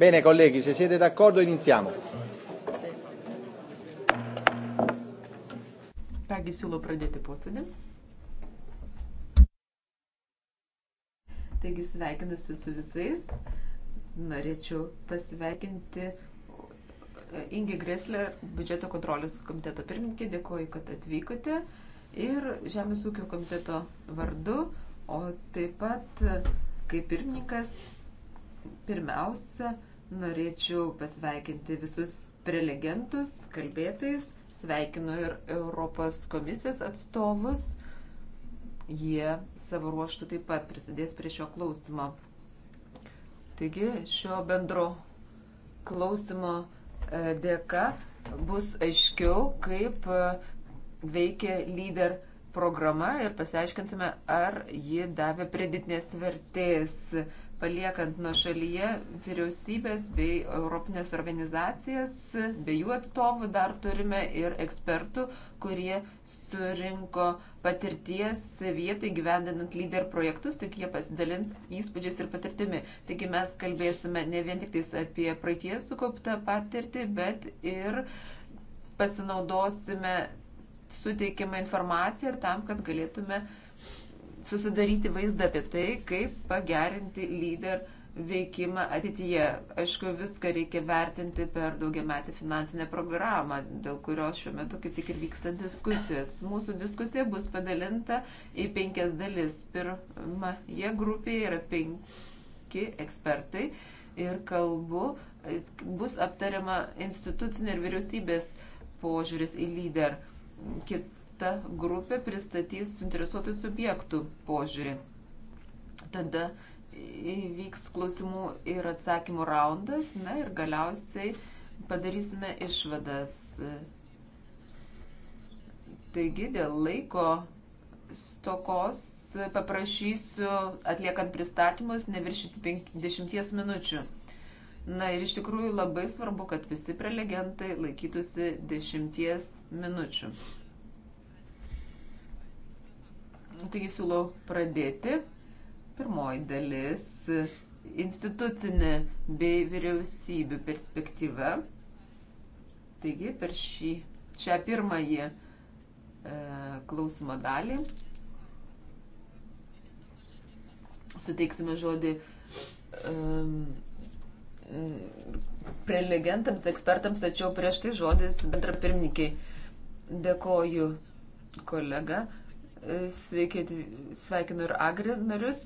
Bene colleghi, se siete d'accordo iniziamo. Kągi siūlau pradėti posėdį. Taigi sveikinusi su visais. Norėčiau pasveikinti Ingi Greslė, biudžeto kontrolės komiteto pirmininkė. Dėkuoju, kad atvykote. Ir Žemės ūkio komiteto vardu, o taip pat kaip pirmininkas Pirmiausia, norėčiau pasveikinti visus prelegentus, kalbėtojus, sveikinu ir Europos komisijos atstovus. Jie savo ruoštų taip pat prisidės prie šio klausimo. Taigi šio bendro klausimo e, dėka bus aiškiau, kaip e, veikia lyder programa ir pasiaiškinsime, ar ji davė pridėtinės vertės paliekant nuo šalyje vyriausybės bei Europinės organizacijas, bei jų atstovų dar turime ir ekspertų, kurie surinko patirties vietai gyvendinant lyder projektus, tik jie pasidalins įspūdžiais ir patirtimi. Taigi mes kalbėsime ne vien tik apie praeities sukauptą patirtį, bet ir pasinaudosime suteikiamą informaciją tam, kad galėtume uh, susidaryti vaizdą apie tai, kaip pagerinti lyder veikimą ateityje. Aišku, viską reikia vertinti per daugiametį finansinę programą, dėl kurios šiuo metu kaip tik ir vykstant diskusijos. Mūsų diskusija bus padalinta į penkias dalis. Pirmąje grupėje yra penki ekspertai ir kalbu bus aptariama institucinė ir vyriausybės požiūris į lyder. Kit ta grupė pristatys suinteresuotų subjektų požiūrį. Tada įvyks klausimų ir atsakymų raundas, na ir galiausiai padarysime išvadas. Taigi dėl laiko stokos paprašysiu, atliekant pristatymus, neviršyti 50 minučių. Na ir iš tikrųjų labai svarbu, kad visi prelegentai laikytųsi 10 minučių. Nu, taigi siūlau pradėti. Pirmoji dalis - institucinė bei vyriausybių perspektyva. Taigi per šį, šią pirmąjį e, klausimo dalį suteiksime žodį um, prelegentams, ekspertams, tačiau prieš tai žodis bendra pirmininkiai. Dėkoju, kolega. Sveiki, sveikinu ir agri narius.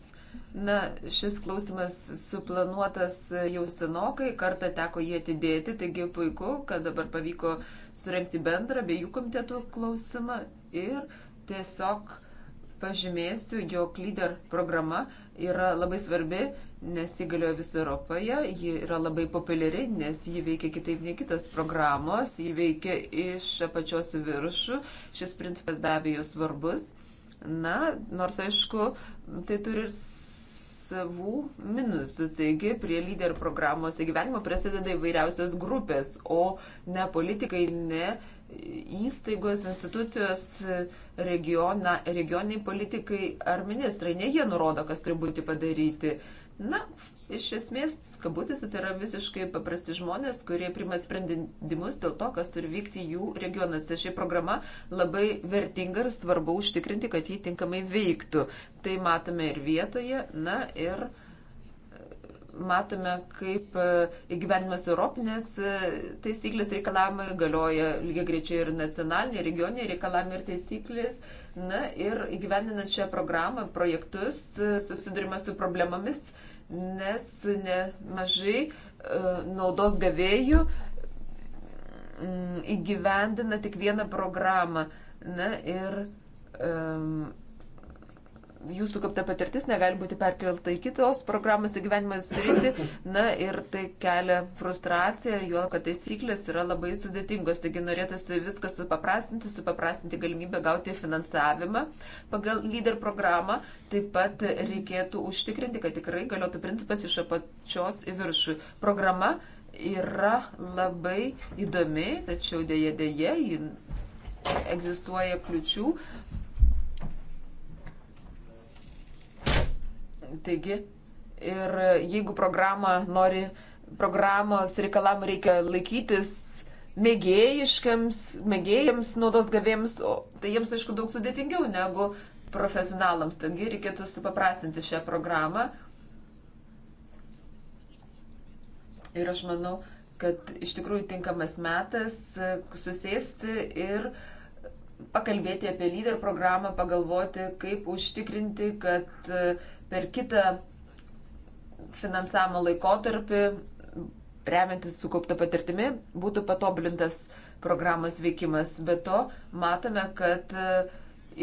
Na, šis klausimas suplanuotas jau senokai, kartą teko jį atidėti, taigi puiku, kad dabar pavyko surenkti bendrą abiejų komitetų klausimą ir tiesiog pažymėsiu, jog lyder programa yra labai svarbi, nes ji galioja visoje Europoje, ji yra labai populiari, nes ji veikia kitaip nei kitas programos, ji veikia iš apačios viršų. Šis principas be abejo svarbus. Na, nors aišku, tai turi ir savų minusų. Taigi prie lyderio programos įgyvenimo prasideda įvairiausios grupės, o ne politikai, ne įstaigos, institucijos, regiona, regioniai politikai ar ministrai. Ne jie nurodo, kas turi būti padaryti. Na, Iš esmės, kabutėse tai yra visiškai paprasti žmonės, kurie prima sprendimus dėl to, kas turi vykti jų regionuose. Ši programa labai vertinga ir svarbu užtikrinti, kad jį tinkamai veiktų. Tai matome ir vietoje, na ir e, matome, kaip e, įgyvenimas Europinės e, taisyklės reikalavimai galioja lygiai greičiai ir nacionaliniai, regioniniai reikalavimai ir taisyklės. Na ir įgyveninant šią programą, projektus, susidurime su problemomis nes nemažai e, naudos gavėjų mm, įgyvendina tik vieną programą. Na ir um, jūsų kapta patirtis negali būti perkelta į kitos programos įgyvenimą sritį. Na ir tai kelia frustraciją, juo, kad taisyklės yra labai sudėtingos. Taigi norėtųsi viską supaprastinti, supaprastinti galimybę gauti finansavimą pagal lyder programą. Taip pat reikėtų užtikrinti, kad tikrai galėtų principas iš apačios į viršų. Programa yra labai įdomi, tačiau dėje dėje egzistuoja kliučių, Taigi, ir jeigu programą nori, programos reikalam reikia laikytis mėgėjiškiams, mėgėjams, naudos gavėjams, tai jiems aišku daug sudėtingiau negu profesionalams. Taigi reikėtų supaprastinti šią programą. Ir aš manau, kad iš tikrųjų tinkamas metas susėsti ir pakalbėti apie lyder programą, pagalvoti, kaip užtikrinti, kad per kitą finansavimo laikotarpį, remiantis sukauptą patirtimi, būtų patobulintas programos veikimas. Be to, matome, kad e,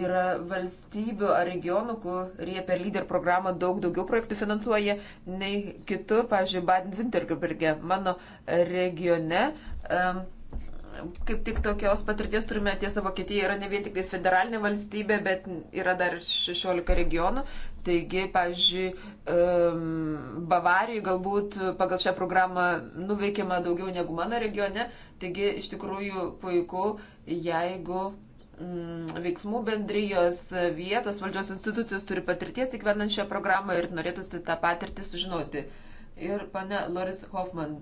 yra valstybių ar regionų, kurie per lyder programą daug daugiau projektų finansuoja nei kitur, pavyzdžiui, Baden-Württemberge, mano regione. Um, Kaip tik tokios patirties turime, tiesa, Vokietija yra ne vien tik federalinė valstybė, bet yra dar 16 regionų. Taigi, pavyzdžiui, Bavarijoje galbūt pagal šią programą nuveikima daugiau negu mano regione. Taigi, iš tikrųjų, puiku, jeigu mm, veiksmų bendrijos vietos valdžios institucijos turi patirties įkvenant šią programą ir norėtųsi tą patirtį sužinoti. Ir pane Loris Hoffman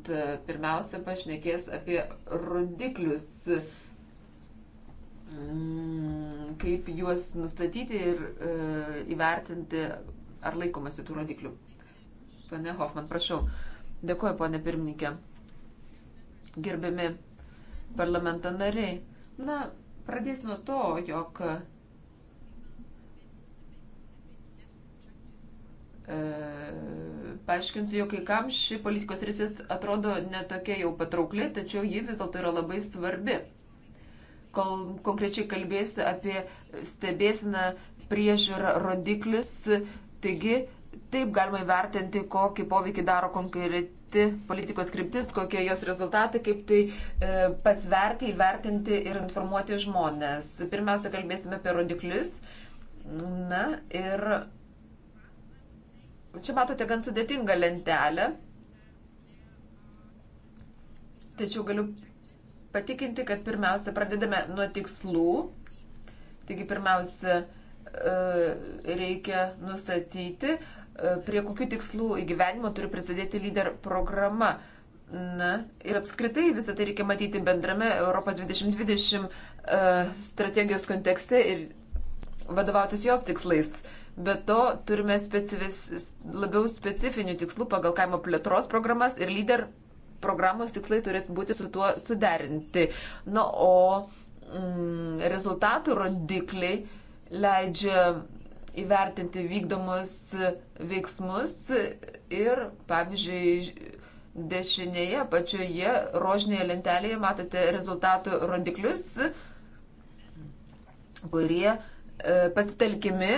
pirmiausia pašnekės apie rodiklius. Mm, kaip juos nustatyti ir e, įvertinti, ar laikomasi tų rodiklių. Pane Hoffman, prašau. Dėkuoju, ponė pirmininkė. Gerbiami parlamento nariai. Na, pradėsiu nuo to, jog e, paaiškinsiu, jog kai kam ši politikos rysis atrodo netokia jau patraukli, tačiau ji vis dėlto yra labai svarbi kol konkrečiai kalbėsiu apie stebėsiną priežiūrą rodiklius. Taigi, taip galima įvertinti, kokį poveikį daro konkreti politikos kryptis, kokie jos rezultatai, kaip tai e, pasverti, įvertinti ir informuoti žmonės. Pirmiausia, kalbėsime apie rodiklius. Na ir čia matote gan sudėtingą lentelę. Tačiau galiu patikinti, kad pirmiausia pradedame nuo tikslų. Taigi pirmiausia e, reikia nustatyti, e, prie kokių tikslų įgyvenimo turi prisidėti lyder programa. Na, ir apskritai visą tai reikia matyti bendrame Europos 2020 e, strategijos kontekste ir vadovautis jos tikslais. Be to turime specifis, labiau specifinių tikslų pagal kaimo plėtros programas ir lyder programos tikslai turėtų būti su tuo suderinti. Na, o mm, rezultatų rodikliai leidžia įvertinti vykdomus veiksmus ir, pavyzdžiui, dešinėje pačioje rožinėje lentelėje matote rezultatų rodiklius, kurie e, pasitelkimi,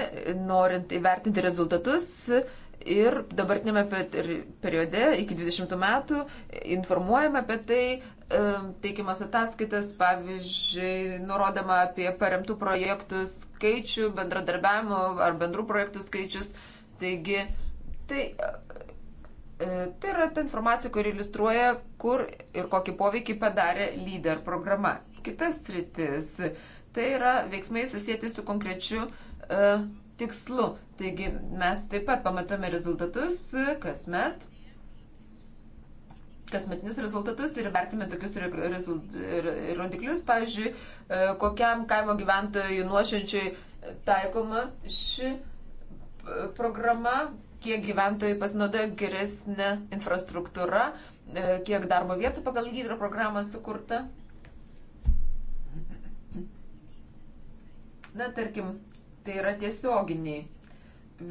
norint įvertinti rezultatus, e, ir dabartinėme periode iki 20 metų informuojame apie tai, e, teikiamas ataskaitas, pavyzdžiui, nurodama apie paremtų projektų skaičių, bendradarbiavimo ar bendrų projektų skaičius. Taigi, tai, e, tai yra ta informacija, kuri iliustruoja, kur ir kokį poveikį padarė lyder programa. Kitas rytis, tai yra veiksmai susijęti su konkrečiu uh, tikslu. Taigi mes taip pat pamatome rezultatus e, kasmet, kasmetinius rezultatus ir vertime tokius rodiklius, pavyzdžiui, e, kokiam kaimo gyventojų nuošinčiai taikoma ši programa, kiek gyventojai pasinaudoja geresnė infrastruktūra, e, kiek darbo vietų pagal gydro programą sukurta. Na, tarkim, tai yra tiesioginiai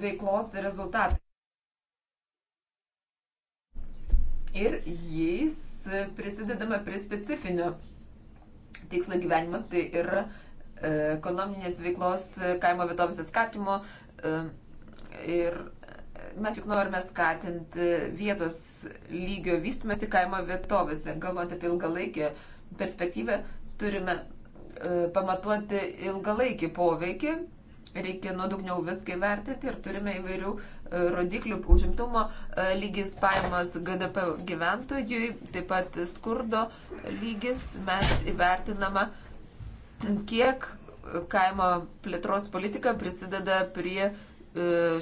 veiklos rezultatai. Ir jais prisidedama prie specifinio tikslo gyvenimo, tai yra e, ekonominės veiklos e, kaimo vietovės skatimo. E, ir mes juk norime skatinti vietos lygio vystimasi kaimo vietovėse. Galvojant apie ilgalaikę perspektyvę, turime pamatuoti ilgalaikį poveikį reikia nuodugniau viską vertinti ir turime įvairių e, rodiklių - užimtumo e, lygis, paimas GDP gyventojui, taip pat skurdo lygis. Mes įvertinama, kiek kaimo plėtros politika prisideda prie e,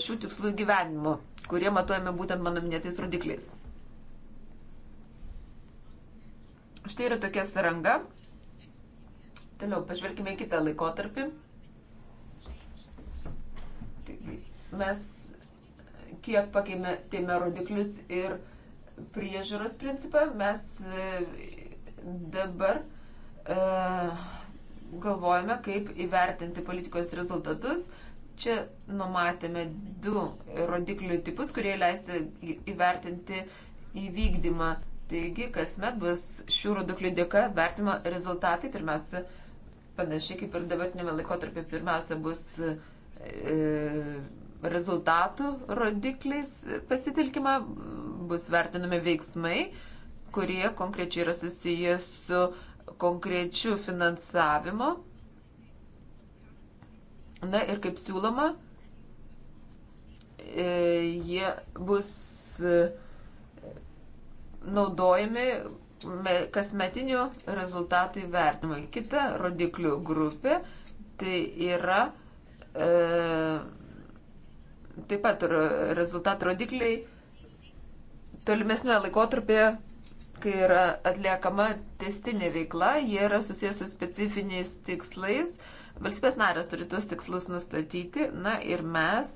šių tikslų gyvenimo, kurie matuojami būtent mano minėtais rodikliais. Štai yra tokia saranga. Toliau pažvelkime į kitą laikotarpį. Tai mes kiek pakeitėme rodiklius ir priežiūros principą, mes e, dabar uh, galvojame, kaip įvertinti politikos rezultatus. Čia numatėme du rodiklių tipus, kurie leis įvertinti įvykdymą. Taigi, kasmet bus šių rodiklių dėka vertimo rezultatai. Pirmiausia, panašiai kaip ir dabartinėme laikotarpį, pirmiausia bus uh, E, rezultatų rodikliais pasitelkima bus vertinami veiksmai, kurie konkrečiai yra susijęs su konkrečiu finansavimo. Na ir kaip siūloma, e, jie bus e, naudojami kasmetinių rezultatų įvertimui. Kita rodiklių grupė tai yra E, taip pat rezultatų rodikliai tolimesnė laikotarpė, kai yra atliekama testinė veikla, jie yra susijęs su specifiniais tikslais. Valstybės narės turi tuos tikslus nustatyti, na ir mes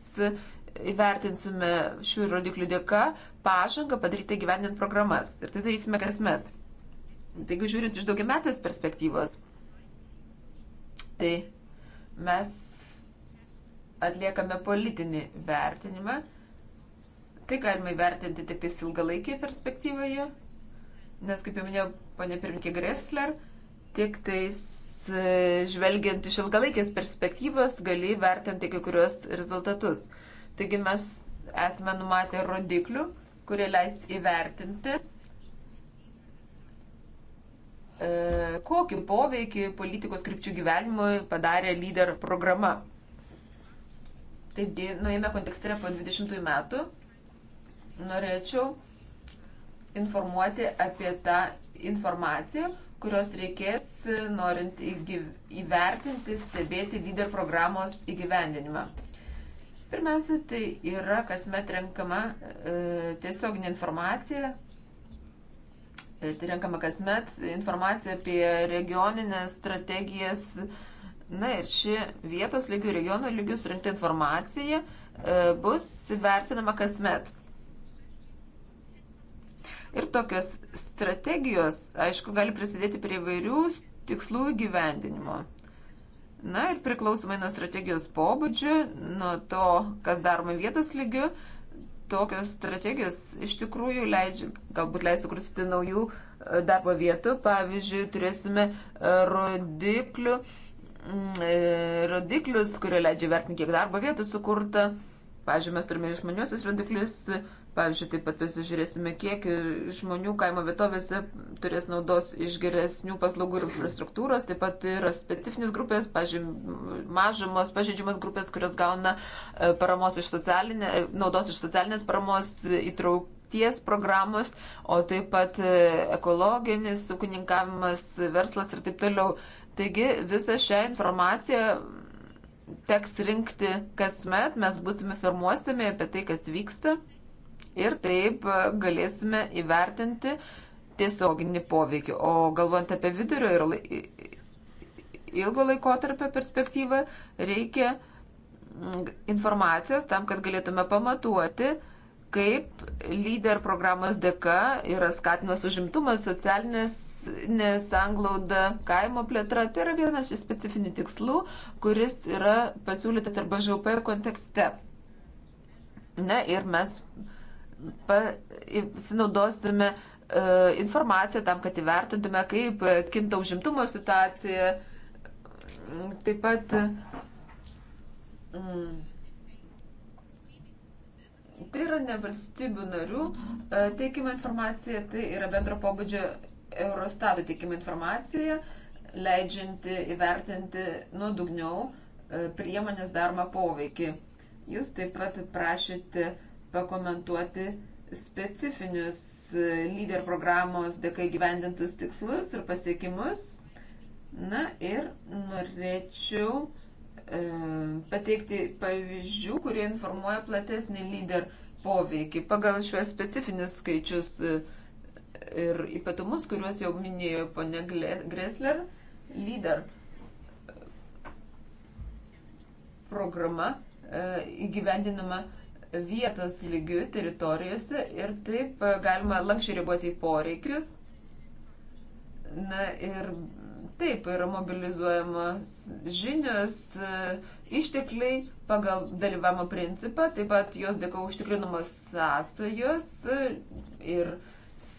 įvertinsime šių rodiklių dėka pažangą padaryti gyvenint programas. Ir tai darysime kasmet. Taigi žiūrint iš daugiametės perspektyvos, tai mes atliekame politinį vertinimą. Tai galime vertinti tik tais ilgalaikėje perspektyvoje, nes, kaip jau minėjau, ponė pirmininkė Gressler, tik tais e, žvelgiant iš ilgalaikės perspektyvos gali vertinti kai kurios rezultatus. Taigi mes esame numatę rodiklių, kurie leis įvertinti, e, kokį poveikį politikos krypčių gyvenimui padarė lyder programa. Taigi, naujame kontekste po 20 metų norėčiau informuoti apie tą informaciją, kurios reikės, norint įgyv... įvertinti, stebėti lyder programos įgyvendinimą. Pirmiausia, tai yra kasmet renkama e, tiesioginė informacija. E, tai renkama kasmet informacija apie regioninės strategijas, e, Na ir ši vietos lygių, regionų lygių surinkta informacija e, bus vertinama kasmet. Ir tokios strategijos, aišku, gali prisidėti prie vairių tikslų įgyvendinimo. Na ir priklausomai nuo strategijos pobūdžio, nuo to, kas daroma vietos lygiu, tokios strategijos iš tikrųjų leidžia, galbūt leis sukursyti naujų e, darbo vietų. Pavyzdžiui, turėsime e, rodiklių Mm, e, rodiklius, kurie leidžia vertinti, kiek darbo vietų sukurta. Pavyzdžiui, mes turime išmaniosius rodiklius, pavyzdžiui, taip pat pasižiūrėsime, kiek žmonių kaimo vietovėse turės naudos iš geresnių paslaugų ir infrastruktūros, taip pat yra specifinės grupės, pavyzdžiui, mažumos, pažeidžiamos grupės, kurios gauna e, paramos iš socialinė, e, naudos iš socialinės paramos įtraukų ties programos, o taip pat ekologinis ūkininkavimas, verslas ir taip toliau. Taigi visą šią informaciją teks rinkti kasmet, mes būsime informuosime apie tai, kas vyksta ir taip galėsime įvertinti tiesioginį poveikį. O galvant apie vidurio ir ilgo laikotarpio perspektyvą, reikia mm, informacijos tam, kad galėtume pamatuoti, kaip lyder programos dėka yra skatinamas užimtumas, socialinės sanglauda, kaimo plėtra, tai yra vienas iš specifinių tikslų, kuris yra pasiūlytas arba ŽUP kontekste. Na ir mes pasinaudosime uh, e, informaciją tam, kad įvertintume, kaip kinta užimtumo situacija. Taip pat. Mm, tai yra ne valstybių narių e, teikiama informacija, tai yra bendro pobūdžio Eurostato tikima informacija, leidžianti įvertinti nuodugniau e, priemonės daromą poveikį. Jūs taip pat prašėte pakomentuoti specifinius e, lyder programos dėka įgyvendintus tikslus ir pasiekimus. Na ir norėčiau e, pateikti pavyzdžių, kurie informuoja platesnį lyder poveikį. Pagal šiuos specifinius skaičius e, ir ypatumus, kuriuos jau minėjo ponė Gressler, lyder programa e, įgyvendinama vietos lygių teritorijose ir taip e, galima lankščiai reaguoti į poreikius. Na ir taip yra mobilizuojamos žinios, e, ištekliai pagal dalyvavimo principą, taip pat jos dėka užtikrinamos sąsajos ir uh,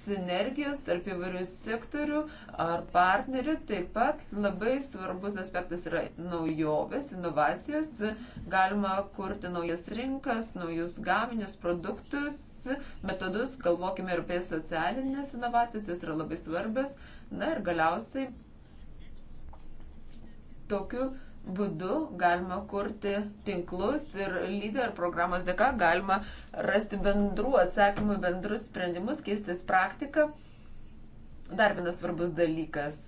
sinergijos tarp įvairių sektorių ar partnerių. Taip pat labai svarbus aspektas yra naujovės, inovacijos. Galima kurti naujas rinkas, naujus gaminius, produktus, metodus. Galvokime ir apie socialinės inovacijos, jos yra labai svarbios. Na ir galiausiai tokiu būdu galima kurti tinklus ir lyder programos dėka galima rasti bendrų atsakymų, bendrus sprendimus, keistis praktiką. Dar vienas svarbus dalykas,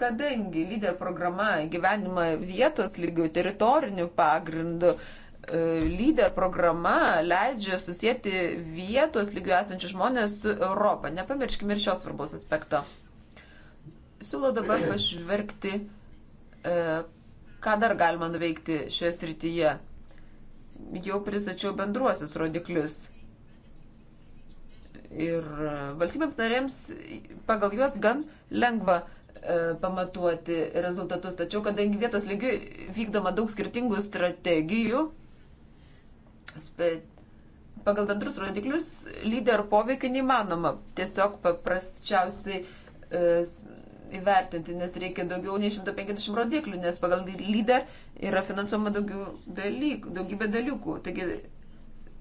kadangi lyder programa gyvenima vietos lygių teritorinių pagrindų, e, lyder programa leidžia susijęti vietos lygių esančius žmonės su Europą. Nepamirškime ir šios svarbos aspekto. Siūlau dabar pažvelgti E, ką dar galima nuveikti šioje srityje? Jau pristačiau bendruosius rodiklius. Ir valstybėms narėms pagal juos gan lengva e, pamatuoti rezultatus. Tačiau, kadangi vietos lygių vykdoma daug skirtingų strategijų, pagal bendrus rodiklius lyderio poveikio neįmanoma. Tiesiog paprasčiausiai e, įvertinti, nes reikia daugiau nei 150 rodiklių, nes pagal lyder yra finansuojama dalykų, daugybė dalykų. Taigi,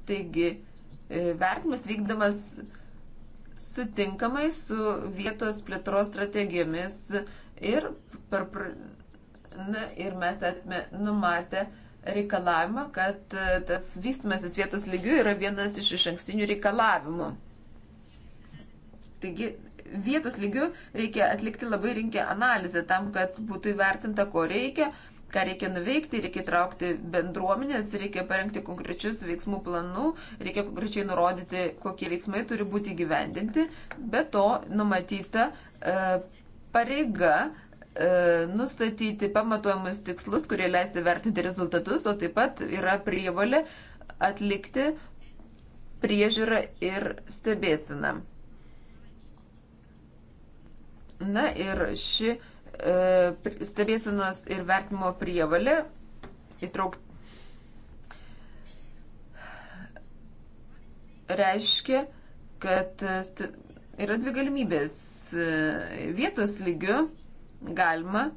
taigi e, vertinimas vykdamas sutinkamai su vietos plėtros strategijomis ir, per, na, ir mes atme, numatę reikalavimą, kad e, tas vystimasis vietos lygių yra vienas iš iš ankstinių reikalavimų. Taigi vietos lygių reikia atlikti labai rinkę analizę tam, kad būtų įvertinta, ko reikia, ką reikia nuveikti, reikia traukti bendruomenės, reikia parengti konkrečius veiksmų planų, reikia konkrečiai nurodyti, kokie veiksmai turi būti gyvendinti, be to numatyta e, pareiga e, nustatyti pamatuojamus tikslus, kurie leis įvertinti rezultatus, o taip pat yra prievalė atlikti priežiūrą ir stebėsiną. Na ir ši e, stebėsinos ir vertimo prievalė įtraukta reiškia, kad e, yra dvi galimybės. E, vietos lygių galima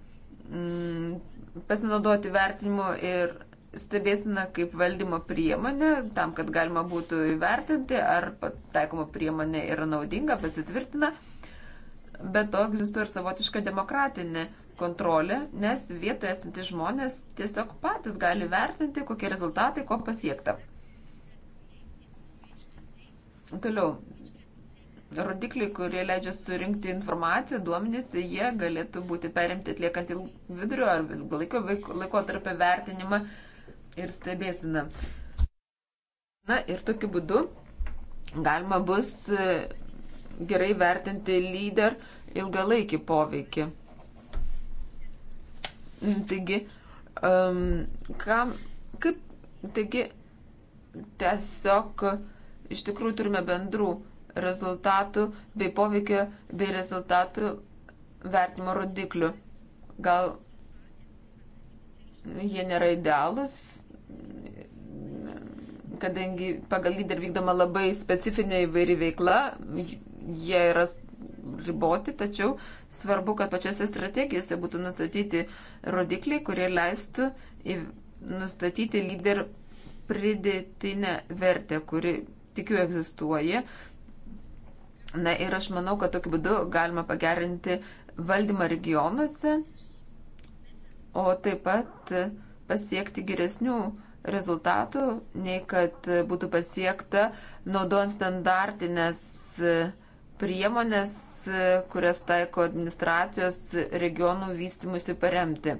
mm, pasinaudoti vertinimu ir stebėsime kaip valdymo priemonė, tam, kad galima būtų įvertinti, ar taikoma priemonė yra naudinga, pasitvirtina bet to egzistuoja ir savotiška demokratinė kontrolė, nes vietoje esantys žmonės tiesiog patys gali vertinti, kokie rezultatai, ko pasiekta. Toliau, rodikliai, kurie leidžia surinkti informaciją, duomenys, jie galėtų būti perimti atliekant vidurio ar ilgalaikio laikotarpio vertinimą ir stebėsiną. Na ir tokiu būdu galima bus gerai vertinti lyder ilgalaikį poveikį. Taigi, um, kam, kaip, taigi, tiesiog iš tikrųjų turime bendrų rezultatų bei poveikio bei rezultatų vertimo rodiklių. Gal jie nėra idealus, kadangi pagal lyderį vykdoma labai specifinė įvairi veikla, jie yra riboti, tačiau svarbu, kad pačiose strategijose būtų nustatyti rodikliai, kurie leistų nustatyti lyder pridėtinę vertę, kuri tikiu egzistuoja. Na ir aš manau, kad tokiu būdu galima pagerinti valdymą regionuose, o taip pat pasiekti geresnių rezultatų, nei kad būtų pasiekta naudojant standartinės uh, priemonės, e, kurias taiko administracijos regionų vystimusi paremti.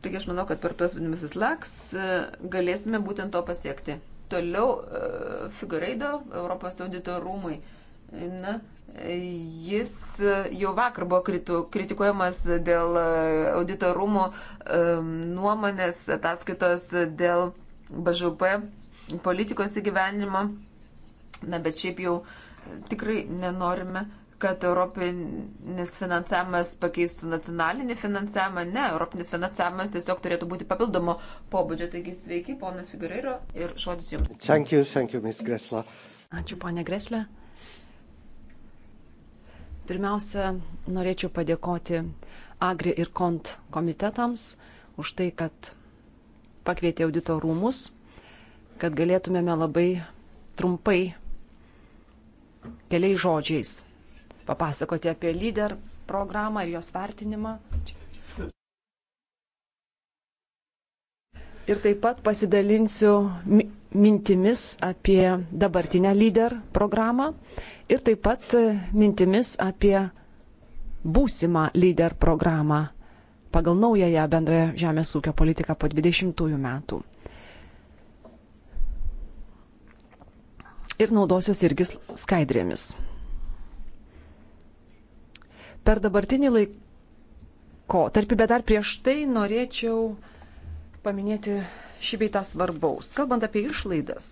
Taigi aš manau, kad per tuos vadinamasis laks e, galėsime būtent to pasiekti. Toliau e, Figureido, Europos audito rūmai. Na, jis jau vakar buvo kritikuojamas dėl audito rūmų nuomonės ataskaitos dėl BŽP politikos įgyvenimo. Na, bet šiaip jau e, tikrai nenorime, kad europinis finansavimas pakeistų nacionalinį finansavimą. Ne, europinis finansavimas tiesiog turėtų būti papildomo pobūdžio. Taigi sveiki, ponas Figureiro ir žodis jums. Thank you, thank you, Ms. Gresla. Ačiū, ponė Greslė. Pirmiausia, norėčiau padėkoti Agri ir Kont komitetams už tai, kad pakvietė audito rūmus kad galėtumėme labai trumpai keliais žodžiais papasakoti apie lyder programą ir jos vertinimą. Ir taip pat pasidalinsiu mintimis apie dabartinę lyder programą ir taip pat e, mintimis apie būsimą lyder programą pagal naująją bendrąją žemės ūkio politiką po 20 metų. ir naudosiuosi irgi skaidrėmis. Per dabartinį laikotarpį, bet dar prieš tai norėčiau paminėti šį beitą svarbaus. Kalbant apie išlaidas,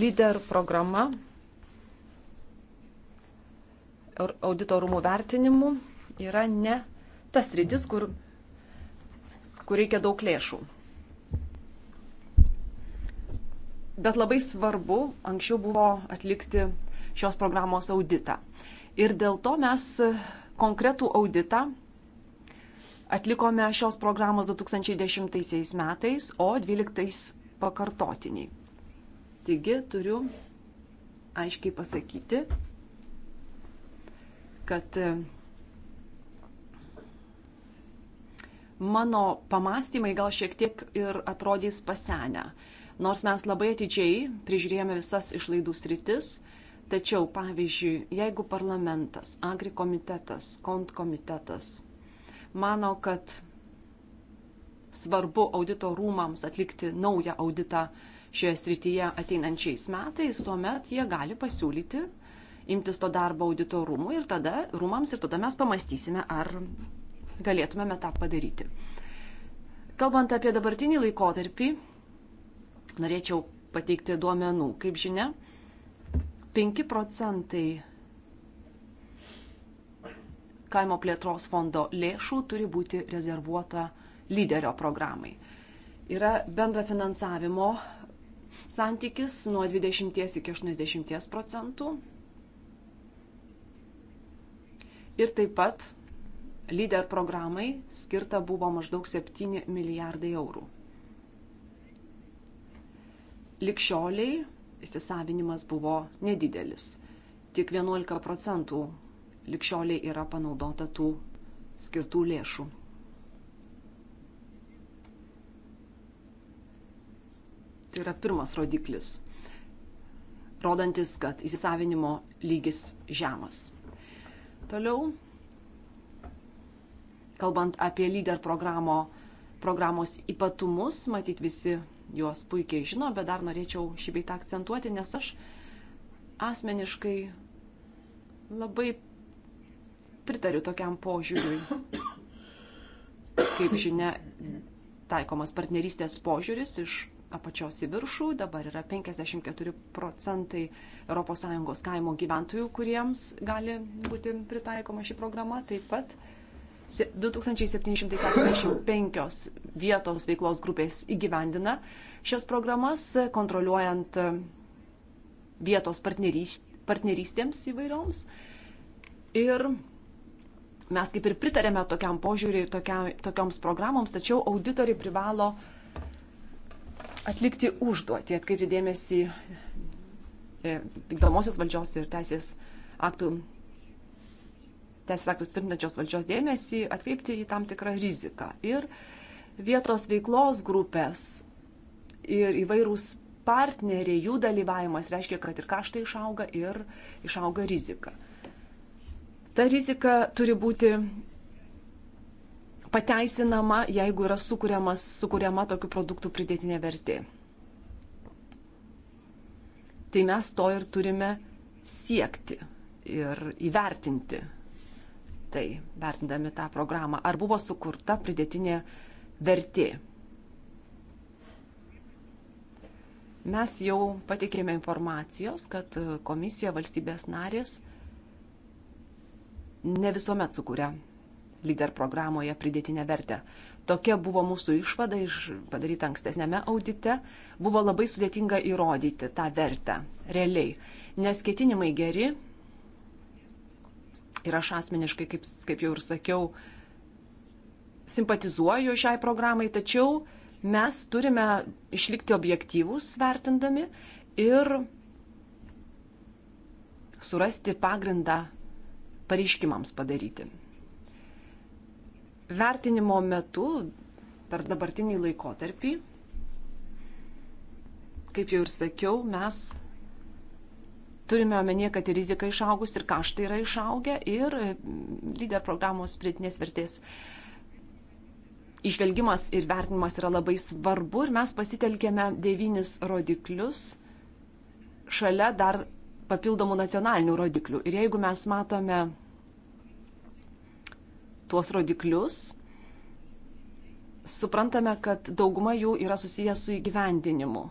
lyder programa auditorumų vertinimų yra ne tas rytis, kur, kur reikia daug lėšų. bet labai svarbu anksčiau buvo atlikti šios programos auditą. Ir dėl to mes konkretų auditą atlikome šios programos 2010 metais, o 12 pakartotiniai. Taigi turiu aiškiai pasakyti, kad e, mano pamastymai gal šiek tiek ir atrodys pasenę. Nors mes labai atidžiai prižiūrėjome visas išlaidų sritis, tačiau, pavyzdžiui, jeigu parlamentas, agri komitetas, kont komitetas mano, kad svarbu audito rūmams atlikti naują auditą šioje srityje ateinančiais metais, tuomet jie gali pasiūlyti imtis to darbo audito rūmų ir tada, rūmams ir tada mes pamastysime, ar galėtumėme tą padaryti. Kalbant apie dabartinį laikotarpį, norėčiau pateikti duomenų. Kaip žinia, 5 procentai kaimo plėtros fondo lėšų turi būti rezervuota lyderio programai. Yra bendra finansavimo santykis nuo 20 iki 80 procentų. Ir taip pat lyder programai skirta buvo maždaug 7 milijardai eurų. Likščioliai įsisavinimas buvo nedidelis. Tik 11 procentų likščioliai yra panaudota tų skirtų lėšų. Tai yra pirmas rodiklis, rodantis, kad įsisavinimo lygis žemas. Toliau, kalbant apie lyder programo, programos ypatumus, matyt visi juos puikiai žino, bet dar norėčiau šį beitą akcentuoti, nes aš asmeniškai labai pritariu tokiam požiūriui. Kaip žinia, taikomas partnerystės požiūris iš apačios į viršų, dabar yra 54 procentai ES kaimo gyventojų, kuriems gali būti pritaikoma ši programa. Taip pat 2745 vietos veiklos grupės įgyvendina šias programas, kontroliuojant e, vietos partnerystėms įvairioms. Ir mes kaip ir pritarėme tokiam požiūriui, tokiam, tokioms programoms, tačiau auditoriai privalo atlikti užduotį, atkreipti dėmesį e, vykdomosios valdžios ir teisės aktų teisės aktus tvirtinančios valdžios dėmesį atkreipti į tam tikrą riziką. Ir vietos veiklos grupės ir įvairūs partneriai, jų dalyvavimas reiškia, kad ir kaštai išauga ir išauga rizika. Ta rizika turi būti pateisinama, jeigu yra sukūriama tokių produktų pridėtinė vertė. Tai mes to ir turime siekti ir įvertinti tai, vertindami tą programą? Ar buvo sukurta pridėtinė vertė? Mes jau pateikėme informacijos, kad komisija valstybės narės ne visuomet sukuria lyder programoje pridėtinę vertę. Tokia buvo mūsų išvada iš padaryta ankstesnėme audite. Buvo labai sudėtinga įrodyti tą vertę realiai, nes ketinimai geri, Ir aš asmeniškai, kaip, kaip jau ir sakiau, simpatizuoju šiai programai, tačiau mes turime išlikti objektyvūs vertindami ir surasti pagrindą pareiškimams padaryti. Vertinimo metu per dabartinį laikotarpį, kaip jau ir sakiau, mes turime omenyje, kad ir rizika išaugus, ir kaštai yra išaugę, ir mm, lyder programos pridėtinės vertės išvelgimas ir vertinimas yra labai svarbu, ir mes pasitelkėme devynis rodiklius šalia dar papildomų nacionalinių rodiklių. Ir jeigu mes matome tuos rodiklius, suprantame, kad dauguma jų yra susijęs su įgyvendinimu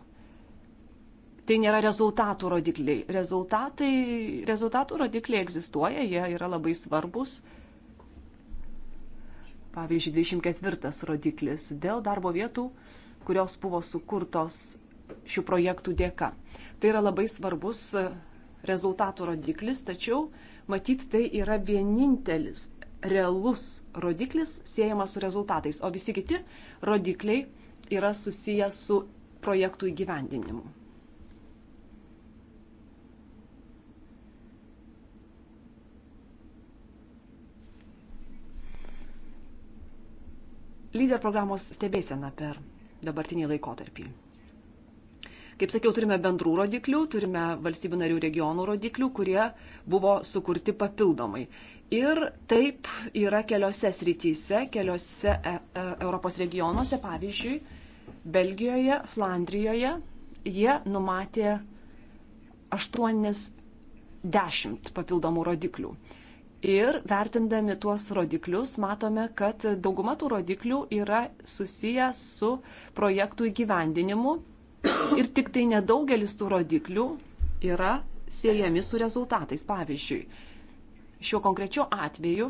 tai nėra rezultatų rodikliai. Rezultatai, rezultatų rodikliai egzistuoja, jie yra labai svarbus. Pavyzdžiui, 24 rodiklis dėl darbo vietų, kurios buvo sukurtos šių projektų dėka. Tai yra labai svarbus rezultatų rodiklis, tačiau matyt, tai yra vienintelis realus rodiklis siejamas su rezultatais, o visi kiti rodikliai yra susijęs su projektų įgyvendinimu. lyder programos stebėsena per dabartinį laikotarpį. Kaip sakiau, turime bendrų rodiklių, turime valstybių narių regionų rodiklių, kurie buvo sukurti papildomai. Ir taip yra keliose srityse, keliose e, e, Europos regionuose, pavyzdžiui, Belgijoje, Flandrijoje, jie numatė 8-10 papildomų rodiklių. Ir vertindami tuos rodiklius matome, kad dauguma tų rodiklių yra susiję su projektų įgyvendinimu ir tik tai nedaugelis tų rodiklių yra siejami su rezultatais. Pavyzdžiui, šiuo konkrečiu atveju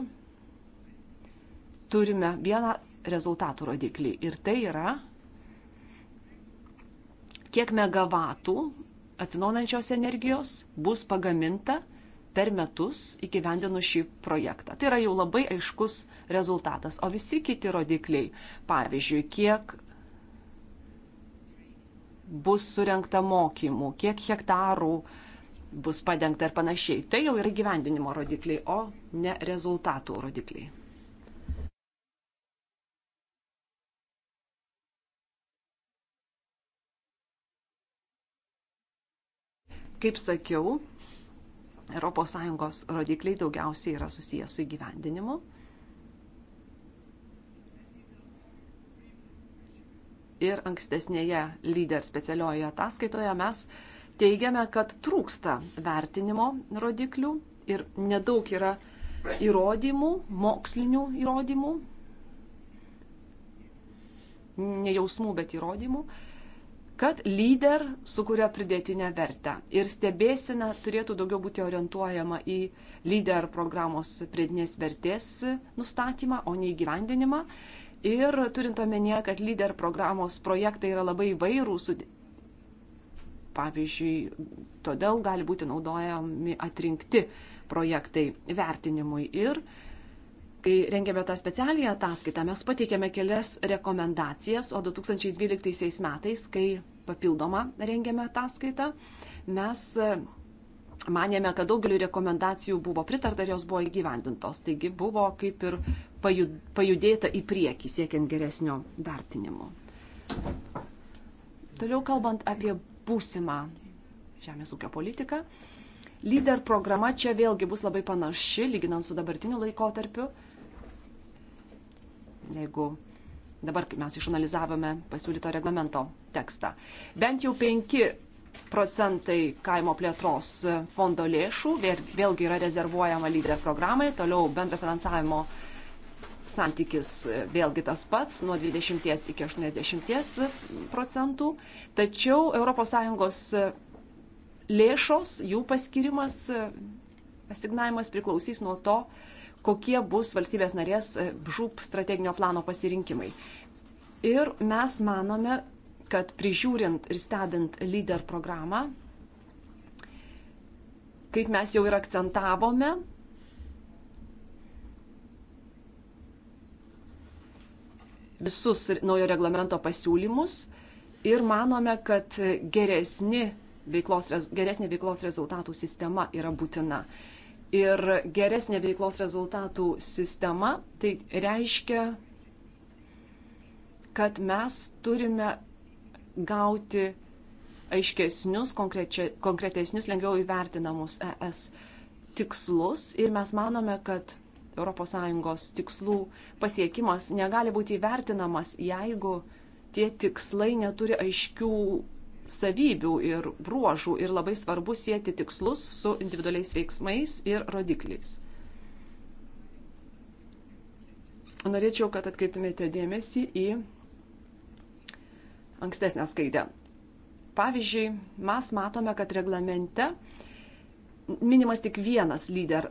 turime vieną rezultatų rodiklį ir tai yra, kiek megavatų atsinaujančios energijos bus pagaminta per metus įgyvendinu šį projektą. Tai yra jau labai aiškus rezultatas. O visi kiti rodikliai, pavyzdžiui, kiek bus surinkta mokymų, kiek hektarų bus padengta ir panašiai, tai jau yra gyvendinimo rodikliai, o ne rezultatų rodikliai. Kaip sakiau, ES rodikliai daugiausiai yra susijęs su įgyvendinimu. Ir ankstesnėje lyder specialioje ataskaitoje mes teigiame, kad trūksta vertinimo rodiklių ir nedaug yra įrodymų, mokslinių įrodymų, ne jausmų, bet įrodymų. Uh, kad lyder sukuria pridėtinę vertę. Ir stebėsina turėtų daugiau būti orientuojama į lyder programos pridėtinės vertės nustatymą, o ne įgyvendinimą. Ir turint omenyje, kad lyder programos projektai yra labai vairūs, pavyzdžiui, todėl gali būti naudojami atrinkti projektai vertinimui. Ir uh, Kai rengėme tą specialią ataskaitą, mes pateikėme kelias rekomendacijas, o 2012 metais, kai papildomą rengėme ataskaitą, mes e, manėme, kad daugeliu rekomendacijų buvo pritarta ir jos buvo įgyvendintos. Taigi buvo kaip ir pajudėta į priekį siekiant geresnio vertinimo. Toliau kalbant apie būsimą žemės ūkio politiką. Lyder programa čia vėlgi bus labai panaši, lyginant su dabartiniu laikotarpiu jeigu dabar, kai mes išanalizavome pasiūlyto reglamento tekstą. Bent jau 5 procentai kaimo plėtros fondo lėšų vėlgi yra rezervuojama lyderė programai, toliau bendro finansavimo santykis e, vėlgi tas pats, nuo 20 iki 80 procentų, tačiau ES e, lėšos, jų paskirimas, e, asignavimas priklausys nuo to, kokie bus valstybės narės e, žūp strateginio plano pasirinkimai. Ir mes manome, kad prižiūrint ir stebint lyder programą, kaip mes jau ir akcentavome, visus naujo reglamento pasiūlymus ir manome, kad geresni veiklos, geresnė veiklos rezultatų sistema yra būtina ir geresnė veiklos rezultatų sistema, tai reiškia, kad mes turime gauti aiškesnius, konkretesnius, lengviau įvertinamus ES tikslus ir mes manome, kad ES tikslų pasiekimas negali būti įvertinamas, jeigu tie tikslai neturi aiškių savybių ir bruožų ir labai svarbu sieti tikslus su individualiais veiksmais ir rodikliais. Norėčiau, kad atkreiptumėte dėmesį į ankstesnę skaidę. Pavyzdžiui, mes matome, kad reglamente minimas tik vienas lyder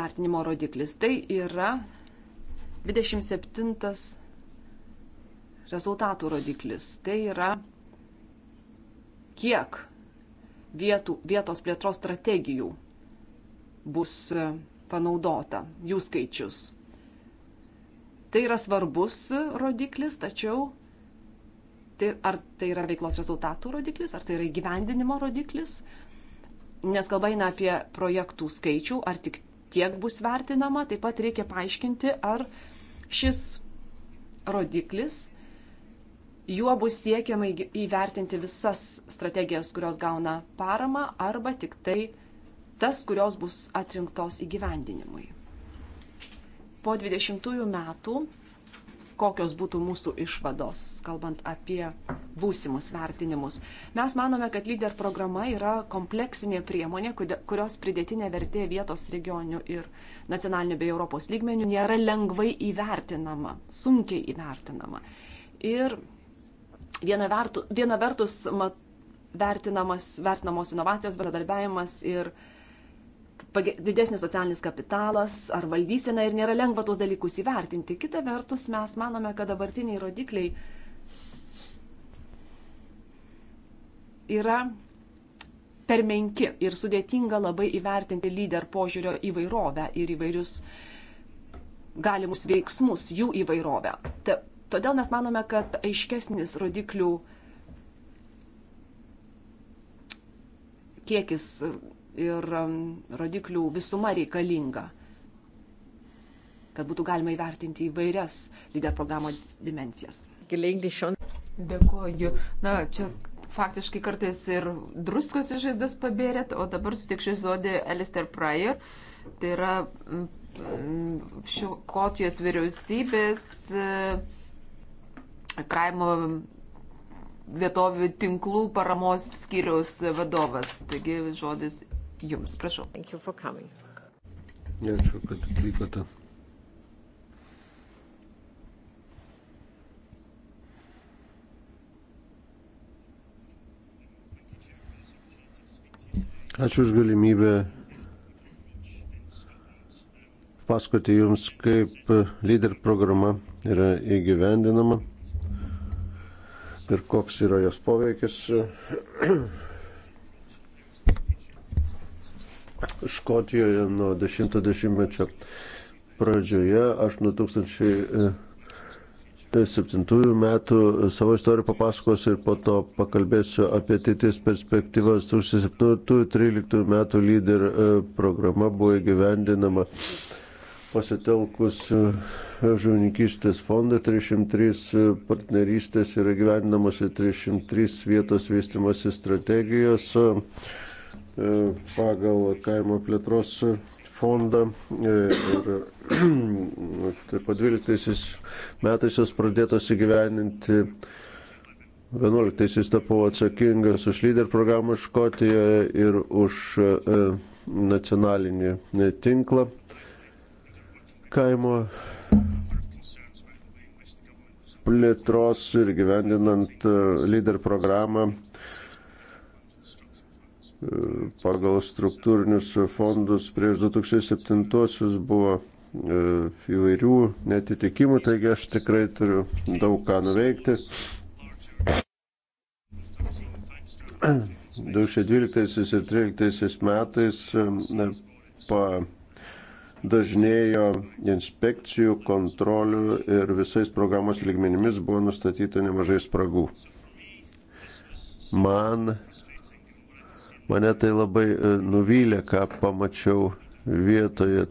vertinimo rodiklis. Tai yra 27 rezultatų rodiklis. Tai yra kiek vietų, vietos plėtros strategijų bus e, panaudota, jų skaičius. Tai yra svarbus rodiklis, tačiau tai, ar tai yra veiklos rezultatų rodiklis, ar tai yra įgyvendinimo rodiklis, nes kalba eina apie projektų skaičių, ar tik tiek bus vertinama, taip pat reikia paaiškinti, ar šis rodiklis Juo bus siekiama įvertinti visas strategijas, kurios gauna paramą arba tik tai tas, kurios bus atrinktos įgyvendinimui. Po 20 metų, kokios būtų mūsų išvados, kalbant apie būsimus vertinimus. Mes manome, kad lyder programa yra kompleksinė priemonė, kurios pridėtinė vertė vietos regionių ir nacionalinių bei Europos lygmenių nėra lengvai įvertinama, sunkiai įvertinama. Ir viena, vertu, viena vertus mat, vertinamas, vertinamos inovacijos, bendradarbiavimas ir didesnis socialinis kapitalas ar valdysena ir nėra lengva tuos dalykus įvertinti. Kita vertus, mes manome, kad dabartiniai rodikliai yra per menki ir sudėtinga labai įvertinti lyder požiūrio įvairovę ir įvairius galimus veiksmus, jų įvairovę. Ta, Todėl mes manome, kad aiškesnis rodiklių kiekis ir um, rodiklių visuma reikalinga, kad būtų galima įvertinti įvairias lyder programos dimensijas. Dėkuoju. Na, čia faktiškai kartais ir druskos žaizdas pabėrėt, o dabar sutikšiu žodį Alistair Pryor. Tai yra mm, mm, šio Kotijos vyriausybės. E, kaimo vietovių tinklų paramos skyriaus vadovas. Taigi žodis jums, prašau. Ačiū, kad atvykote. Ačiū už galimybę pasakoti Jums, kaip lyder programa yra įgyvendinama ir koks yra jos poveikis. Škotijoje nuo 10-mečio pradžioje aš nuo 2007 metų savo istoriją papasakosiu ir po to pakalbėsiu apie ateities perspektyvas. 2007-2013 metų lyder e, programa buvo įgyvendinama pasitelkus e, žuvininkystės fondą 303 e, partnerystės yra gyveninamos 303 vietos vystimosi strategijos e, pagal kaimo plėtros fondą ir nu, taip pat 12 metais jos pradėtos įgyveninti 11 tapau atsakingas už lyder programą Škotijoje ir už nacionalinį tinklą kaimo plėtros ir gyvendinant e, lyder programą e, pagal struktūrinius fondus prieš 2007 buvo e, įvairių netitikimų, taigi aš tikrai turiu daug ką nuveikti. 2012 ir 2013 metais pa dažnėjo inspekcijų, kontrolių ir visais programos lygmenimis buvo nustatyta nemažai spragų. Man, mane tai labai e, nuvylė, ką pamačiau vietoje.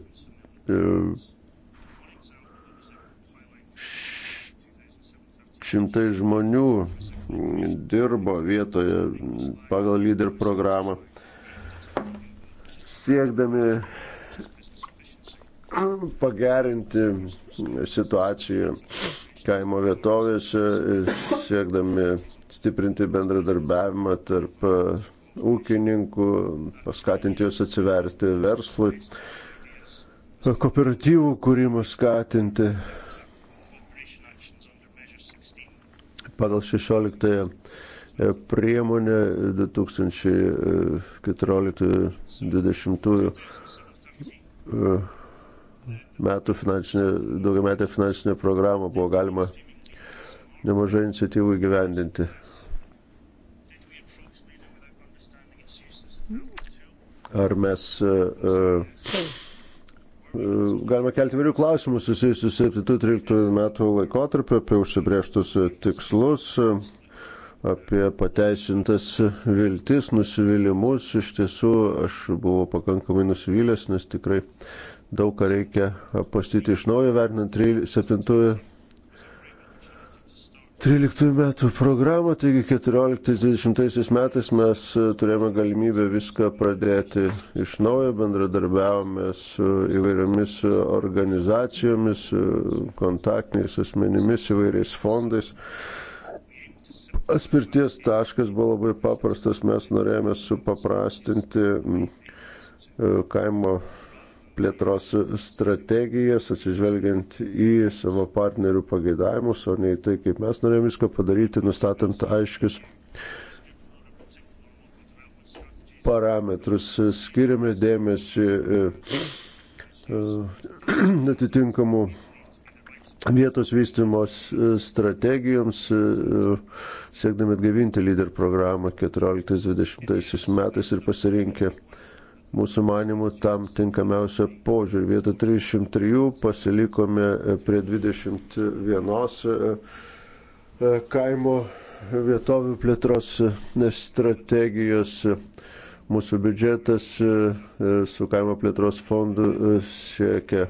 E, šimtai žmonių dirbo vietoje pagal lyder programą, siekdami pagerinti situaciją kaimo vietovėse, siekdami stiprinti bendradarbiavimą tarp e, ūkininkų, paskatinti juos atsiverti verslui, kooperatyvų kūrimą skatinti. Pagal 16 e, priemonę 2014-2020 metų finansinė, daugiametę finansinę programą buvo galima nemažai iniciatyvų įgyvendinti. Ar mes uh, e, uh, e, e, galime kelti vairių klausimų susijusius 7-13 metų laikotarpio apie užsibrieštus tikslus, apie pateisintas viltis, nusivylimus. Iš tiesų aš buvau pakankamai nusivylęs, nes tikrai uh, daug ką reikia apmastyti iš naujo, vertinant 13 metų programą, taigi 14-20 metais mes e, turėjome galimybę viską pradėti iš naujo, bendradarbiavome su įvairiomis e, organizacijomis, e, kontaktiniais asmenimis, įvairiais fondais atspirties taškas buvo labai paprastas, mes norėjome supaprastinti kaimo plėtros strategijas, atsižvelgiant į savo partnerių pageidavimus, o ne į tai, kaip mes norėjome viską padaryti, nustatant aiškius parametrus. Skiriame dėmesį e, e, atitinkamų vietos vystimos e, strategijoms, siekdami atgavinti lyder programą 14-20 metais ir pasirinkę mūsų manimų tam tinkamiausią požiūrį. Vietą 303 pasilikome prie 21 e, e, kaimo vietovių plėtros strategijos. Mūsų biudžetas e, su kaimo plėtros fondu siekia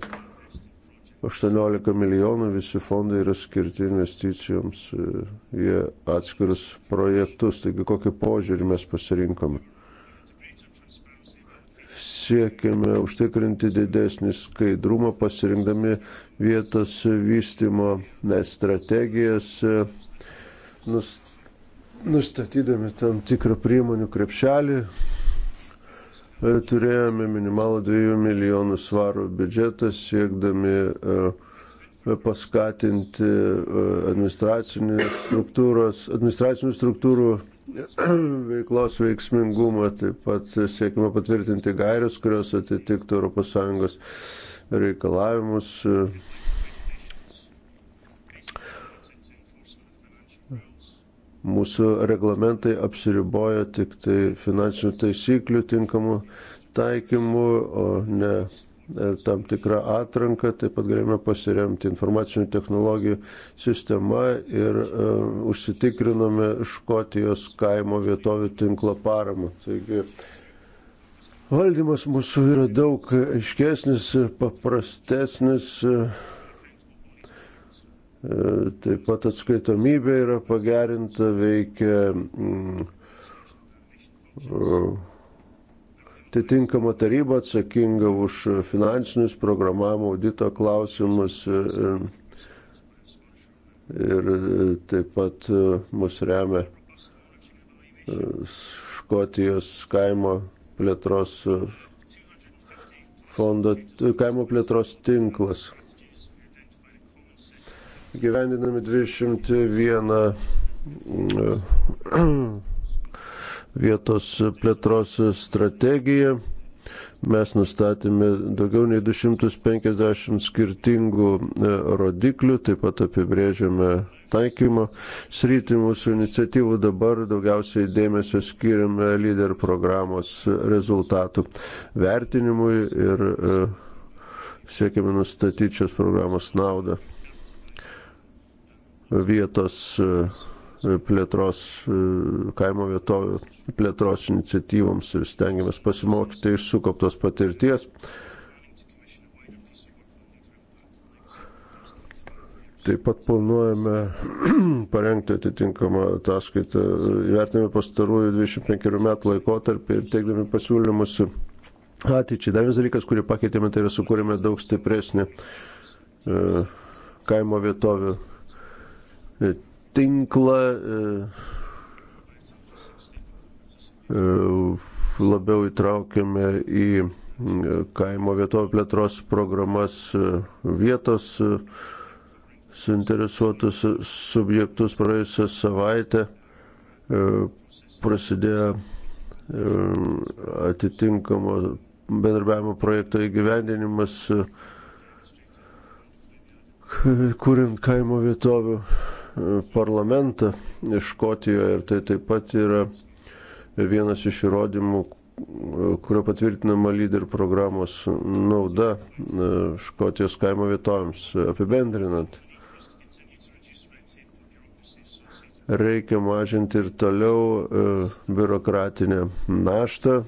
18 milijonų, visi fondai yra skirti investicijoms į atskirus projektus. Taigi kokį požiūrį mes pasirinkome? siekime užtikrinti didesnį skaidrumą, pasirinkdami vietos vystimo strategijas, nustatydami tam tikrą priemonių krepšelį. E, turėjome minimalų 2 milijonų svarų biudžetą siekdami uh, paskatinti e, administracinių struktūrų veiklos veiksmingumą, taip pat siekime patvirtinti gairius, kurios atitiktų ES reikalavimus. Mūsų reglamentai apsiriboja tik tai finansinių taisyklių tinkamų taikymų, o ne E, tam tikrą atranką, taip pat galime pasiremti informacinių technologijų sistema ir uh, užsitikrinome Škotijos kaimo vietovių tinklo paramą. Taigi, valdymas mūsų yra daug aiškesnis, paprastesnis. E, taip pat atskaitomybė yra pagerinta, veikia mm, atitinkama taryba atsakinga už finansinius programavimo audito klausimus e, e, ir, ir e, taip pat mus remia Škotijos kaimo plėtros fondo, kaimo plėtros tinklas. Gyvendinami 201 vietos plėtros strategiją. Mes nustatėme daugiau nei 250 skirtingų e, rodiklių, taip pat apibrėžėme taikymo sritį mūsų iniciatyvų. Dabar daugiausiai dėmesio skiriame lyder programos rezultatų vertinimui ir e, siekime nustatyti šios programos naudą vietos e, E, plėtros, e, kaimo vietovių plėtros iniciatyvoms ir stengiamės pasimokyti iš sukauptos patirties. Taip pat planuojame parengti atitinkamą ataskaitą, vertiname pastarųjų 25 metų laikotarpį ir teikdami pasiūlymus ateičiai. Dar vienas dalykas, kurį pakeitėme, tai yra sukūrėme daug stipresnį e, kaimo vietovių tinklą e, e, labiau įtraukiame į e, kaimo vietovių plėtros programas vietos suinteresuotus subjektus praėjusią savaitę prasidėjo atitinkamo bendarbiavimo projekto įgyvendinimas, kuriant kaimo vietovių parlamentą Škotijoje ir tai taip pat yra vienas iš įrodymų, kurio patvirtinama lyder programos nauda e, Škotijos kaimo vietovėms apibendrinant. Reikia mažinti ir toliau e, biurokratinę naštą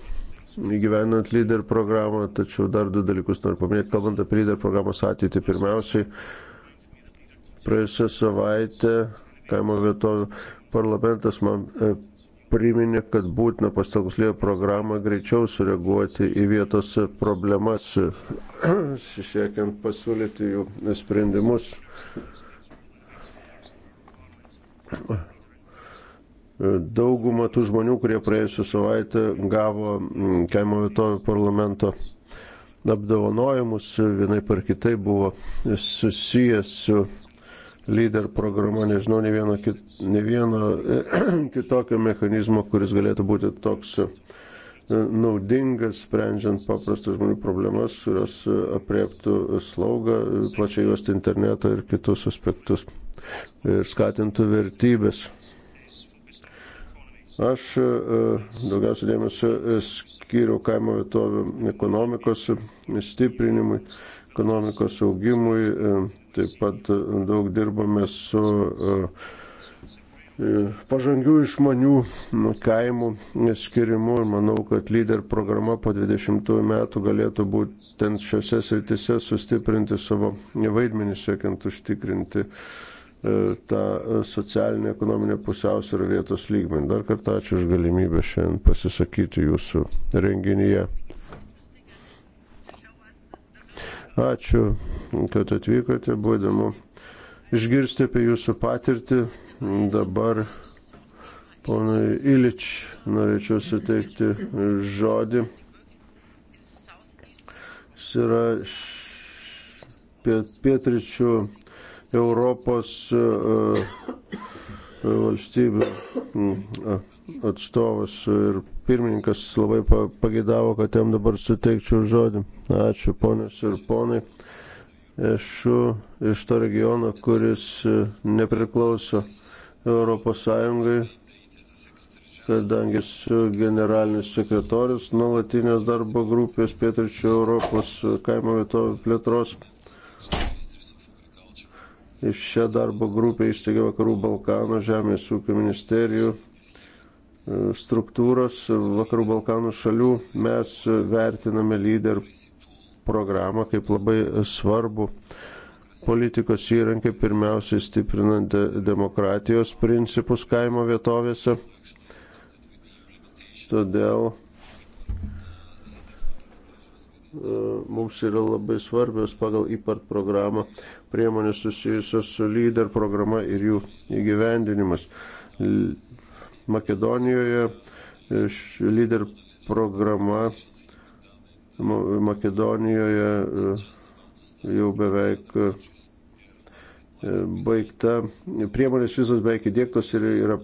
įgyvenant lyder programą, tačiau dar du dalykus noriu paminėti, kalbant apie lyder programos ateitį. Pirmiausiai, Praėjusią savaitę kaimo vietovių parlamentas man e, priminė, kad būtina pastelgus lėjo programą greičiau sureaguoti į vietos problemas, siekiant pasiūlyti jų sprendimus. Dauguma tų žmonių, kurie praėjusią savaitę gavo kaimo vietovių parlamento apdovanojimus, vienai par kitai buvo susijęs su lyder programa, nežinau, ne vieno, kit, ne vieno kitokio mechanizmo, kuris galėtų būti toks e, naudingas, sprendžiant paprastas žmonių problemas, kurios e, apriektų slaugą, plačiai juosti internetą ir kitus aspektus ir skatintų vertybės. Aš e, daugiausia dėmesio skiriu kaimo vietovių ekonomikos stiprinimui, ekonomikos augimui, Taip pat e, daug dirbame su e, e, pažangių išmanių kaimų skirimu ir manau, kad lyder programa po 20 metų galėtų būtent šiuose srityse sustiprinti savo vaidmenį, siekiant užtikrinti tą socialinę ekonominę pusiausvyrą vietos lygmenį. Dar kartą ačiū už galimybę šiandien pasisakyti jūsų renginyje. Ačiū, kad atvykote, buvo įdomu išgirsti apie jūsų patirtį. Dabar ponui Ilič norėčiau suteikti žodį. Jis yra pietričių Europos e, e, valstybių atstovas ir pirmininkas labai pagėdavo, kad jam dabar suteikčiau žodį. Ačiū ponios ir ponai. Esu iš to regiono, kuris e, nepriklauso Europos Sąjungai, kadangi esu generalinis sekretorius nuolatinės darbo grupės Pietričio Europos kaimo vietovių plėtros. Iš šią darbo grupę įsteigė Vakarų Balkano žemės ūkio ministerijų struktūros Vakarų Balkanų šalių mes vertiname lyder programą kaip labai svarbu politikos įrankį, pirmiausiai stiprinant demokratijos principus kaimo vietovėse. Todėl e, mums yra labai svarbios pagal IPART programą priemonės susijusios su lyder programa ir jų įgyvendinimas. Makedonijoje e, lyder programa Makedonijoje e, jau beveik e, baigta. Priemonės visos beveik įdėktos ir yra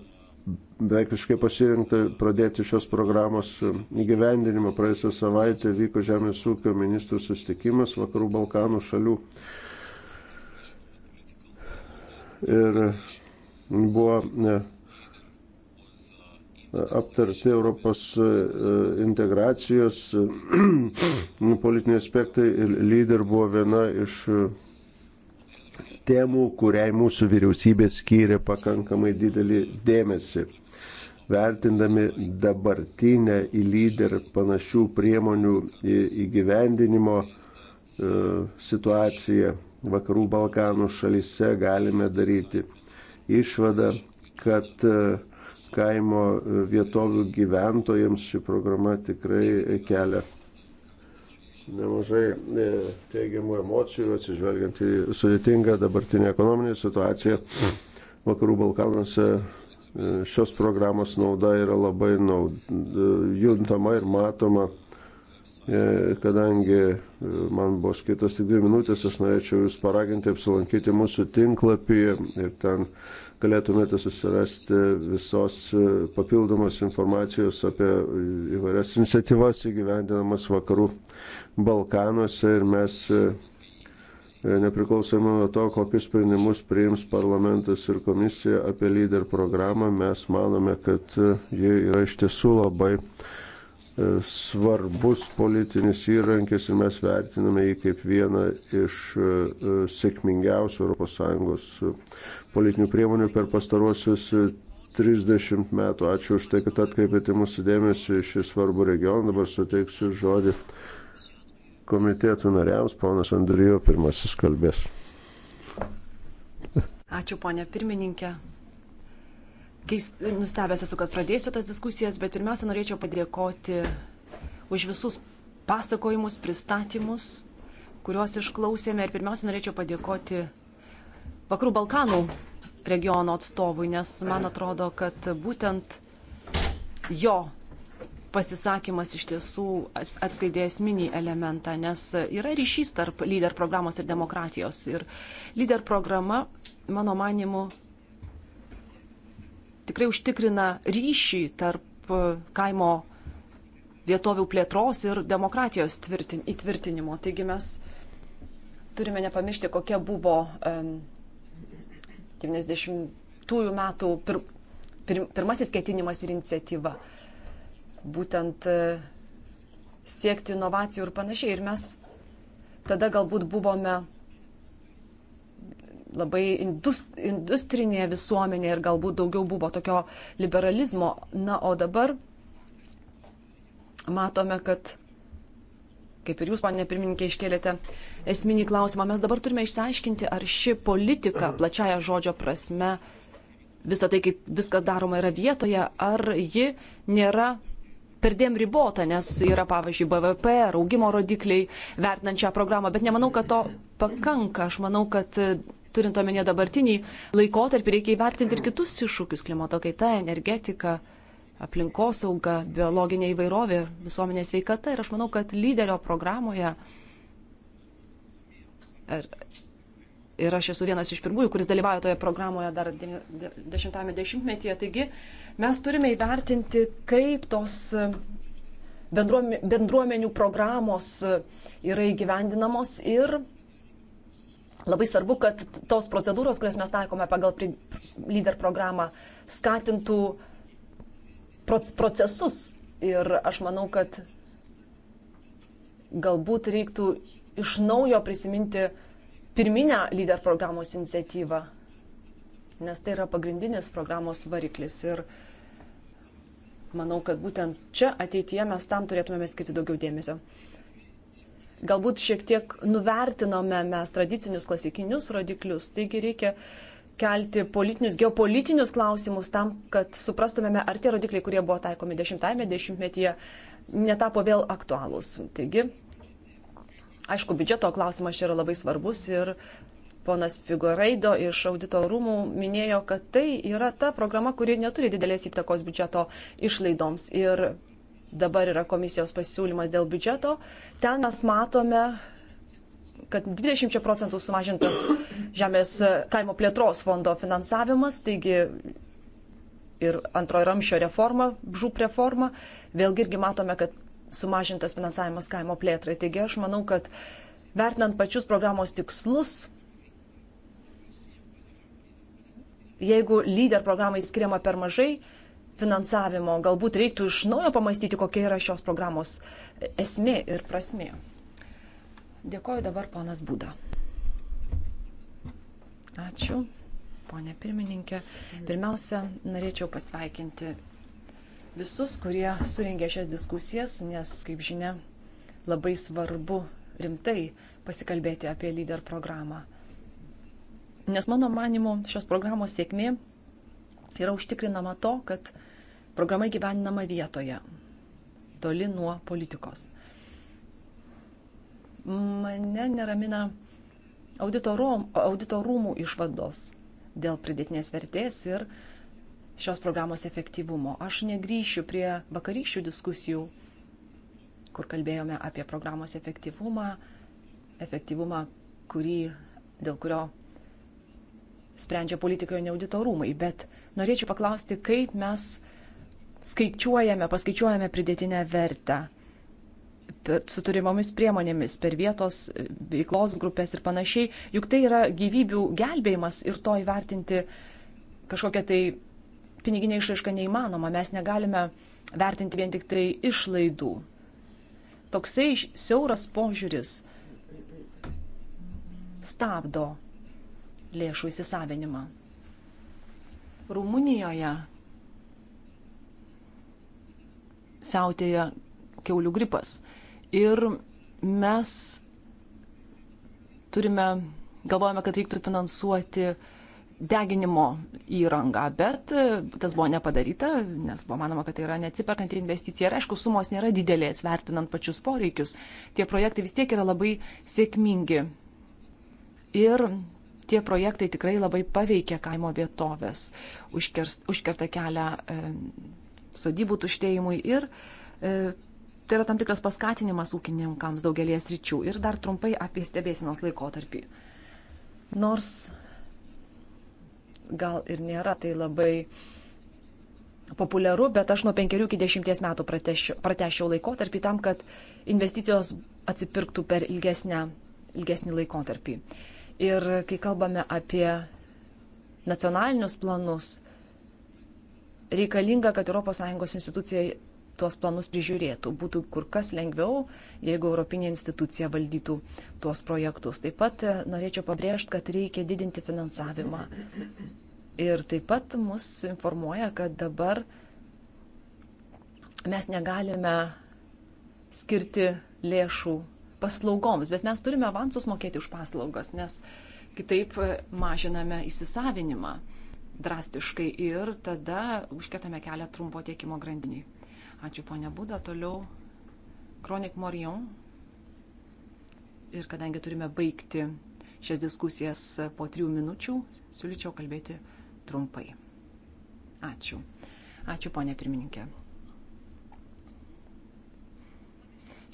beveik visiškai pasirinkta pradėti šios programos įgyvendinimą. Praėjusią savaitę vyko Žemės ūkio ministrų sustikimas Vakarų Balkanų šalių. Ir buvo aptarti Europos e, integracijos e, politiniai aspektai ir lyder buvo viena iš e, temų, kuriai mūsų vyriausybė skyrė pakankamai didelį dėmesį. Vertindami dabartinę į lyder panašių priemonių įgyvendinimo situaciją vakarų Balkanų šalyse, galime daryti išvadą, kad uh, kaimo vietovių gyventojams ši programa tikrai kelia nemažai e, teigiamų emocijų, atsižvelgiant į sudėtingą dabartinę ekonominę situaciją. Vakarų Balkanuose e, šios programos nauda yra labai naud... E, juntama ir matoma. Kadangi man buvo skirtas tik dvi minutės, aš norėčiau Jūs paraginti apsilankyti mūsų tinklapį ir ten uh, galėtumėte susirasti visos e, papildomos informacijos apie įvairias iniciatyvas įgyvendinamas vakarų Balkanuose ir mes e, e, nepriklausomai nuo to, kokius sprendimus priims parlamentas ir komisija apie lyder programą, mes manome, kad ji yra iš tiesų labai E, svarbus politinis įrankis ir mes vertiname jį kaip vieną iš e, e, sėkmingiausių ES politinių priemonių per pastaruosius 30 metų. Ačiū už tai, kad atkreipėte mūsų dėmesį į šį svarbų regioną. Dabar suteiksiu žodį komitetų nariams. Ponas Andrijo pirmasis kalbės. Ačiū, ponė pirmininkė keist, nustebęs esu, kad pradėsiu tas diskusijas, bet pirmiausia norėčiau padėkoti už visus pasakojimus, pristatymus, kuriuos išklausėme. Ir pirmiausia norėčiau padėkoti Vakarų Balkanų regiono atstovui, nes man atrodo, kad būtent jo pasisakymas iš tiesų atskleidė esminį elementą, nes yra ryšys tarp lyder programos ir demokratijos. Ir lyder programa, mano manimu, tikrai užtikrina ryšį tarp e, kaimo vietovių plėtros ir demokratijos tvirtin, įtvirtinimo. Taigi mes turime nepamiršti, kokia buvo um, 90-ųjų metų pir, pir, pirmasis ketinimas ir iniciatyva. Būtent uh, siekti inovacijų ir panašiai. Ir mes tada galbūt buvome labai industrinė visuomenė ir galbūt daugiau buvo tokio liberalizmo. Na, o dabar matome, kad, kaip ir jūs, panė pirmininkė, iškėlėte esminį klausimą, mes dabar turime išsiaiškinti, ar ši politika, plačiaja žodžio prasme, visą tai, kaip viskas daroma yra vietoje, ar ji nėra perdėm ribota, nes yra, pavyzdžiui, BVP, augimo rodikliai vertinant šią programą, bet nemanau, kad to pakanka. Aš manau, kad turint omenyje dabartinį laikotarpį, reikia įvertinti ir kitus iššūkius - klimato kaita, energetika, aplinkosauga, biologinė įvairovė, visuomenės veikata. Ir aš manau, kad lyderio programoje. Ir, ir aš esu vienas iš pirmųjų, kuris dalyvauja toje programoje dar 10-ame dešimtmetyje. Taigi mes turime įvertinti, kaip tos bendruomenių programos yra įgyvendinamos ir Labai svarbu, kad tos procedūros, kurias mes taikome pagal lyder programą, skatintų procesus. Ir aš manau, kad galbūt reiktų iš naujo prisiminti pirminę lyder programos iniciatyvą, nes tai yra pagrindinis programos variklis. Ir manau, kad būtent čia ateityje mes tam turėtumėme skirti daugiau dėmesio galbūt šiek tiek nuvertinome mes tradicinius klasikinius rodiklius, taigi reikia kelti politinius, geopolitinius klausimus tam, kad suprastumėme, ar tie rodikliai, kurie buvo taikomi dešimtajame dešimtmetyje, netapo vėl aktualūs. Taigi, aišku, biudžeto klausimas čia yra labai svarbus ir ponas Figuraido iš audito rūmų minėjo, kad tai yra ta programa, kuri neturi didelės įtakos biudžeto išlaidoms. Ir dabar yra komisijos pasiūlymas dėl biudžeto, ten mes matome, kad 20 procentų sumažintas žemės e, kaimo plėtros fondo finansavimas, taigi ir antrojo ramšio reforma, žūp reforma, vėlgi irgi matome, kad sumažintas finansavimas kaimo plėtrai. Taigi aš manau, kad vertinant pačius programos tikslus, jeigu lyder programai skiriama per mažai, finansavimo. Galbūt reiktų iš naujo pamastyti, kokia yra šios programos esmė ir prasmė. Dėkoju dabar ponas Būda. Ačiū, ponė pirmininkė. Pirmiausia, norėčiau pasveikinti visus, kurie surengė šias diskusijas, nes, kaip žinia, labai svarbu rimtai pasikalbėti apie lyder programą. Nes mano manimu, šios programos sėkmė yra užtikrinama to, kad Programa įgyvendinama vietoje, toli nuo politikos. Mane neramina audito rūmų išvados dėl pridėtinės vertės ir šios programos efektyvumo. Aš negryšiu prie vakarykščių diskusijų, kur kalbėjome apie programos efektyvumą, efektyvumą, kurį, dėl kurio sprendžia politikoje ne audito rūmai. Bet norėčiau paklausti, kaip mes skaičiuojame, paskaičiuojame pridėtinę vertę per, su turimomis priemonėmis per vietos veiklos grupės ir panašiai. Juk tai yra gyvybių gelbėjimas ir to įvertinti kažkokią tai piniginę išraišką neįmanoma. Mes negalime vertinti vien tik tai išlaidų. Toksai siauras požiūris stabdo lėšų įsisavinimą. Rumunijoje siautėja keulių gripas. Ir mes turime, galvojame, kad reiktų finansuoti deginimo įrangą, bet tas buvo nepadaryta, nes buvo manoma, kad tai yra neatsiperkanti investicija. Ir aišku, sumos nėra didelės, vertinant pačius poreikius. Tie projektai vis tiek yra labai sėkmingi. Ir tie projektai tikrai labai paveikia kaimo vietovės, užkerst, užkerta kelią e, sodybų tuštėjimui ir e, tai yra tam tikras paskatinimas ūkininkams daugelės ryčių. Ir dar trumpai apie stebėsinos laikotarpį. Nors gal ir nėra tai labai populiaru, bet aš nuo penkerių iki dešimties metų pratešiau, pratešiau laikotarpį tam, kad investicijos atsipirktų per ilgesnę, ilgesnį laikotarpį. Ir kai kalbame apie nacionalinius planus, reikalinga, kad ES institucija tuos planus prižiūrėtų. Būtų kur kas lengviau, jeigu Europinė institucija valdytų tuos projektus. Taip pat e, norėčiau pabrėžti, kad reikia didinti finansavimą. Ir taip pat mus informuoja, kad dabar mes negalime skirti lėšų paslaugoms, bet mes turime avansus mokėti už paslaugas, nes kitaip e, mažiname įsisavinimą drastiškai ir tada užkėtame kelią trumpo tiekimo grandiniai. Ačiū ponia Būda, toliau Kronik Morion. Ir kadangi turime baigti šias diskusijas po trijų minučių, siūlyčiau kalbėti trumpai. Ačiū. Ačiū ponia pirmininkė.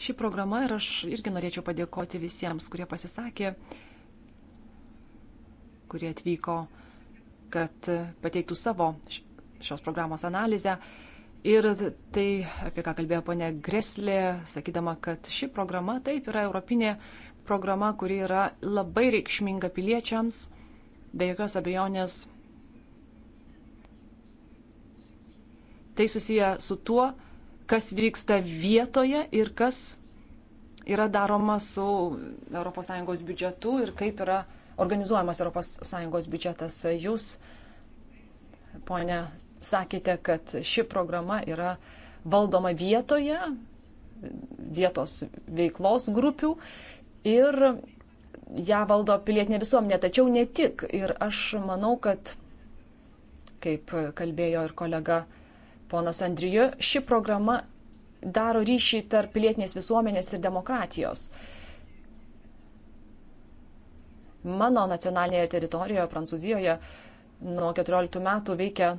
Ši programa ir aš irgi norėčiau padėkoti visiems, kurie pasisakė, kurie atvyko uh, kad pateiktų savo šios programos analizę. Ir tai, apie ką kalbėjo ponė Greslė, sakydama, kad ši programa taip yra europinė programa, kuri yra labai reikšminga piliečiams, be jokios abejonės. Tai susiję su tuo, kas vyksta vietoje ir kas yra daroma su ES biudžetu ir kaip yra organizuojamas ES biudžetas. Jūs, ponė, sakėte, kad ši programa yra valdoma vietoje, vietos veiklos grupių ir ją valdo pilietinė visuomenė, tačiau ne tik. Ir aš manau, kad, kaip kalbėjo ir kolega ponas Andriju, ši programa daro ryšį tarp pilietinės visuomenės ir demokratijos. Uh, Mano nacionalinėje teritorijoje, Prancūzijoje, nuo 14 metų veikia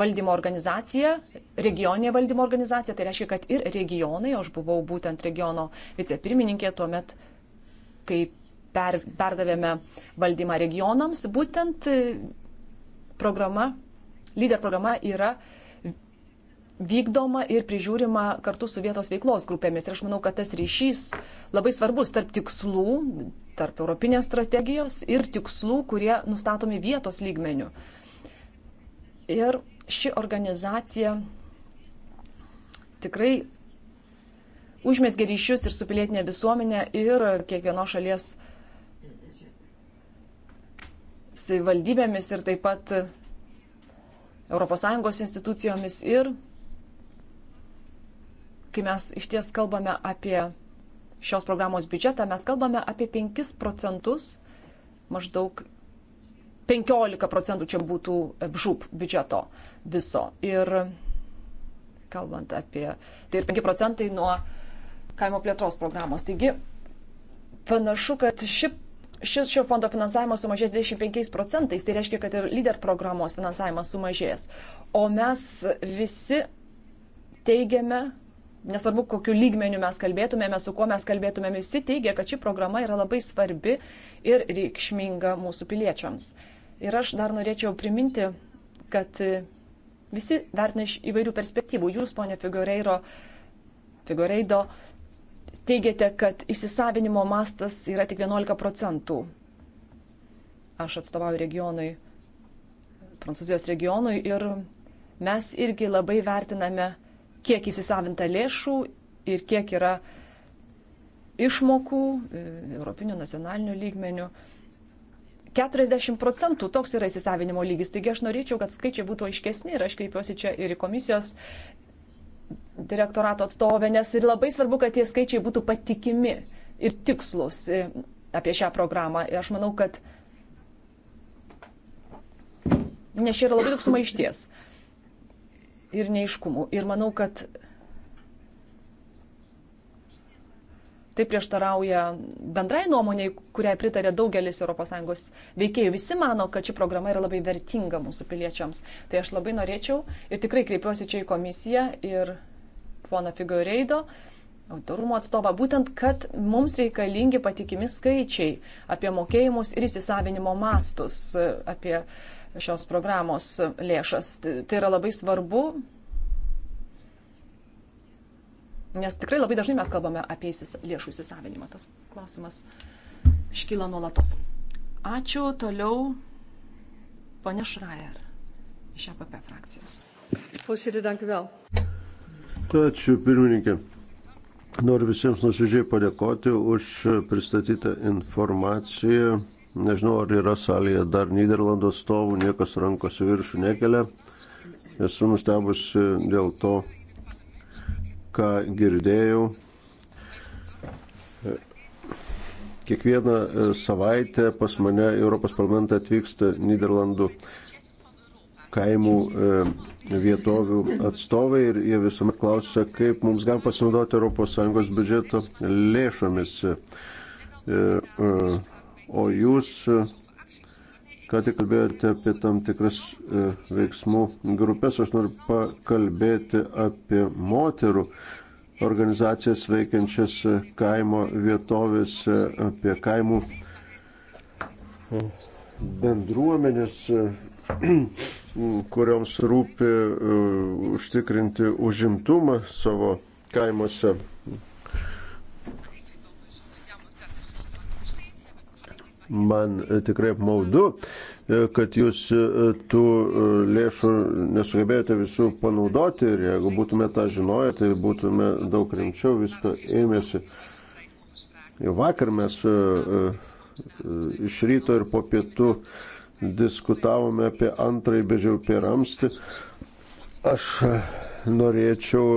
valdymo organizacija, regioninė valdymo organizacija, tai reiškia, kad ir regionai, aš buvau būtent regiono vicepirmininkė tuo met, kai per, perdavėme valdymą regionams, būtent e, programa, lyder programa yra vykdoma ir prižiūrima kartu su vietos veiklos grupėmis. Ir aš manau, kad tas ryšys labai svarbus tarp tikslų, tarp europinės strategijos ir tikslų, kurie nustatomi vietos lygmenių. Ir ši organizacija tikrai užmėsgė ryšius ir su pilietinė visuomenė ir kiekvienos šalies savivaldybėmis ir taip pat ES institucijomis. Ir kai mes iš ties kalbame apie šios programos biudžetą, mes kalbame apie 5 procentus, maždaug 15 procentų čia būtų žūp biudžeto viso. Ir kalbant apie, tai ir 5 procentai nuo kaimo plėtros programos. Taigi, panašu, kad ši šis šio fondo finansavimas sumažės 25 procentais, tai reiškia, kad ir lyder programos finansavimas sumažės. O mes visi teigiame, nesvarbu, kokiu lygmeniu mes kalbėtumėme, su kuo mes kalbėtumėme, visi teigia, kad ši programa yra labai svarbi ir reikšminga mūsų piliečiams. Ir aš dar norėčiau priminti, kad visi vertina iš įvairių perspektyvų. Jūs, ponė Figureido, Figureido teigiate, kad įsisavinimo mastas yra tik 11 procentų. Aš atstovauju regionui, Prancūzijos regionui ir mes irgi labai vertiname kiek įsisavinta lėšų ir kiek yra išmokų e, europinių nacionalinių lygmenių. 40 procentų toks yra įsisavinimo lygis. Taigi aš norėčiau, kad skaičiai būtų aiškesni ir aš kreipiuosi čia ir į komisijos direktorato atstovę, nes ir labai svarbu, kad tie skaičiai būtų patikimi ir tikslus e, apie šią programą. Ir aš manau, kad nes čia yra labai daug sumaišties ir neiškumų. Ir manau, kad tai prieštarauja bendrai nuomoniai, kuriai pritarė daugelis ES veikėjų. Visi mano, kad ši programa yra labai vertinga mūsų piliečiams. Tai aš labai norėčiau ir tikrai kreipiuosi čia į komisiją ir poną Figureido, autorumo atstovą, būtent, kad mums reikalingi patikimi skaičiai apie mokėjimus ir įsisavinimo mastus, apie uh, šios programos lėšas. Tai, tai yra labai svarbu, nes tikrai labai dažnai mes kalbame apie lėšų įsisavinimą. Tas klausimas iškyla nuolatos. Ačiū toliau, ponė Šrajer iš APP frakcijos. Pusėdė, dankui vėl. Ačiū, pirmininkė. Noriu visiems nuoširdžiai padėkoti už pristatytą informaciją Nežinau, ar yra salėje dar Niderlandų atstovų, niekas rankos viršų nekelia. Esu nustebusi dėl to, ką girdėjau. Kiekvieną e, savaitę pas mane Europos parlamentą atvyksta Niderlandų kaimų e, vietovių atstovai ir jie visuomet klausia, kaip mums galima pasinaudoti ES biudžeto lėšomis. Ir, e, ir, o jūs e, ką tik kalbėjote apie tam tikras e, veiksmų grupės, aš noriu pakalbėti apie moterų organizacijas veikiančias e, kaimo vietovėse, apie kaimų bendruomenės, kurioms rūpi užtikrinti užimtumą savo kaimuose. man e, tikrai apmaudu, e, kad jūs e, tų lėšų nesugebėjote visų panaudoti ir jeigu būtume tą žinoję, tai būtume daug rimčiau visko ėmėsi. Jau vakar mes iš ryto ir po pietų diskutavome apie antrąjį bežiau pieramstį. Aš norėčiau,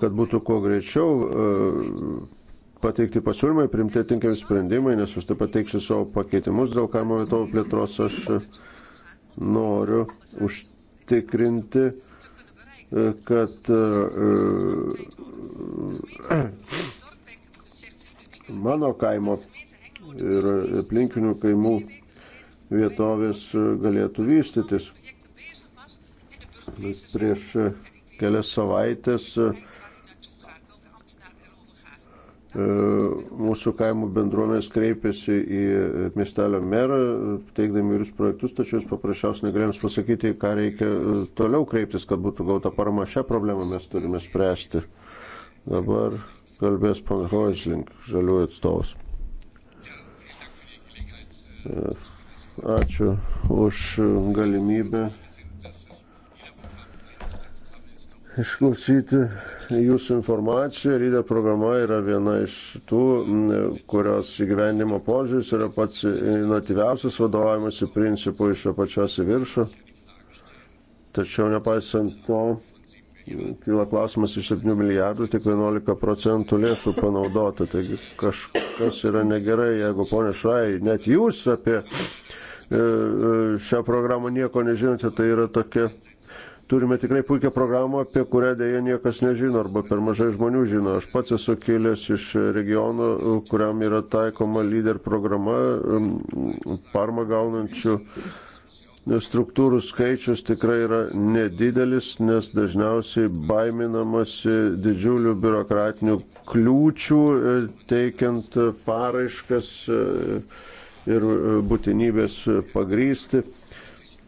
kad būtų kuo greičiau pateikti pasiūlymai, primti atinkami sprendimai, nes aš taip pateiksiu savo pakeitimus dėl kaimo vietovių plėtros. Aš e, noriu užtikrinti, e, kad e, mano kaimo ir aplinkinių kaimų vietovės galėtų vystytis. Prieš kelias savaitės uh, E, mūsų kaimų bendruomenės kreipėsi į miestelio merą, teikdami įvairius projektus, tačiau jis paprasčiausiai negalėjams pasakyti, ką reikia e, toliau kreiptis, kad būtų gauta parama. Šią problemą mes turime spręsti. Dabar kalbės pan Hoisling, žaliųjų atstovas. E, ačiū už galimybę išklausyti jūsų informaciją. Rydė programa yra viena iš tų, kurios įgyvendimo požiūris yra pats inovatyviausias vadovavimas į principų iš apačios į viršų. Tačiau nepaisant to, kyla klausimas iš 7 milijardų, tik 11 procentų lėšų panaudota. Taigi kažkas yra negerai, jeigu ponė Šai, net jūs apie e, e, šią programą nieko nežinote, tai yra tokia Turime tikrai puikią programą, apie kurią dėja niekas nežino arba per mažai žmonių žino. Aš pats esu kilęs iš regiono, kuriam yra taikoma lyder programa, parma gaunančių struktūrų skaičius tikrai yra nedidelis, nes dažniausiai baiminamasi didžiulių biurokratinių kliūčių e, teikiant paraiškas e, ir e, būtinybės pagrysti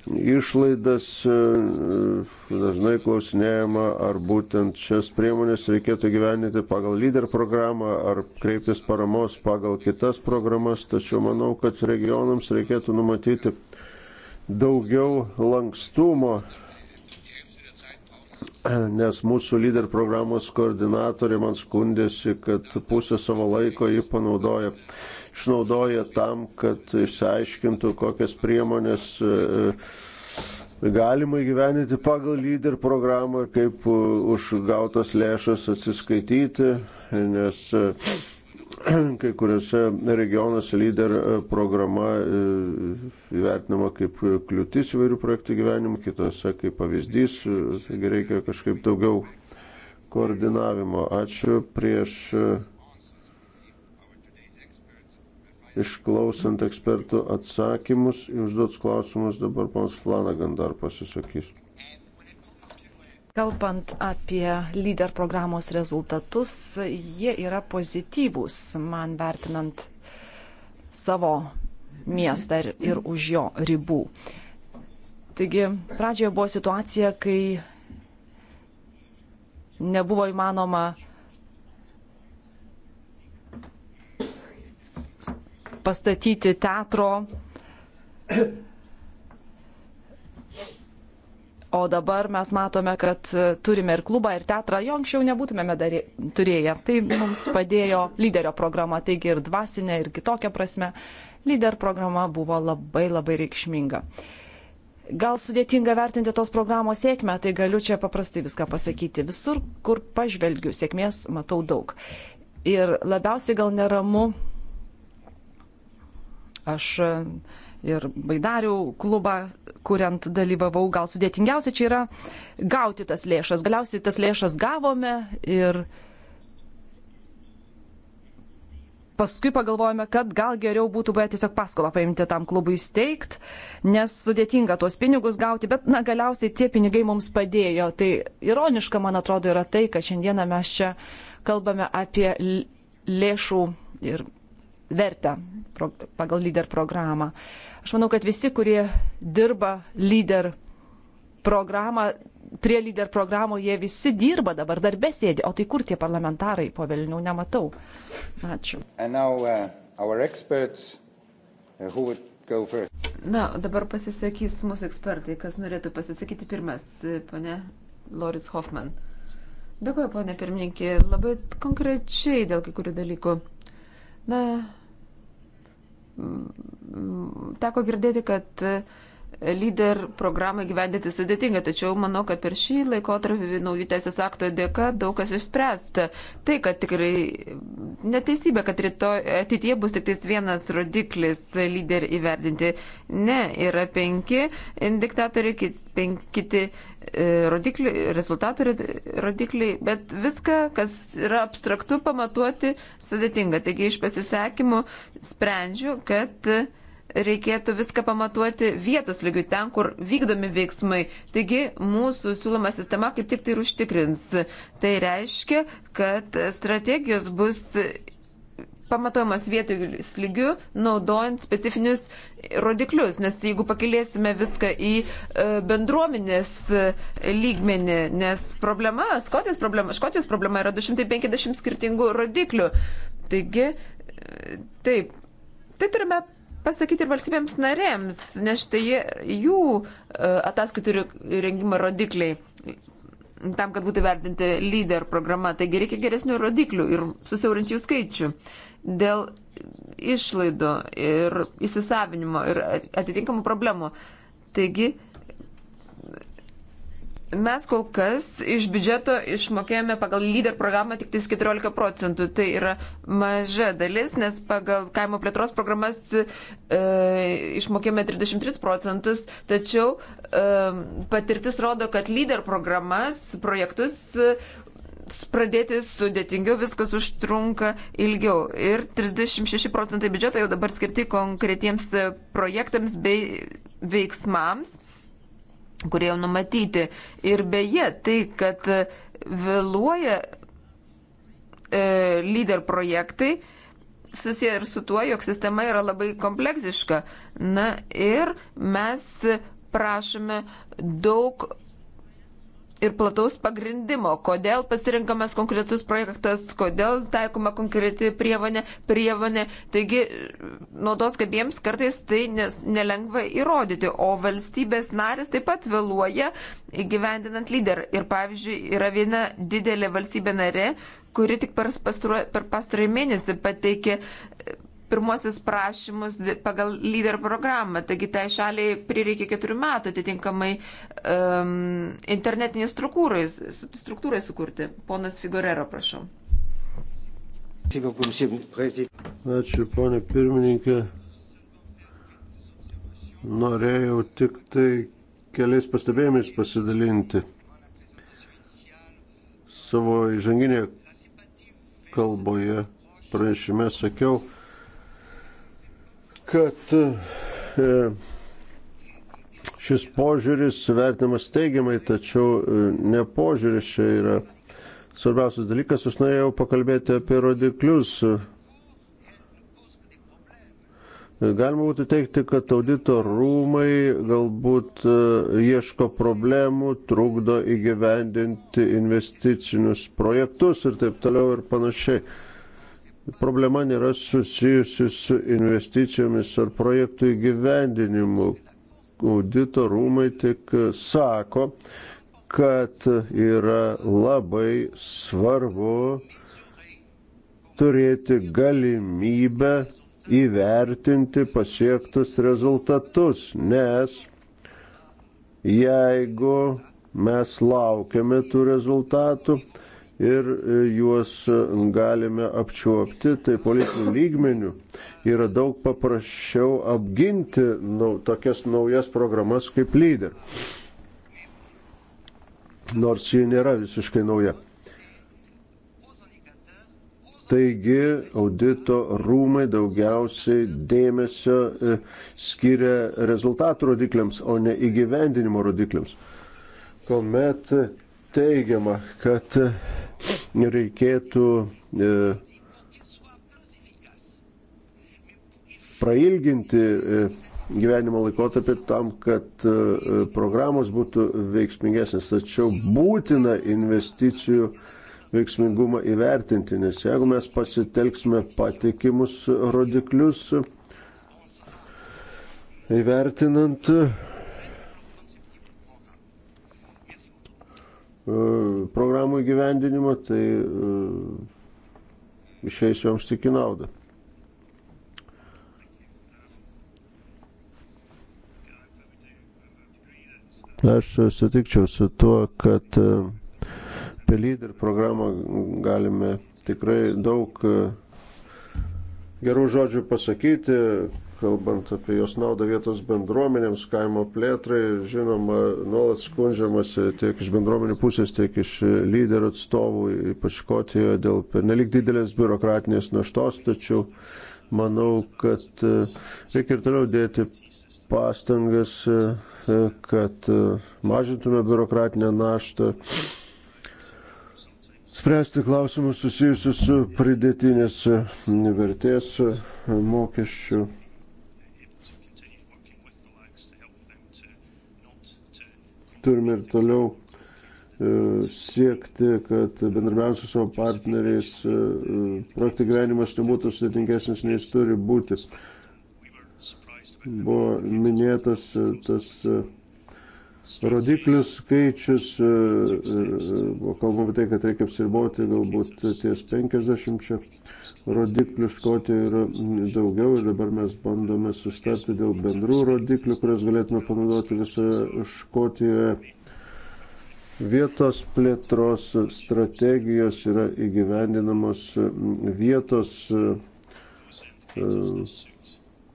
išlaidas e, dažnai klausinėjama, ar būtent šias priemonės reikėtų gyveninti pagal lyder programą, ar kreiptis paramos pagal kitas programas, tačiau manau, kad regionams reikėtų numatyti daugiau lankstumo, nes mūsų lyder programos koordinatorė man skundėsi, kad pusę savo laiko jį panaudoja išnaudoja tam, kad išsiaiškintų, kokias priemonės e, e, galima įgyveninti pagal lyder programą ir kaip e, už gautas lėšas atsiskaityti, nes kai kuriuose regionuose lyder programa įvertinama kaip kliūtis įvairių projektų gyvenimų, kitose kaip pavyzdys, taigi reikia kažkaip daugiau koordinavimo. Ačiū prieš išklausant ekspertų atsakymus į užduotus klausimus, dabar pons Flanagan dar pasisakys. Kalbant apie lyder programos rezultatus, jie yra pozityvūs, man vertinant savo miestą ir, ir už jo ribų. Taigi, pradžioje buvo situacija, kai nebuvo įmanoma pastatyti teatro. O dabar mes matome, kad turime ir klubą, ir teatrą, jo anksčiau nebūtumėme darė, turėję. Tai mums padėjo lyderio programa, taigi ir dvasinė, ir kitokia prasme. Lyder programa buvo labai labai reikšminga. Gal sudėtinga vertinti tos programos sėkmę, tai galiu čia paprastai viską pasakyti. Visur, kur pažvelgiu, sėkmės matau daug. Ir labiausiai gal neramu Aš e, ir baidarių klubą, kuriant dalyvavau, gal sudėtingiausia čia yra gauti tas lėšas. Galiausiai tas lėšas gavome ir paskui pagalvojome, kad gal geriau būtų buvę tiesiog paskolą paimti tam klubui steigt, nes sudėtinga tuos pinigus gauti, bet na galiausiai tie pinigai mums padėjo. Tai ironiška, man atrodo, yra tai, kad šiandieną mes čia kalbame apie lėšų ir vertę pagal lyder programą. Aš manau, kad visi, kurie dirba lyder programą, prie lyder programų, jie visi dirba dabar, darbe sėdi. O tai kur tie parlamentarai po Vilnių, nematau. Ačiū. Now, uh, experts, uh, Na, dabar pasisakys mūsų ekspertai, kas norėtų pasisakyti pirmas, pane Loris Hoffman. Dėkuoju, ponė pirmininkė, labai konkrečiai dėl kai kurių dalykų. Na, Teko girdėti, kad e, lyder programą gyvendyti sudėtinga, tačiau manau, kad per šį laikotarpį naujų teisės akto dėka daug kas išspręsta. Tai, kad tikrai neteisybė, kad rytoj, ateitie bus tik tais vienas rodiklis lyder įverdinti. Ne, yra penki diktatoriai, kiti, kiti E, rodiklių, rezultatų rodikliai, bet viską, kas yra abstraktu, pamatuoti sudėtinga. Taigi iš pasisekimų sprendžiu, kad reikėtų viską pamatuoti vietos lygių ten, kur vykdomi veiksmai. Taigi mūsų siūloma sistema kaip tik tai ir užtikrins. Tai reiškia, kad strategijos bus pamatuojamas vietos lygių, naudojant specifinius rodiklius, nes jeigu pakilėsime viską į e, bendruomenės e, lygmenį, nes problema, Škotijos problema, Škotijos problema yra 250 skirtingų rodiklių. Taigi, e, taip, tai turime pasakyti ir valstybėms narėms, nes štai jų ataskaitų rengimo rodikliai tam, kad būtų vertinti lyder programa. Taigi reikia geresnių rodiklių ir susiaurinti jų skaičių. Uh, dėl išlaidų ir įsisavinimo ir atitinkamų problemų. Taigi, mes kol kas iš biudžeto išmokėjome pagal lyder programą tik 14 procentų. Tai yra maža dalis, nes pagal kaimo plėtros programas e, išmokėjome 33 procentus, tačiau e, patirtis rodo, kad lyder programas, projektus e, pradėti sudėtingiau, viskas užtrunka ilgiau. Ir 36 procentai biudžeto jau dabar skirti konkretiems projektams bei veiksmams, kurie jau numatyti. Ir beje, tai, kad vėluoja e, lyder projektai, susiję ir su tuo, jog sistema yra labai kompleksiška. Na ir mes prašome daug ir plataus pagrindimo, kodėl pasirinkamas konkretus projektas, kodėl taikoma konkreti priemonė, priemonė. Taigi, naudos gabiems kartais tai nes, nelengva įrodyti, o valstybės narės taip pat vėluoja gyvendinant lyderį. Ir pavyzdžiui, yra viena didelė valstybė narė, kuri tik per pastarąjį mėnesį pateikė pirmosius prašymus pagal lyder programą. Taigi tai šaliai prireikė keturių metų atitinkamai um, internetiniai struktūrai, struktūrai sukurti. Ponas Figurero, prašau. Ačiū, ponė pirmininkė. Norėjau tik tai keliais pastebėjimais pasidalinti savo įžanginėje kalboje pranešime sakiau, kad e, šis požiūris vertinamas teigiamai, tačiau e, ne požiūris čia yra svarbiausias dalykas. Aš norėjau pakalbėti apie rodiklius. Galima būtų teikti, kad audito rūmai galbūt e, ieško problemų, trukdo įgyvendinti investicinius projektus ir taip toliau ir panašiai problema nėra susijusi su investicijomis ar projektų įgyvendinimu. Audito rūmai tik sako, kad yra labai svarbu turėti galimybę įvertinti pasiektus rezultatus, nes jeigu mes laukiame tų rezultatų, ir e, juos e, galime apčiuopti, tai politinių lygmenių yra daug paprasčiau apginti nau, tokias naujas programas kaip lyder. Nors ji nėra visiškai nauja. Taigi audito rūmai daugiausiai dėmesio e, skiria rezultatų rodikliams, o ne įgyvendinimo rodikliams. Komet teigiama, kad reikėtų e, prailginti e, gyvenimo laikotarpį tam, kad e, programos būtų veiksmingesnės, tačiau būtina investicijų veiksmingumą įvertinti, nes jeigu mes pasitelksime patikimus rodiklius, įvertinant E, programų įgyvendinimo, tai e, išeis joms tik į naudą. Aš sutikčiau su tuo, kad e, apie lyderį programą galime tikrai daug gerų žodžių pasakyti, kalbant apie jos naudą vietos bendruomenėms, kaimo plėtrai, žinoma, nuolat skundžiamasi tiek iš bendruomenių pusės, tiek iš lyderių atstovų, ypač Škotijoje, dėl nelik didelės biurokratinės naštos, tačiau manau, kad e, reikia ir toliau dėti pastangas, e, e, kad mažintume biurokratinę naštą spręsti klausimus susijusius su pridėtinės vertės mokesčių turime ir toliau e, siekti, kad bendrabiavimas su savo partneriais e, e, projektų gyvenimas nebūtų sudėtingesnis, nei jis turi būti. Buvo minėtas tas rodiklių skaičius, buvo e, e, e, kalbama tai, kad reikia apsiriboti galbūt ties 50 rodiklių, Škotijoje yra daugiau ir dabar mes bandome sustarti dėl bendrų rodiklių, kurias galėtume panaudoti visoje Škotijoje. Vietos plėtros strategijos yra įgyvendinamos vietos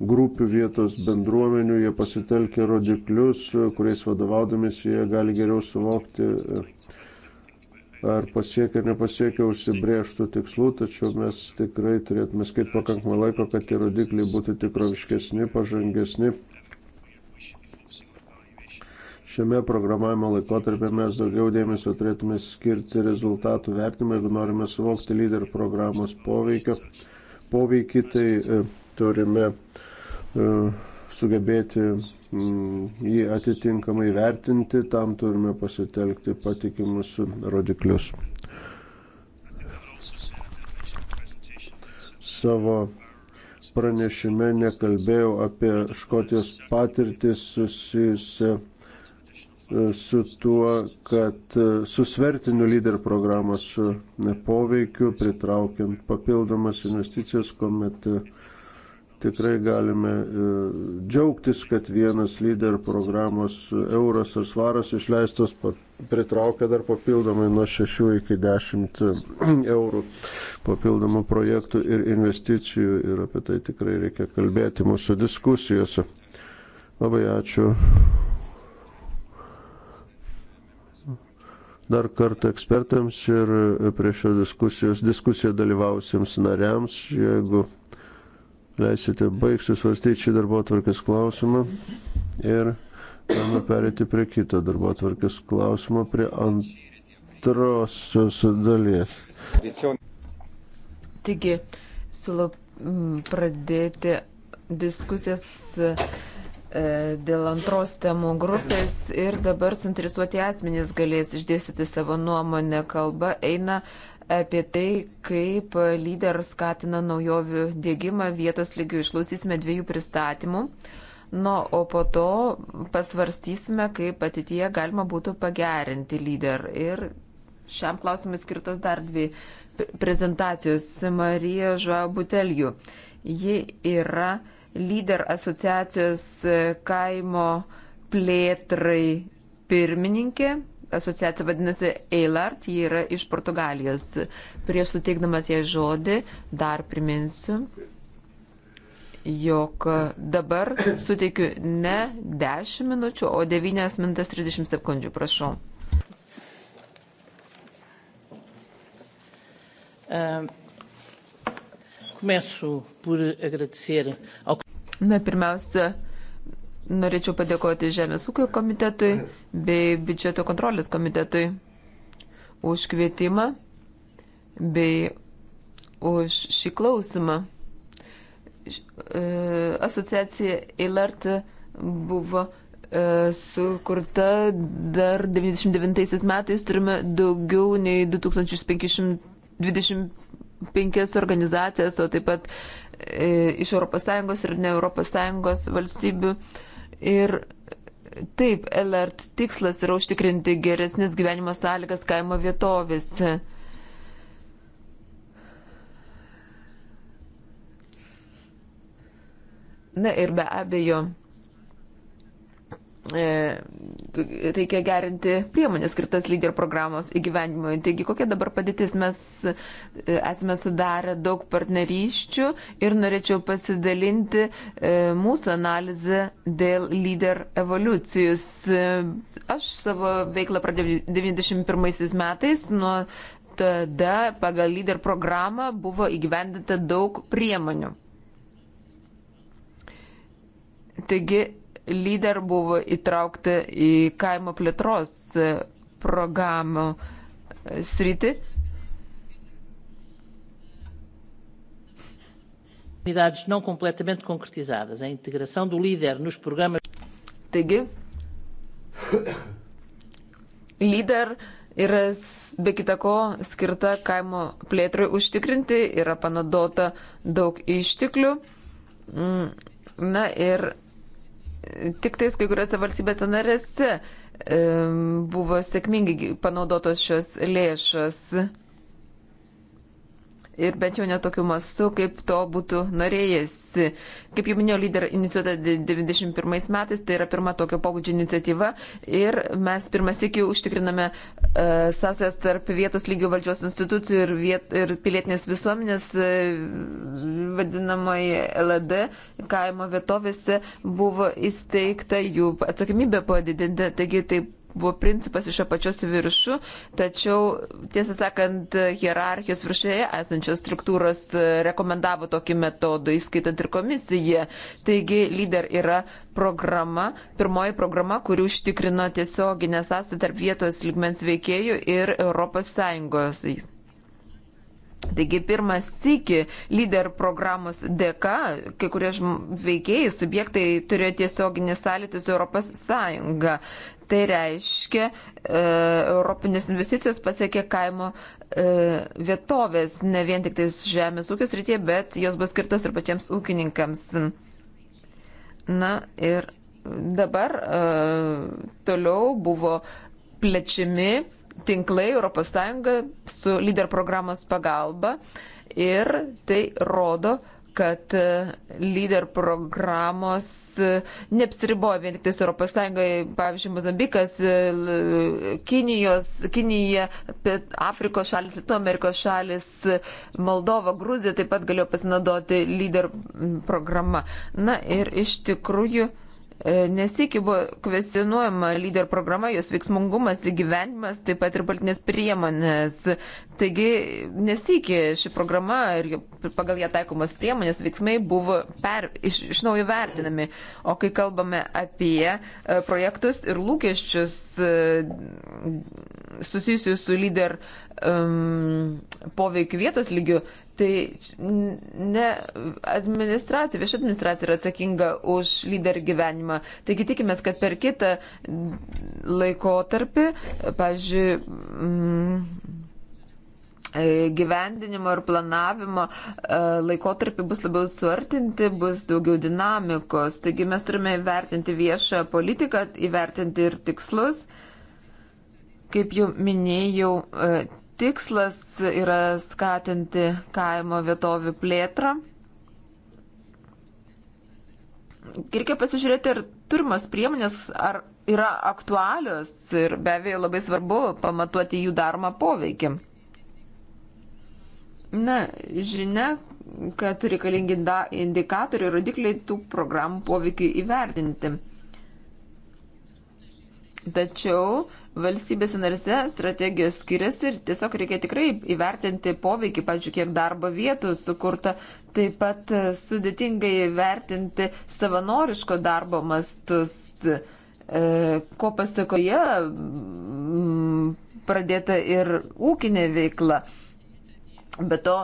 grupių vietos bendruomenių, jie pasitelkia rodiklius, kuriais vadovaudomis jie gali geriau suvokti, ar pasiekia ar nepasiekia užsibrieštų tikslų, tačiau mes tikrai turėtume skirti pakankamai laiko, kad tie rodikliai būtų tikroviškesni, pažangesni. Šiame programavimo laikotarpė mes daugiau dėmesio turėtume skirti rezultatų vertimą, jeigu norime suvokti lyderio programos poveikio. poveikį, tai e, turime uh, E, sugebėti mm, jį atitinkamai vertinti, tam turime pasitelkti patikimus rodiklius. Savo pranešime nekalbėjau apie Škotijos patirtį susijusią e, su tuo, kad e, susvertiniu lyder programos poveikiu, pritraukiant papildomas investicijas, kuomet uh, tikrai galime e, džiaugtis, kad vienas lyder programos euras ar svaras išleistos pritraukia dar papildomai nuo 6 iki 10 eurų papildomų projektų ir investicijų ir apie tai tikrai reikia kalbėti mūsų diskusijose. Labai ačiū. dar kartą ekspertams ir prie šios diskusijos diskusiją dalyvausiems nariams, jeigu leisite baigsiu svarstyti šį darbo atvarkės klausimą ir galime perėti prie kito darbo atvarkės klausimo, prie antrosios dalies. Taigi, siūlau pradėti diskusijas e, dėl antros temų grupės ir dabar suinteresuoti asmenys galės išdėstyti savo nuomonę. Kalba eina apie tai, kaip lyder skatina naujovių dėgymą vietos lygių. Išklausysime dviejų pristatymų. Nu, o po to pasvarstysime, kaip ateityje galima būtų pagerinti lyder. Ir šiam klausimui skirtos dar dvi prezentacijos. Marija Žuo Butelijų. Ji yra lyder asociacijos kaimo plėtrai pirmininkė asociacija vadinasi EILART, ji yra iš Portugalijos. Prieš suteikdamas jai žodį dar priminsiu, jog dabar suteikiu ne 10 minučių, o 9 minutės 30 sekundžių, prašau. Uh, começo por agradecer ao. Na, pirmiausia, Norėčiau padėkoti Žemės ūkio komitetui bei biudžeto kontrolės komitetui už kvietimą bei už šį klausimą. E, asociacija ELART buvo e, sukurta dar 99 metais, turime daugiau nei 2525 organizacijas, o taip pat e, iš ES ir ne ES valstybių Ir taip, LRT tikslas yra užtikrinti geresnis gyvenimo sąlygas kaimo vietovėse. Na ir be abejo, e, reikia gerinti priemonės skirtas lyderio programos įgyvendimui. Taigi, kokia dabar padėtis? Mes e, esame sudarę daug partneryščių ir norėčiau pasidalinti e, mūsų analizę dėl lyder evoliucijos. E, aš savo veiklą pradėjau 91 metais nuo tada pagal lyder programą buvo įgyvendinta daug priemonių. Taigi lyder buvo įtraukta į kaimo plėtros e, programų e, sritį. Unidades não completamente concretizadas, a integração do líder nos programas. Taigi, lyder yra be kitako skirta kaimo plėtrai užtikrinti, yra panaudota daug išteklių. Mm, na ir tik tais kai kuriuose valstybėse narėse buvo sėkmingai panaudotos šios lėšos ir bent jau netokiu masu, kaip to būtų norėjęsi. Kaip jau minėjau, lyder inicijuota 91 metais, tai yra pirma tokio pobūdžio iniciatyva ir mes pirmas iki užtikriname uh, e, sąsęs tarp vietos lygio valdžios institucijų ir, viet, ir pilietinės visuomenės uh, e, vadinamai LAD kaimo vietovėse buvo įsteigta jų atsakomybė padidinti, taigi taip buvo principas iš apačios viršų, tačiau tiesą sakant, hierarchijos viršėje esančios struktūros e, rekomendavo tokį metodą, įskaitant ir komisiją. Taigi, lyder yra programa, pirmoji programa, kuri užtikrino tiesioginę sąsą tarp vietos ligmens veikėjų ir ES. Taigi pirmas sėki lyder programos dėka, kai kurie veikėjai, subjektai turėjo tiesioginį sąlytį su Europos Sąjunga. Tai reiškia, e, Europinės investicijos pasiekė kaimo e, vietovės, ne vien tik tais žemės ūkės rytie, bet jos bus skirtos ir pačiams ūkininkams. Na ir dabar e, toliau buvo plečiami tinklai ES su lyder programos pagalba ir tai rodo, kad e, lyder programos e, neapsiriboja vien tik Europos Sąjungai, pavyzdžiui, Mozambikas, e, Kinijos, Kinija, Afrikos šalis, Pietų Amerikos šalis, Moldova, Gruzija taip pat galėjo pasinaudoti lyder programą. Na ir iš tikrųjų E, nesikį buvo kvestionuojama lyder programa, jos veiksmungumas, įgyvendimas, taip pat ir politinės priemonės. Taigi nesikį ši programa ir pagal ją taikomas priemonės veiksmai buvo per, iš, iš naujo vertinami. O kai kalbame apie e, projektus ir lūkesčius e, susijusius su lyder um, poveikiu vietos lygiu, tai ne administracija, vieša administracija yra atsakinga už lyderį gyvenimą. Taigi tikimės, kad per kitą laikotarpį, pavyzdžiui, um, gyvendinimo ir planavimo e, laikotarpį bus labiau suartinti, bus daugiau dinamikos. Taigi mes turime įvertinti viešą politiką, įvertinti ir tikslus. Kaip jau minėjau, e, tikslas yra skatinti kaimo vietovių plėtrą. Reikia pasižiūrėti, ar turimas priemonės ar yra aktualios ir be abejo labai svarbu pamatuoti jų daromą poveikį. Na, žinia, kad reikalingi indikatoriai ir rodikliai tų programų poveikiai įvertinti. Tačiau valstybės narėse strategijos skiriasi ir tiesiog reikia tikrai įvertinti poveikį, pažiūrėk, kiek darbo vietų sukurta, taip pat sudėtingai įvertinti savanoriško darbo mastus, e, ko pasakoje pradėta ir ūkinė veikla. Bet to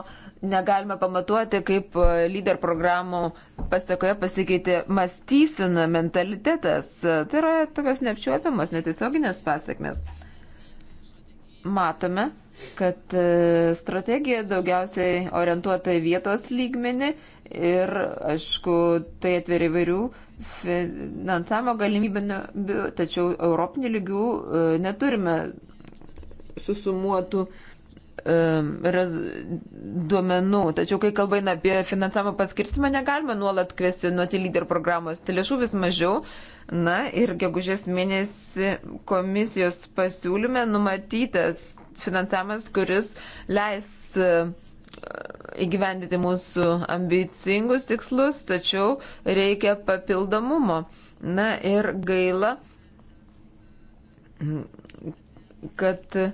negalime pamatuoti, kaip e, lyder programų pasakoje pasikeitė mąstysena, mentalitetas. E, tai yra tokios neapčiuopiamas, netiesioginės pasiekmes. Matome, kad e, strategija daugiausiai orientuota į vietos lygmenį ir, aišku, tai atveria įvairių finansavimo galimybių, tačiau europinių lygių neturime susumuotų uh, Um, duomenų. Tačiau, kai kalba eina apie finansavimo paskirstimą, negalima nuolat kvestionuoti lyderio programos. Tai lėšų vis mažiau. Na ir gegužės mėnesį komisijos pasiūlyme numatytas finansavimas, kuris leis uh, įgyvendyti mūsų ambicingus tikslus, tačiau reikia papildomumo. Na ir gaila, kad uh,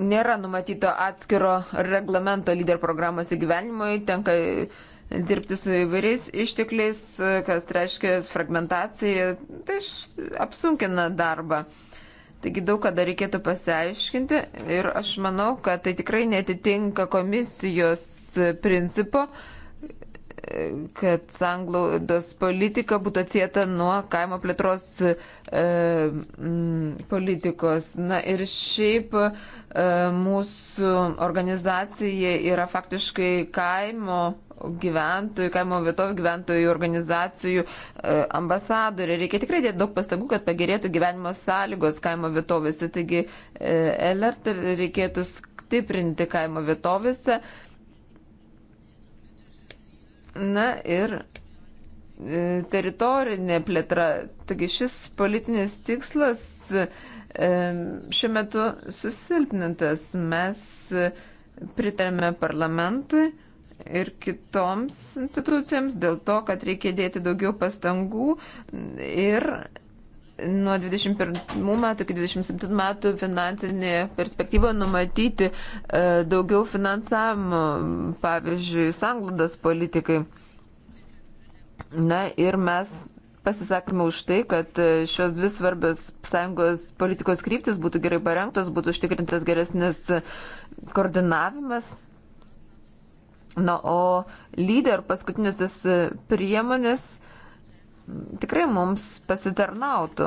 nėra numatyto atskiro reglamento lyder programos įgyvenimui, tenka dirbti su įvairiais ištekliais, kas reiškia fragmentacija, tai apsunkina darbą. Taigi daug ką dar reikėtų pasiaiškinti ir aš manau, kad tai tikrai netitinka komisijos principo, kad sanglaudos politika būtų atsieta nuo kaimo plėtros e, m, politikos. Na ir šiaip e, mūsų organizacija yra faktiškai kaimo gyventojų, kaimo vietovių gyventojų organizacijų e, ambasadoriai. Reikia tikrai dėti daug pastangų, kad pagerėtų gyvenimo sąlygos kaimo vietovėse. Taigi e, LRT reikėtų stiprinti kaimo vietovėse. E, Na ir e, teritorinė plėtra. Taigi šis politinis tikslas e, šiuo metu susilpnintas. Mes pritarėme parlamentui ir kitoms institucijoms dėl to, kad reikia dėti daugiau pastangų ir nuo 21 metų iki 27 metų finansinėje perspektyvoje numatyti e, daugiau finansavimo, pavyzdžiui, sanglūdas politikai. Na ir mes pasisakymą už tai, kad e, šios dvi svarbios sąjungos politikos kryptis būtų gerai parengtos, būtų užtikrintas geresnis koordinavimas. Na, o lyder paskutinėsis priemonės tikrai mums pasitarnautų.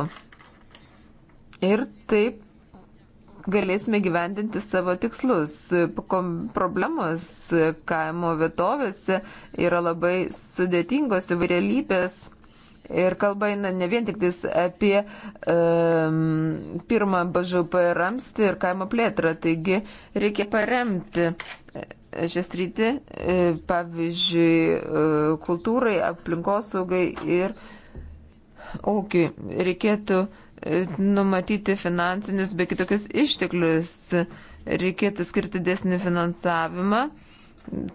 Ir taip galėsime gyvendinti savo tikslus. Problemos kaimo vietovėse yra labai sudėtingos įvairialybės. Ir kalba eina ne vien tik apie um, pirmą BŽP ramstį ir kaimo plėtrą, taigi reikia paremti šią sritį, e, pavyzdžiui, e, kultūrai, aplinkosaugai ir ūkiui. Reikėtų e, numatyti finansinius bei kitokius išteklius, reikėtų skirti desnį finansavimą.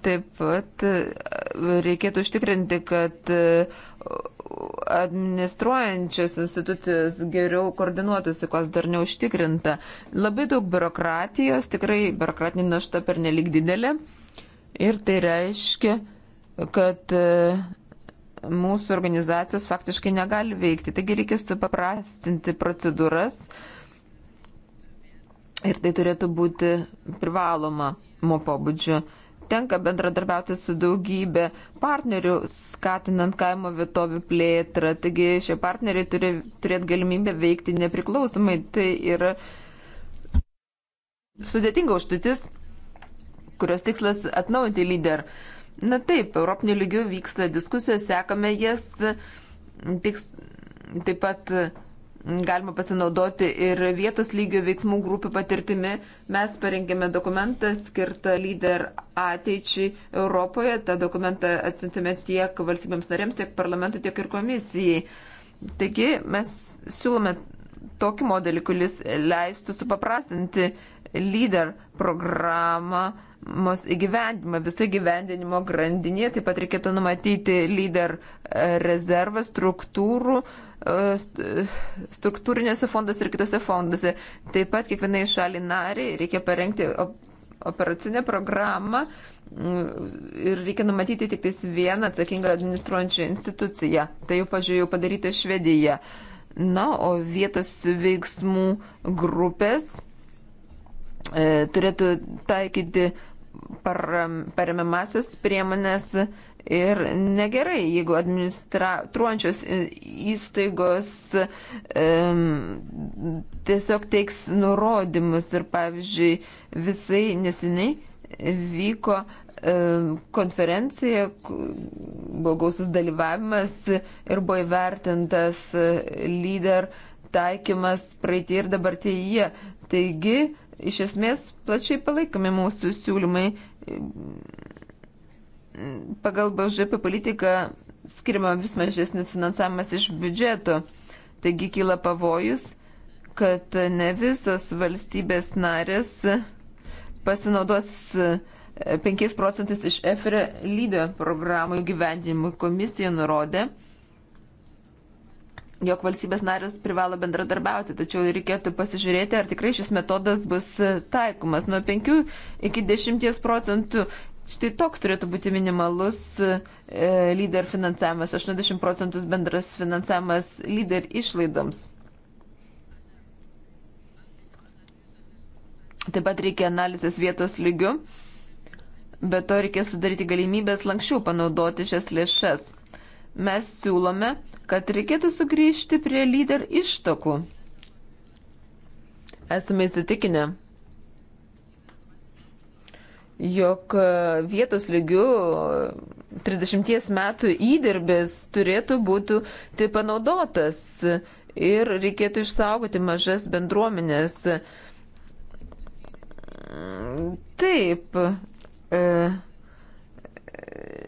Taip pat reikėtų užtikrinti, kad administruojančios institucijos geriau koordinuotųsi, kas dar neužtikrinta. Labai daug biurokratijos, tikrai biurokratinė našta per nelik didelė. Ir tai reiškia, kad e, mūsų organizacijos faktiškai negali veikti. Taigi reikia supaprastinti procedūras ir tai turėtų būti privaloma mo pobūdžio tenka bendradarbiauti su daugybė partnerių, skatinant kaimo vietovių plėtrą. Taigi šie partneriai turi turėti galimybę veikti nepriklausomai. Tai yra sudėtinga užduotis, kurios tikslas atnaujinti lyder. Na taip, Europinių lygių vyksta diskusijos, sekame jas. Tiks, taip pat Galima pasinaudoti ir vietos lygio veiksmų grupių patirtimi. Mes parengėme dokumentą skirtą lyder ateičiai Europoje. Ta dokumentą atsiuntėme tiek valstybėms narėms, tiek parlamentui, tiek ir komisijai. Taigi mes siūlome tokį modelį, kuris leistų supaprastinti lyder programą mus įgyvendimą, viso įgyvendinimo grandinė, taip pat reikėtų numatyti lyder rezervą struktūrų, struktūrinėse fonduose ir kitose fonduose. Taip pat kiekvienai šaliai nariai reikia parengti operacinę programą mm, ir reikia numatyti tik tais vieną atsakingą administruojančią instituciją. Tai jau pažiūrėjau padaryti Švediją. Na, o vietos veiksmų grupės e, turėtų taikyti paremiamasias priemonės Ir negerai, jeigu administruojančios įstaigos um, tiesiog teiks nurodymus ir, pavyzdžiui, visai neseniai vyko um, konferencija, buvo gausus dalyvavimas ir buvo įvertintas e, lyder taikymas praeitie ir dabartyje. Taigi, iš esmės, plačiai palaikomi mūsų siūlymai pagal BŽP politiką skiriama vis mažesnis finansavimas iš biudžeto. Taigi kyla pavojus, kad ne visos valstybės narės pasinaudos 5 e, procentais iš EFRE lyderio programų gyvendimui. Komisija nurodė, jog valstybės narės privalo bendradarbiauti, tačiau reikėtų pasižiūrėti, ar tikrai šis metodas bus taikomas. Nuo 5 iki 10 procentų Štai toks turėtų būti minimalus e, lyder finansavimas, 80 procentus bendras finansavimas lyder išlaidoms. Taip pat reikia analizės vietos lygių, bet to reikia sudaryti galimybės lankščiau panaudoti šias lėšas. Mes siūlome, kad reikėtų sugrįžti prie lyder ištokų. Esame įsitikinę, jog e, vietos lygių 30 e, metų įdirbis turėtų būti tai panaudotas ir reikėtų išsaugoti mažas bendruomenės. Taip. E, e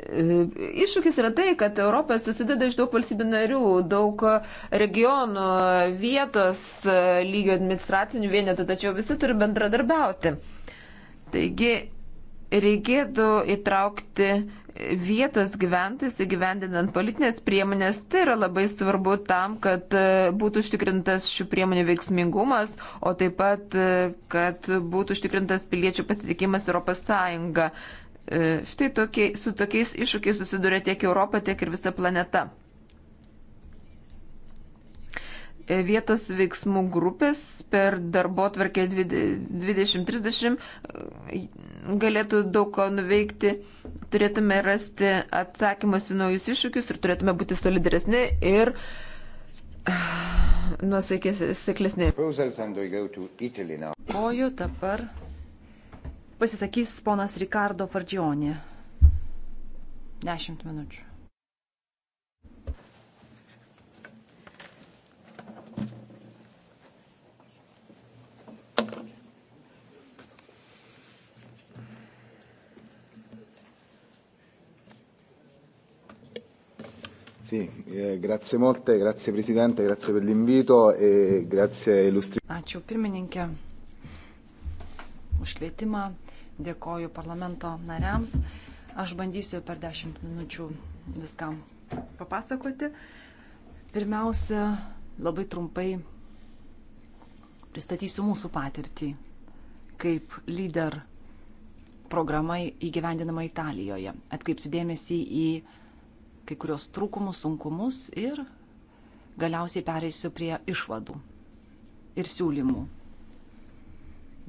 Iššūkis yra tai, kad Europas susideda iš daug valstybių narių, daug regionų, vietos lygio administracinių vienetų, tačiau visi turi bendradarbiauti. Taigi reikėtų įtraukti vietos gyventojus įgyvendinant politinės priemonės. Tai yra labai svarbu tam, kad e, būtų užtikrintas šių priemonių veiksmingumas, o taip pat, e, kad būtų užtikrintas piliečių pasitikimas ES. E, štai tokie, su tokiais iššūkiais susiduria tiek Europa, tiek ir visa planeta. Vietos veiksmų grupės per darbo tvarkę 2030 galėtų daug ko nuveikti, turėtume rasti atsakymus į naujus iššūkius ir turėtume būti solidaresni ir nuosaikesni. Koju dabar pasisakys ponas Ricardo Fardžionė. Dešimt minučių. Sì, eh, grazie molte, grazie Presidente, grazie per l'invito e grazie illustri. Ačiū pirmininkė už kvietimą, dėkoju parlamento nariams. Aš bandysiu per 10 minučių viskam papasakoti. Pirmiausia, labai trumpai pristatysiu mūsų patirtį kaip lyder programai įgyvendinama Italijoje. Atkreipsiu dėmesį į kai kurios trūkumus, sunkumus ir galiausiai pereisiu prie išvadų ir siūlymų.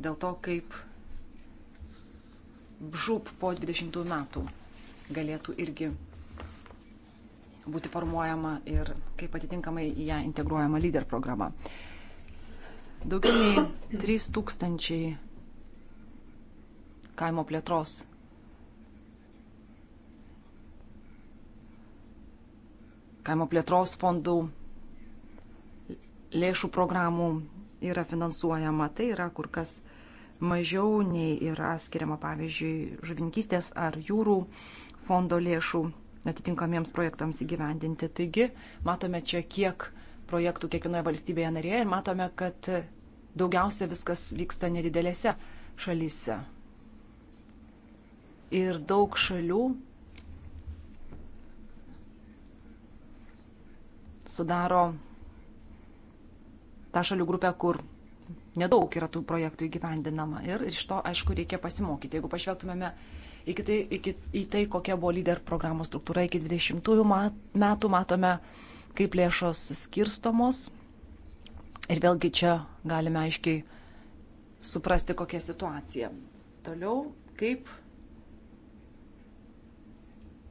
Dėl to, kaip žūp po 20 metų galėtų irgi būti formuojama ir kaip atitinkamai į ją integruojama lyder programa. Daugiau nei 3000 kaimo plėtros kaimo plėtros fondų lėšų programų yra finansuojama. Tai yra kur kas mažiau nei yra skiriama, pavyzdžiui, žuvinkystės ar jūrų fondo lėšų atitinkamiems projektams įgyvendinti. Taigi, matome čia, kiek projektų kiekvienoje valstybėje narėje ir matome, kad daugiausia viskas vyksta nedidelėse šalyse. Ir daug šalių sudaro tą šalių grupę, kur nedaug yra tų projektų įgyvendinama. Ir iš to, aišku, reikia pasimokyti. Jeigu pažvelgtumėme į tai, į, į tai kokia buvo lyder programos struktūra iki 20 metų, matome, kaip lėšos skirstomos. Ir vėlgi čia galime aiškiai suprasti, kokia situacija. Toliau, kaip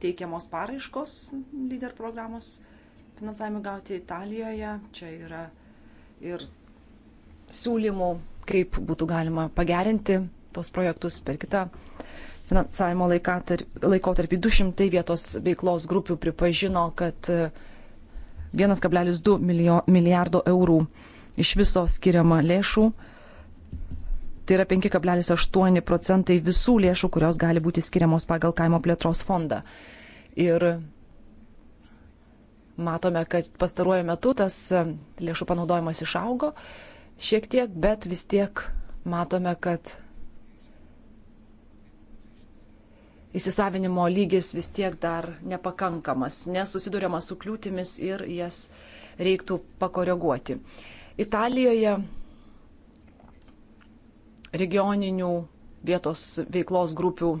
teikiamos paraiškos lyder programos struktūra finansavimui gauti Italijoje. Čia yra ir siūlymų, kaip būtų galima pagerinti tos projektus per kitą finansavimo laikotarpį. 200 vietos veiklos grupių pripažino, kad 1,2 e, milijardo eurų iš viso skiriama lėšų. Tai yra 5,8 procentai visų lėšų, kurios gali būti skiriamos pagal kaimo plėtros fondą. Ir Matome, kad pastaruoju metu tas e, lėšų panaudojimas išaugo šiek tiek, bet vis tiek matome, kad įsisavinimo lygis vis tiek dar nepakankamas, nesusidurėma su kliūtimis ir jas reiktų pakoreguoti. Italijoje regioninių vietos veiklos grupių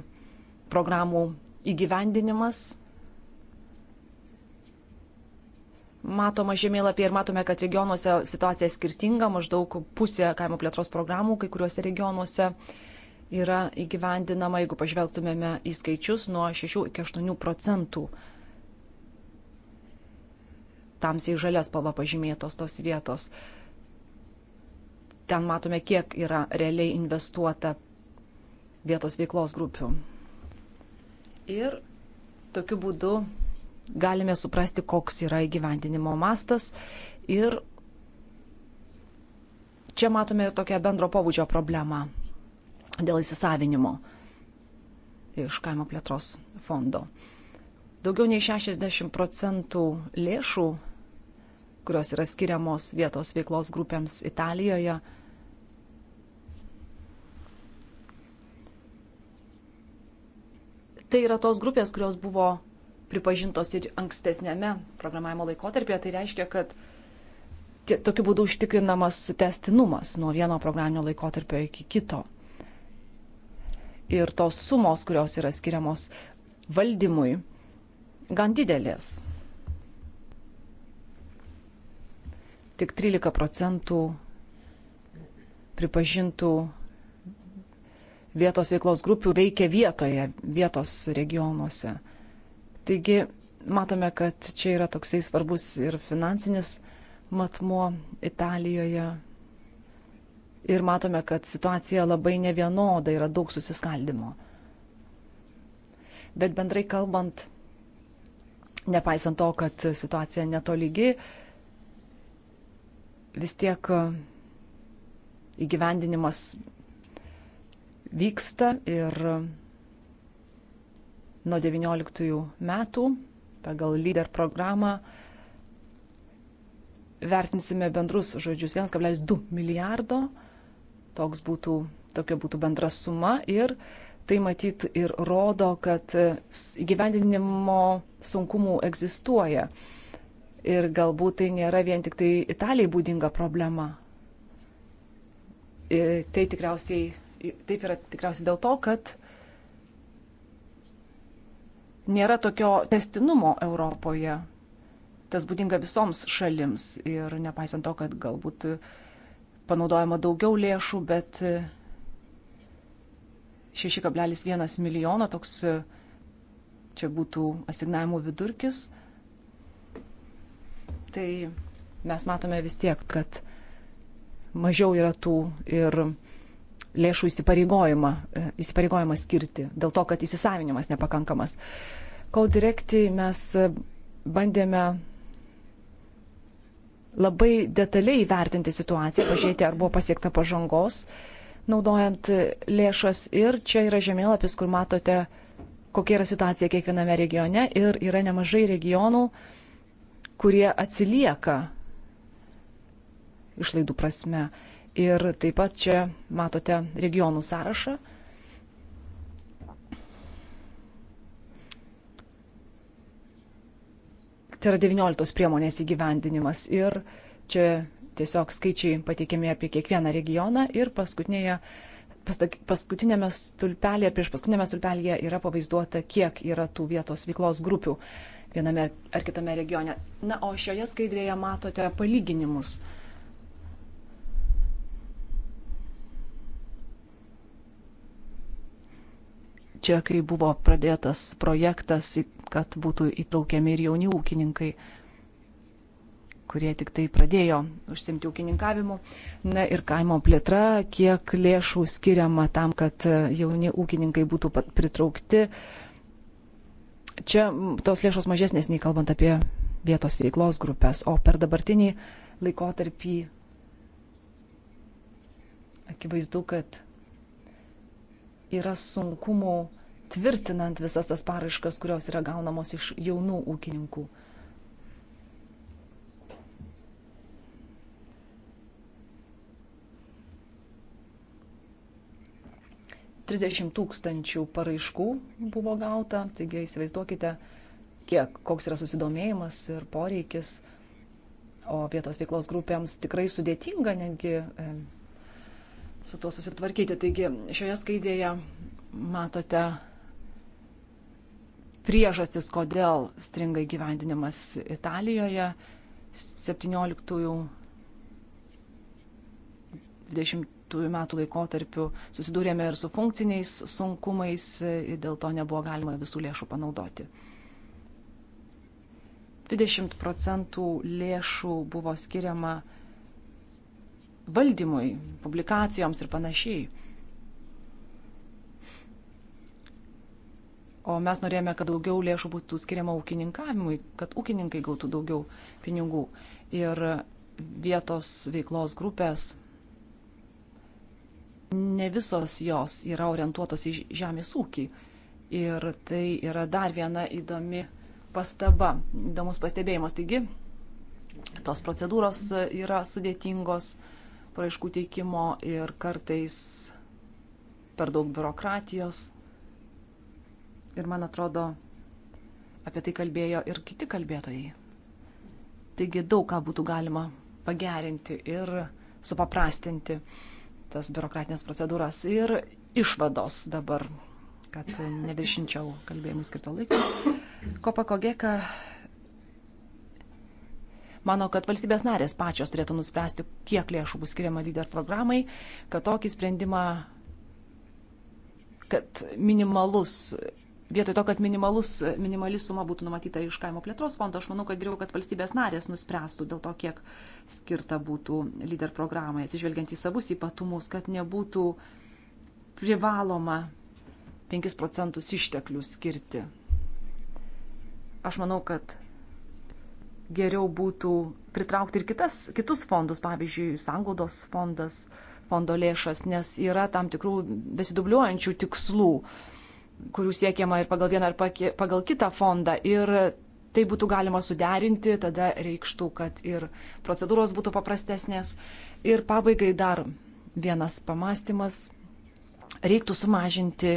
programų įgyvendinimas matoma žemėlapyje ir matome, kad regionuose situacija skirtinga, maždaug pusė kaimo plėtros programų kai kuriuose regionuose yra įgyvendinama, jeigu pažvelgtumėme į skaičius, nuo 6 iki 8 procentų tamsiai žalias spalva pažymėtos tos vietos. Ten matome, kiek yra realiai investuota vietos veiklos grupių. Ir tokiu būdu galime suprasti, koks yra įgyvendinimo mastas. Ir čia matome tokią bendro pobūdžio problemą dėl įsisavinimo iš kaimo plėtros fondo. Daugiau nei 60 procentų lėšų, kurios yra skiriamos vietos veiklos grupėms Italijoje, tai yra tos grupės, kurios buvo pripažintos ir ankstesnėme programavimo laikotarpyje, tai reiškia, kad tokiu būdu užtikrinamas testinumas nuo vieno programinio laikotarpio iki kito. Ir tos sumos, kurios yra skiriamos valdymui, gan didelės. Tik 13 procentų pripažintų vietos veiklos grupių veikia vietoje, vietos regionuose. Taigi matome, kad čia yra toksai svarbus ir finansinis matmuo Italijoje. Ir matome, kad situacija labai nevienoda, yra daug susiskaldimo. Bet bendrai kalbant, nepaisant to, kad situacija netolygi, vis tiek įgyvendinimas vyksta ir nuo 19 metų pagal lyder programą vertinsime bendrus žodžius 1,2 milijardo, toks būtų, tokia būtų bendra suma ir tai matyt ir rodo, kad gyvendinimo sunkumų egzistuoja ir galbūt tai nėra vien tik tai Italijai būdinga problema. Ir tai tikriausiai, taip yra tikriausiai dėl to, kad nėra tokio testinumo Europoje. Tas būdinga visoms šalims ir nepaisant to, kad galbūt panaudojama daugiau lėšų, bet 6,1 milijono toks čia būtų asignavimų vidurkis. Tai mes matome vis tiek, kad mažiau yra tų ir lėšų įsipareigojimą, e, įsipareigojimą skirti, dėl to, kad įsisavinimas nepakankamas. Kol direktai mes e, bandėme labai detaliai vertinti situaciją, pažiūrėti, ar buvo pasiekta pažangos, naudojant e, lėšas. Ir čia yra žemėlapis, kur matote, kokia yra situacija kiekviename regione. Ir yra nemažai regionų, kurie atsilieka išlaidų prasme. Ir taip pat čia matote regionų sąrašą. Tai yra 19 priemonės įgyvendinimas ir čia tiesiog skaičiai pateikiami apie kiekvieną regioną ir paskutinėje paskutinėme stulpelėje, prieš paskutinėme stulpelėje yra pavaizduota, kiek yra tų vietos veiklos grupių viename ar kitame regione. Na, o šioje skaidrėje matote palyginimus. Uh, čia, kai buvo pradėtas projektas, kad būtų įtraukiami ir jauni ūkininkai, kurie tik tai pradėjo užsimti ūkininkavimu. Na ir kaimo plėtra, kiek lėšų skiriama tam, kad jauni ūkininkai būtų pritraukti. Čia tos lėšos mažesnės nei kalbant apie vietos veiklos grupės, o per dabartinį laikotarpį akivaizdu, kad yra sunkumų tvirtinant visas tas paraiškas, kurios yra gaunamos iš jaunų ūkininkų. Trisdešimt tūkstančių paraiškų buvo gauta, taigi įsivaizduokite, kiek, koks yra susidomėjimas ir poreikis. O vietos veiklos grupėms tikrai sudėtinga netgi su tuo susitvarkyti. Taigi šioje skaidėje matote priežastis, kodėl stringa įgyvendinimas Italijoje 17-20 metų laikotarpiu susidūrėme ir su funkciniais sunkumais ir dėl to nebuvo galima visų lėšų panaudoti. 20 procentų lėšų buvo skiriama valdymui, publikacijoms ir panašiai. O mes norėjome, kad daugiau lėšų būtų skiriama ūkininkavimui, kad ūkininkai gautų daugiau pinigų. Ir vietos veiklos grupės, ne visos jos yra orientuotos į žemės ūkį. Ir tai yra dar viena įdomi pastaba, įdomus pastebėjimas. Taigi, tos procedūros yra sudėtingos praaiškų teikimo ir kartais per daug biurokratijos. Ir man atrodo, apie tai kalbėjo ir kiti kalbėtojai. Taigi daug ką būtų galima pagerinti ir supaprastinti tas biurokratinės procedūras. Ir išvados dabar, kad neviršinčiau kalbėjimui skirto laiko. Kopakogeka mano, kad valstybės narės pačios turėtų nuspręsti, kiek lėšų bus skiriama lyder programai, kad tokį sprendimą, kad minimalus, vietoj to, kad minimalus, minimali suma būtų numatyta iš kaimo plėtros fondo, aš manau, kad geriau, kad valstybės narės nuspręstų dėl to, kiek skirta būtų lyder programai, atsižvelgiant į savus ypatumus, kad nebūtų privaloma 5 procentus išteklių skirti. Aš manau, kad geriau būtų pritraukti ir kitas, kitus fondus, pavyzdžiui, sanglaudos fondas, fondo lėšas, nes yra tam tikrų besidubliuojančių tikslų, kurių siekiama ir pagal vieną ar pagal kitą fondą. Ir tai būtų galima suderinti, tada reikštų, kad ir procedūros būtų paprastesnės. Ir pabaigai dar vienas pamastymas. Reiktų sumažinti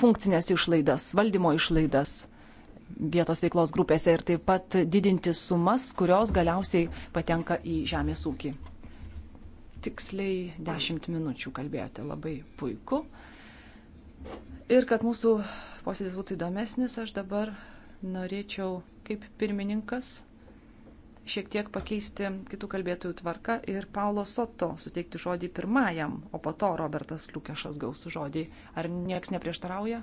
funkcinės išlaidas, valdymo išlaidas vietos veiklos grupėse ir taip pat didinti sumas, kurios galiausiai patenka į žemės ūkį. Tiksliai 10 minučių kalbėjote, labai puiku. Ir kad mūsų posėdis būtų įdomesnis, aš dabar norėčiau kaip pirmininkas šiek tiek pakeisti kitų kalbėtojų tvarką ir Paulo Soto suteikti žodį pirmajam, o po to Robertas Liukešas gaus žodį. Ar nieks neprieštarauja?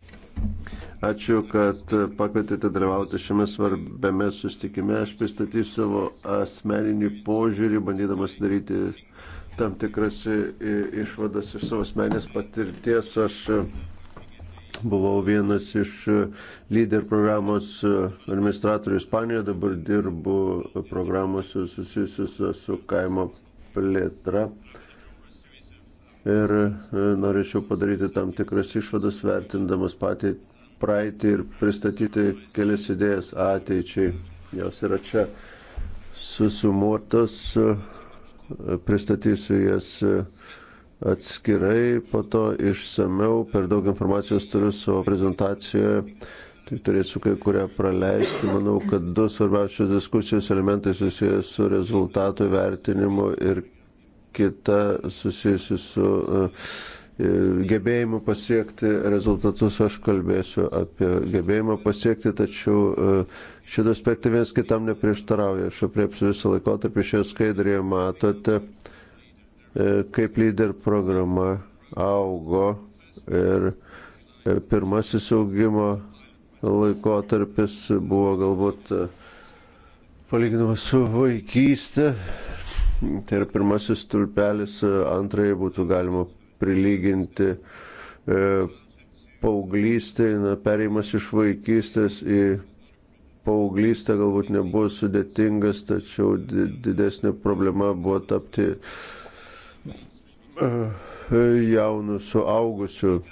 Ačiū, kad pakvietėte dalyvauti šiame svarbiame sustikime. Aš pristatysiu savo asmeninį požiūrį, bandydamas daryti tam tikras išvadas iš savo asmenės patirties. Aš buvau vienas iš lyder programos administratorių Ispanijoje, dabar dirbu programos susijusius su kaimo plėtra ir e, norėčiau padaryti tam tikras išvadas, vertindamas patį praeitį ir pristatyti kelias idėjas ateičiai. Jos yra čia susumuotos, pristatysiu jas atskirai, po to išsameu, per daug informacijos turiu savo prezentacijoje tai turėsiu kai kurią praleisti. Manau, kad du svarbiausios diskusijos elementai susijęs su rezultato vertinimu ir kita susijusi su uh, gebėjimu pasiekti rezultatus, aš kalbėsiu apie gebėjimą pasiekti, tačiau e, šitą aspektą vienas kitam neprieštarauja. Aš apriepsiu visą laikotarpį šioje skaidrėje, matote, e, kaip lyder programa augo ir e, pirmasis augimo laikotarpis buvo galbūt palyginamas su vaikystė. Tai yra pirmasis tulpelis, antrąjį būtų galima prilyginti e, paauglystai, na, perėjimas iš vaikystės į paauglystę galbūt nebuvo sudėtingas, tačiau didesnė problema buvo tapti e, jaunų suaugusių e,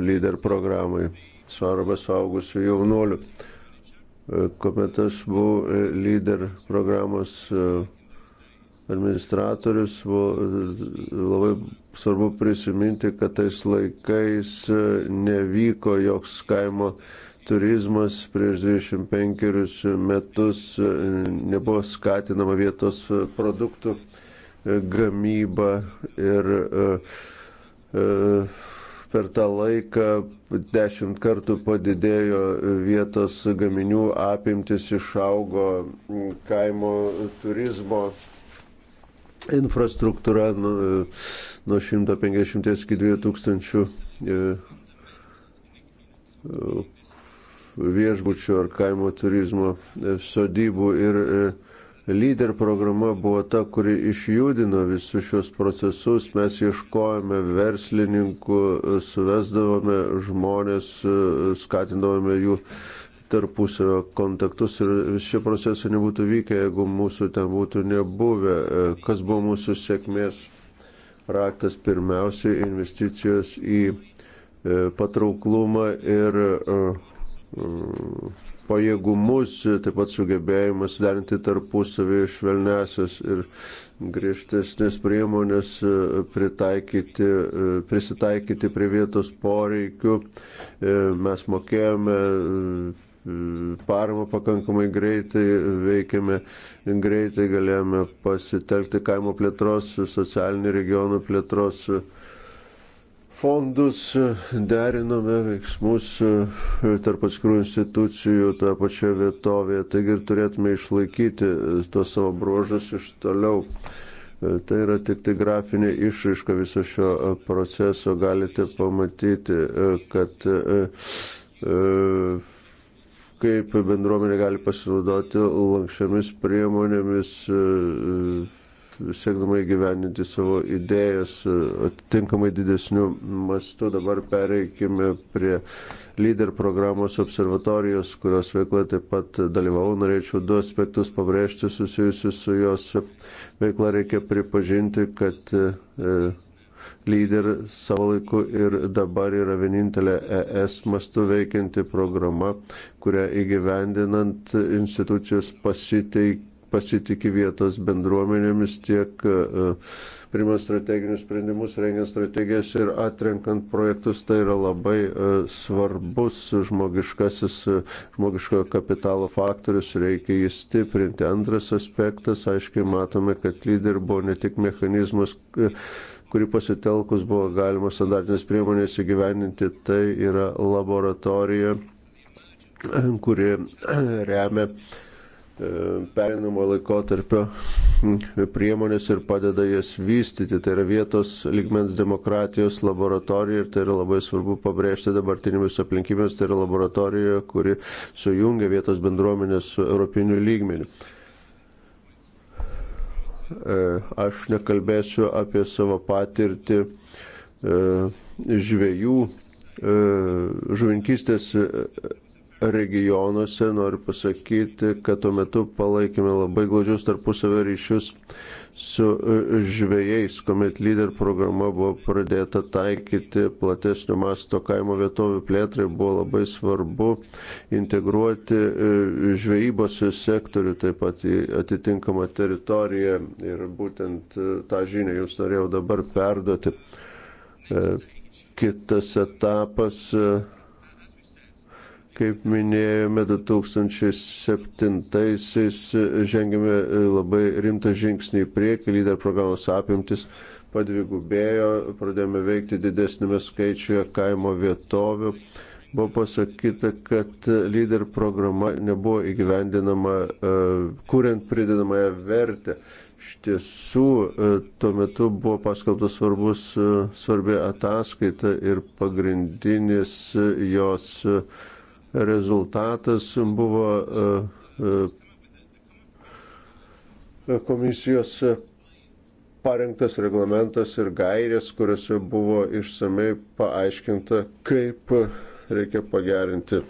lyder programai, arba suaugusių jaunuolių. Kuomet aš buvau lyder programos administratorius, buvo e, labai svarbu prisiminti, kad tais laikais e, nevyko joks kaimo turizmas prieš 25 metus, e, nebuvo skatinama vietos produktų gamyba ir per tą laiką dešimt kartų padidėjo vietos gaminių apimtis, išaugo kaimo turizmo infrastruktūra nu, nuo, nuo 150 iki 2000 e, e, viešbučių ar kaimo turizmo e, sodybų ir lyder programa buvo ta, kuri išjudino visus šios procesus. Mes ieškojame verslininkų, suvesdavome žmonės, skatindavome jų tarpusavio kontaktus ir šie procesai nebūtų vykę, jeigu mūsų ten būtų nebuvę. E, kas buvo mūsų sėkmės raktas pirmiausiai investicijos į e, patrauklumą ir e, pajėgumus, taip pat sugebėjimas derinti tarpusavį švelnesias ir griežtesnės priemonės pritaikyti, prisitaikyti prie vietos poreikių. Mes mokėjome paramą pakankamai greitai, veikėme greitai, galėjome pasitelkti kaimo plėtros, socialinį regionų plėtros fondus, derinome veiksmus tarp atskirų institucijų toje pačioje vietovėje, taigi ir turėtume išlaikyti tuos savo bruožus iš toliau. Tai yra tik tai grafinė išraiška viso šio proceso, galite pamatyti, kad e, e, kaip bendruomenė gali pasinaudoti lankščiomis priemonėmis, e, e, siekdama įgyveninti savo idėjas e, atitinkamai didesnių mastų. Dabar pereikime prie lyder programos observatorijos, kurios veikla taip pat dalyvau. Norėčiau du aspektus pabrėžti susijusius su jos veikla. Reikia pripažinti, kad lyder savo laiku ir dabar yra vienintelė ES mastu veikianti programa, kurią įgyvendinant institucijos pasiteik, pasitikė vietos bendruomenėmis tiek e, primant strateginius sprendimus, rengiant strategijas ir atrenkant projektus. Tai yra labai e, svarbus žmogiškasis, e, žmogiškojo kapitalo faktorius, reikia jį stiprinti. Antras aspektas, aiškiai matome, kad lyder buvo ne tik mechanizmas kurį pasitelkus buvo galima standartinės priemonės įgyveninti, tai yra laboratorija, kuri remia e, perinamo laikotarpio e, priemonės ir padeda jas vystyti. Tai yra vietos ligmens demokratijos laboratorija ir tai yra labai svarbu pabrėžti dabartinėmis aplinkybėmis. Tai yra laboratorija, kuri sujungia vietos bendruomenės su europiniu lygmeniu. E, aš nekalbėsiu apie savo patirtį e, žvėjų e, žuvinkystės regionuose. Noriu pasakyti, kad tuo metu palaikėme labai glaudžius tarpusavio ryšius su e, žvėjais, kuomet lyder programa buvo pradėta taikyti platesnio masto kaimo vietovių plėtrai, buvo labai svarbu integruoti e, žvejybos sektorių taip pat į atitinkamą teritoriją ir būtent e, tą žinią jums norėjau dabar perduoti. Kitas etapas kaip minėjome, 2007-aisiais žengėme labai rimtą žingsnį į priekį, lyder programos apimtis padvigubėjo, pradėjome veikti didesnėme skaičiuje kaimo vietovių. Buvo pasakyta, kad lyder programa nebuvo įgyvendinama, e, kuriant pridedamąją vertę. Iš tiesų, e, tuo metu buvo paskelbtas svarbus, e, svarbi ataskaita ir pagrindinis jos rezultatas buvo e, e, komisijos parengtas reglamentas ir gairės, kuriuose buvo išsamei paaiškinta, kaip reikia pagerinti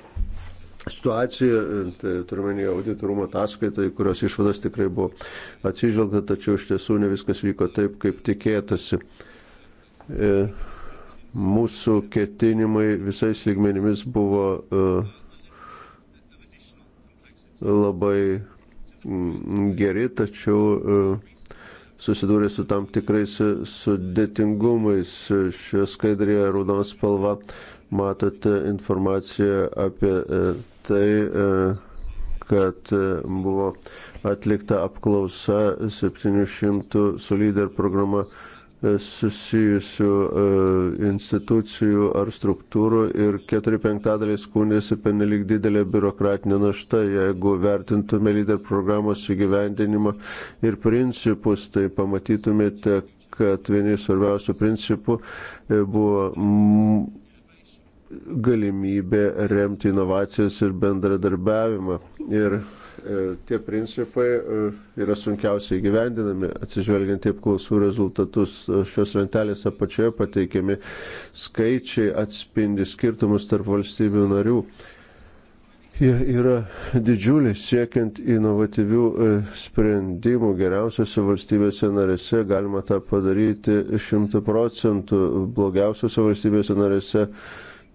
situaciją. Tai turime auditorumo ataskaitą, į kurios išvadas tikrai buvo atsižvelgta, tačiau iš tiesų ne viskas vyko taip, kaip tikėtasi. Ir e, mūsų ketinimai visais lygmenimis buvo e, labai geri, tačiau e, susidūrė su tam tikrais e, sudėtingumais. Šioje skaidrėje raudona spalva matote informaciją apie tai, kad buvo atlikta apklausa 700 su lyder programa E, susijusių e, institucijų ar struktūrų ir keturi penktadaliai skundėsi penelik didelė biurokratinė našta. Jeigu vertintume lyder programos įgyvendinimą ir principus, tai pamatytumėte, kad vieni svarbiausių principų e, buvo galimybė remti inovacijas ir bendradarbiavimą. Ir E, tie principai e, yra sunkiausiai gyvendinami, atsižvelgiant į apklausų rezultatus. Šios lentelės apačioje pateikiami skaičiai atspindi skirtumus tarp valstybių narių. Jie yra didžiuliai siekiant inovatyvių e, sprendimų geriausiose valstybėse narėse. Galima tą padaryti šimtų procentų, blogiausiose valstybėse narėse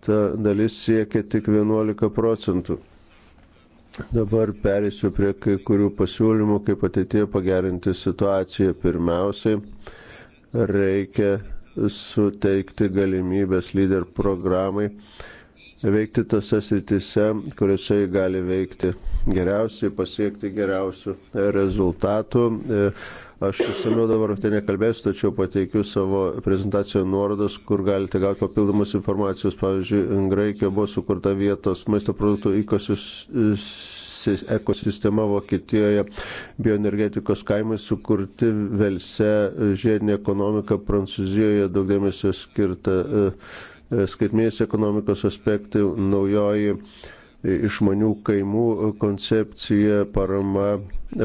ta dalis siekia tik 11 procentų. Dabar perėsiu prie kai kurių pasiūlymų, kaip ateitie pagerinti situaciją. Pirmiausiai reikia suteikti galimybės lyder programai veikti tose sritise, kuriuose jį gali veikti geriausiai, pasiekti geriausių rezultatų. E, Aš išsamiau dabar tai nekalbėsiu, tačiau pateikiu savo prezentaciją nuorodas, kur galite gauti papildomus informacijos. Pavyzdžiui, Graikijoje buvo sukurta vietos maisto produktų ekosistema, Vokietijoje bioenergetikos kaimai sukurti Velse, žiedinė ekonomika, Prancūzijoje daug dėmesio skirta e, e, skaitmės ekonomikos aspektai, naujoji išmanių kaimų koncepcija, parama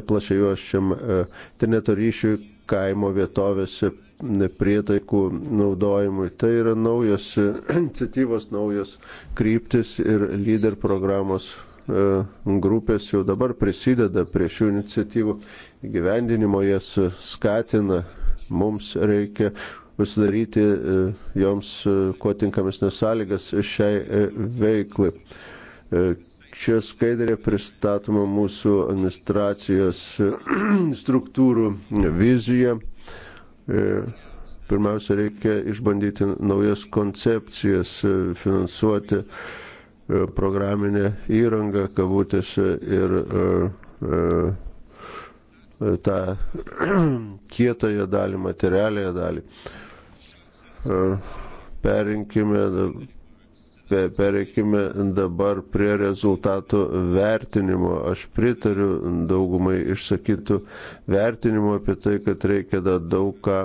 plačiajuoščiam e, interneto ryšiui kaimo vietovėse prietaikų naudojimui. Tai yra naujos e, iniciatyvos, naujos kryptis ir lyder programos e, grupės jau dabar prisideda prie šių iniciatyvų gyvendinimo, jas skatina. Mums reikia pasidaryti joms kuo tinkamesnės sąlygas šiai veiklai. E, čia skaidrė pristatoma mūsų administracijos struktūrų vizija. E, pirmiausia, reikia išbandyti naujas koncepcijas, e, finansuoti programinę įrangą, kabutėse, ir tą kietąją dalį, materialiąją dalį. Perinkime Pereikime dabar prie rezultatų vertinimo. Aš pritariu daugumai išsakytų vertinimo apie tai, kad reikia dar daug ką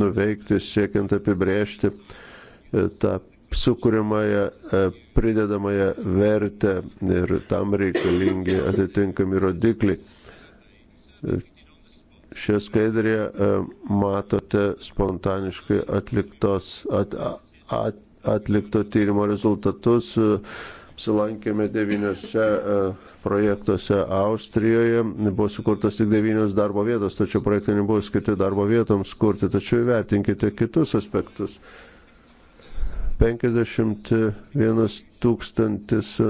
nuveikti, siekiant apibrėžti e, tą sukūrimąją e, pridedamąją vertę ir tam reikalingi atitinkami rodikliai. E, Šią skaidrę matote spontaniškai atliktos, at, at, atlikto tyrimo rezultatus. E, Silankėme devyniose e, projektuose Austrijoje. Buvo sukurtos tik devynios darbo vietos, tačiau projektai nebuvo skirti darbo vietoms kurti. Tačiau įvertinkite kitus aspektus. 51 tūkstantis e,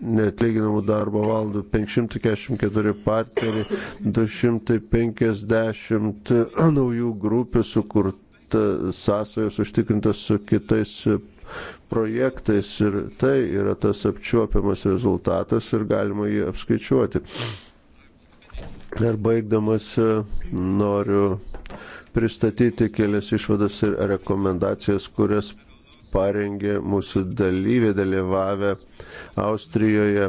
neatlyginamų darbo valandų, 544 partneriai, 250 naujų grupių sukurtų trūksta sąsajos užtikrintos su kitais projektais ir tai yra tas apčiuopiamas rezultatas ir galima jį apskaičiuoti. Ir baigdamas noriu pristatyti kelias išvadas ir rekomendacijas, kurias parengė mūsų dalyvė dalyvavę Austrijoje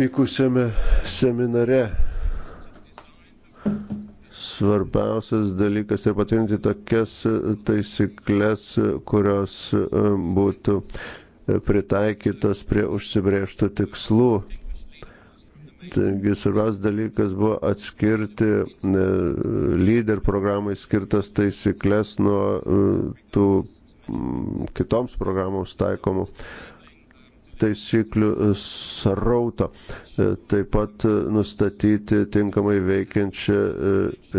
vykusiame seminare svarbiausias dalykas yra patvirtinti tokias taisyklės, kurios e, būtų e, pritaikytos prie užsibrėžtų tikslų. Taigi svarbiausias dalykas buvo atskirti e, lyder programai skirtas taisyklės nuo tų kitoms programoms taikomų taisyklių e, srauto, e, taip pat e, nustatyti tinkamai veikiančią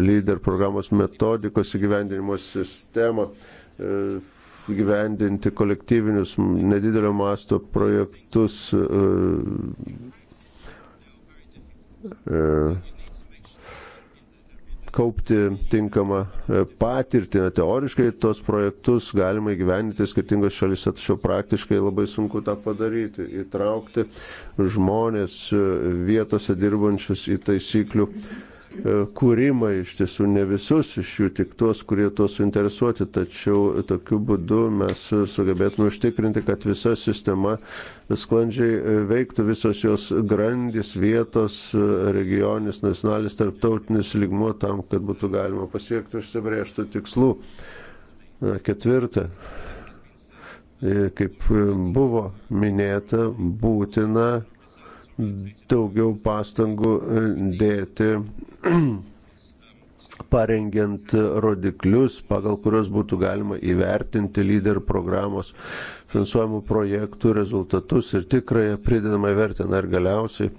lyder programos metodikos įgyvendinimo sistemą, įgyvendinti kolektyvinius nedidelio masto projektus. Uh, uh, kaupti tinkamą e, patirtį. Na, teoriškai tos projektus galima įgyveninti skirtingos šalyse, tačiau praktiškai labai sunku tą padaryti. Įtraukti žmonės e, vietose dirbančius į taisyklių E, kūrimą, iš tiesų ne visus iš jų, tik tuos, kurie tuo suinteresuoti, tačiau tokiu būdu mes sugebėtume užtikrinti, kad visa sistema sklandžiai veiktų, visos jos grandis, vietos, regionis, nacionalis, tarptautinis lygmuo tam, kad būtų galima pasiekti užsibrėžtų tikslų. E, ketvirta. E, kaip buvo minėta, būtina daugiau pastangų e, dėti parengiant rodiklius, pagal kurios būtų galima įvertinti lyder programos finansuojamų projektų rezultatus ir tikrąją pridedamą vertę. Na ir galiausiai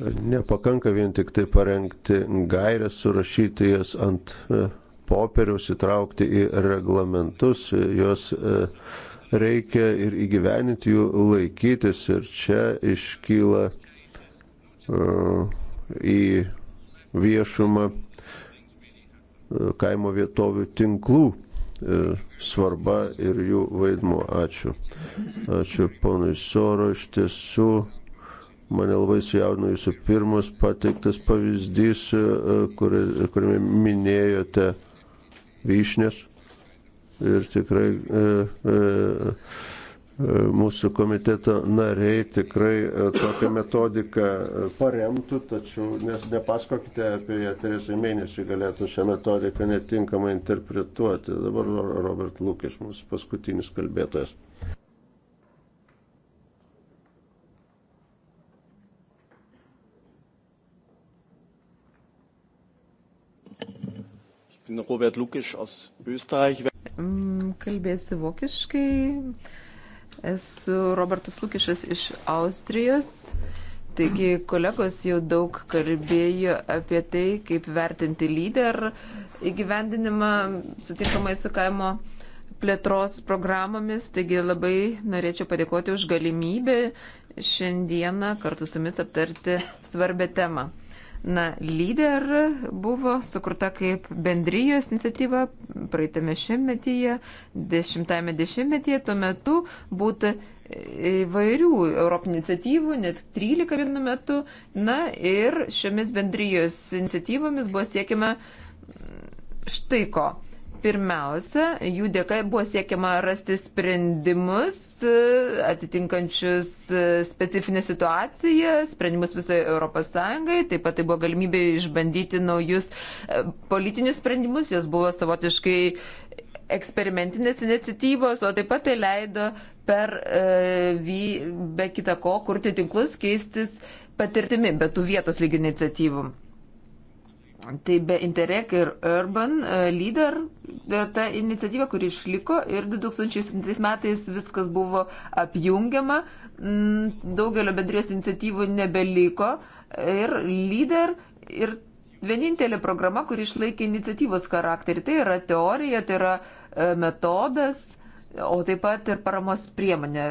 e, nepakanka vien tik tai parengti gairias, surašyti jas ant e, popieriaus, įtraukti į reglamentus, juos e, reikia ir įgyveninti jų laikytis. Ir čia iškyla uh, į viešumą uh, kaimo vietovių tinklų uh, svarba ir jų vaidmuo. Ačiū. Ačiū ponui Soro. Iš tiesų mane labai sujaudino jūsų pirmas pateiktas pavyzdys, kuriame minėjote vyšnės ir tikrai e, e, e, mūsų komiteto nariai tikrai e, tokią metodiką e, paremtų, tačiau nes nepasakokite apie ją, Teresai mėnesį galėtų šią metodiką netinkamai interpretuoti. Dabar Robert Lūkis, mūsų paskutinis kalbėtojas. Ich bin Robert Lukisch aus Österreich. Mm, kalbėsiu vokiškai. Esu Robertas Lukišas iš Austrijos. Taigi kolegos jau daug kalbėjo apie tai, kaip vertinti lyder įgyvendinimą sutinkamai su kaimo plėtros programomis. Taigi labai norėčiau padėkoti už galimybę šiandieną kartu su jumis aptarti svarbę temą. Na, lyder buvo sukurta kaip bendrijos iniciatyva praeitame šimtmetyje, dešimtame dešimtmetyje, tuo metu būtų e, įvairių Europinių iniciatyvų, net 13 vienu metu. Na ir šiomis bendrijos iniciatyvomis buvo siekiama štai ko. Pirmiausia, jų dėka buvo siekiama rasti sprendimus e, atitinkančius e, specifinę situaciją, sprendimus visoje Europos Sąjungai, taip pat tai buvo galimybė išbandyti naujus e, politinius sprendimus, jos buvo savotiškai eksperimentinės iniciatyvos, o taip pat tai leido per, be kita ko, kurti tinklus, keistis patirtimi, bet tų vietos lygių iniciatyvų. Tai be Interreg ir Urban e, Leader yra ta iniciatyva, kuri išliko ir 2007 metais viskas buvo apjungiama, mm, daugelio bendrijos iniciatyvų nebeliko ir Leader ir vienintelė programa, kuri išlaikė iniciatyvos charakterį. Tai yra teorija, tai yra e, metodas, o taip pat ir paramos priemonė.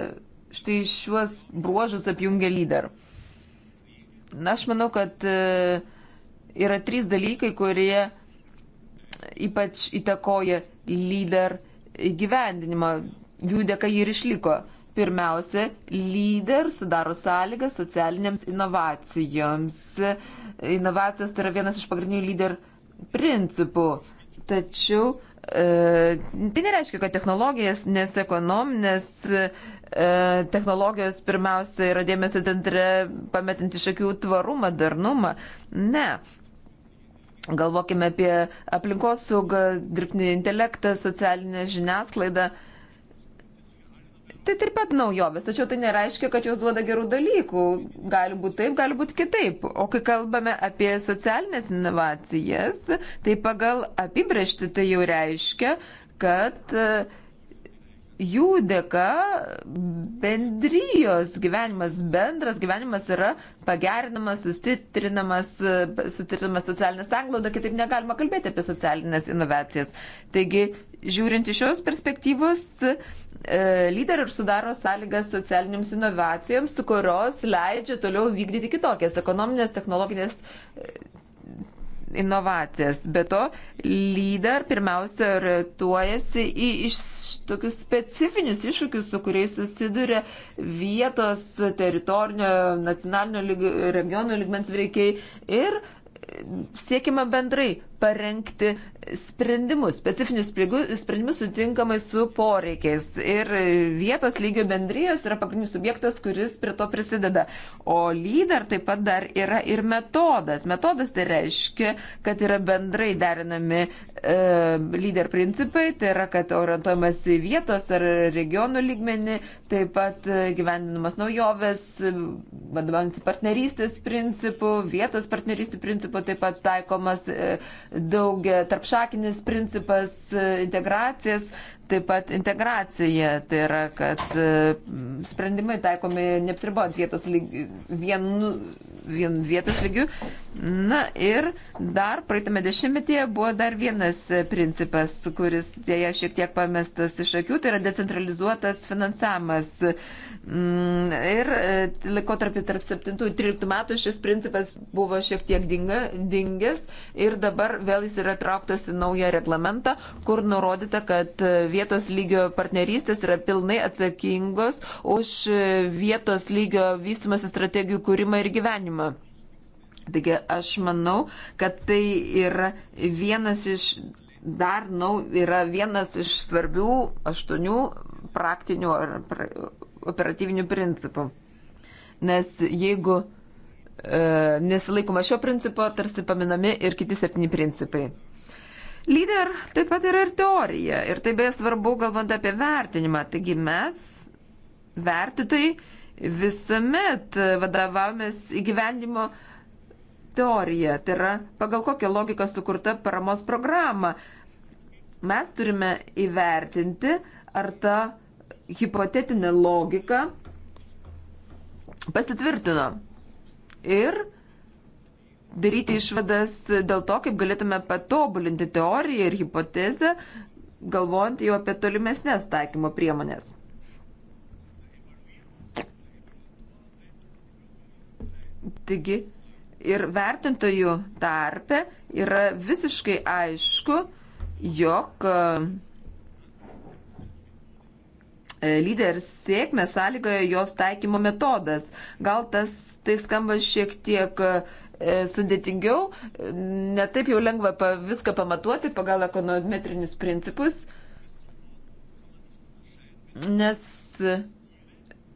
Štai šiuos bruožus apjungia Leader. Na, aš manau, kad uh, yra trys dalykai, kurie ypač įtakoja lyder įgyvendinimą. Jų dėka jį ir išliko. Pirmiausia, lyder sudaro sąlygas socialiniams inovacijoms. Inovacijos tai yra vienas iš pagrindinių lyder principų. Tačiau e, tai nereiškia, kad technologijas, nes ekonominės e, technologijos pirmiausia yra dėmesio centre pametinti iš akių tvarumą, darnumą. Ne, Galvokime apie aplinkosaugą, dirbtinį intelektą, socialinę žiniasklaidą. Tai taip pat naujovės, tačiau tai nereiškia, kad jos duoda gerų dalykų. Gali būti taip, gali būti kitaip. O kai kalbame apie socialinės inovacijas, tai pagal apibrėžti tai jau reiškia, kad uh, jų dėka bendrijos gyvenimas, bendras gyvenimas yra pagerinamas, sustiprinamas, sustiprinamas socialinės anglauda, kitaip negalima kalbėti apie socialinės inovacijas. Taigi, žiūrint iš šios perspektyvos, e, lyderis sudaro sąlygas socialiniams inovacijoms, kurios leidžia toliau vykdyti kitokias ekonominės, technologinės e, inovacijas. Be to, lyder pirmiausia orientuojasi į išsilaikymą tokius specifinius iššūkius, su kuriais susiduria vietos, teritorinio, nacionalinio lyg, regionų lygmens veikiai ir siekime bendrai parengti sprendimus, specifinius sprendimus sutinkamai su poreikiais. Ir vietos lygio bendrijos yra pagrindinis subjektas, kuris prie to prisideda. O lyder taip pat dar yra ir metodas. Metodas tai reiškia, kad yra bendrai derinami e, lyder principai, tai yra, kad orientuojamas į vietos ar regionų lygmenį, taip pat gyvendinamas naujovės, vadovaujant partnerystės principų, vietos partnerystės principų taip pat taikomas. E, daugia tarpšakinis principas e, integracijas, taip pat integracija, tai yra, kad e, sprendimai taikomi neapsiribojant vietos lygių, vienu, vien vietos lygių. Na ir dar praeitame dešimtmetyje buvo dar vienas e, principas, kuris dėja šiek tiek pamestas iš akių, tai yra decentralizuotas finansavimas. Mm, ir e, laikotarpį tarp 7-13 metų šis principas buvo šiek tiek dinga, dingęs ir dabar vėl jis yra trauktas į naują reglamentą, kur nurodyta, kad e, vietos lygio partnerystės yra pilnai atsakingos už e, vietos lygio vystimasi strategijų kūrimą ir gyvenimą. Taigi aš manau, kad tai yra vienas iš dar nau, yra vienas iš svarbių aštuonių praktinių ar pra, operatyviniu principu. Nes jeigu e, nesilaikoma šio principo, tarsi paminami ir kiti septyni principai. Lyder taip pat yra ir teorija, ir tai beje svarbu galvant apie vertinimą. Taigi mes, vertitojai, visuomet vadovavomės įgyvendimo teorija, tai yra pagal kokią logiką sukurta paramos programa. Mes turime įvertinti, ar ta hipotetinė logika pasitvirtino. Ir daryti išvadas dėl to, kaip galėtume patobulinti teoriją ir hipotezę, galvojant jau apie tolimesnės taikymo priemonės. Taigi, ir vertintojų tarpe yra visiškai aišku, jog uh, E, lyderis sėkmę sąlygoja jos taikymo metodas. Gal tas tai skamba šiek tiek e, sudėtingiau, netaip jau lengva pa, viską pamatuoti pagal ekonometrinius principus, nes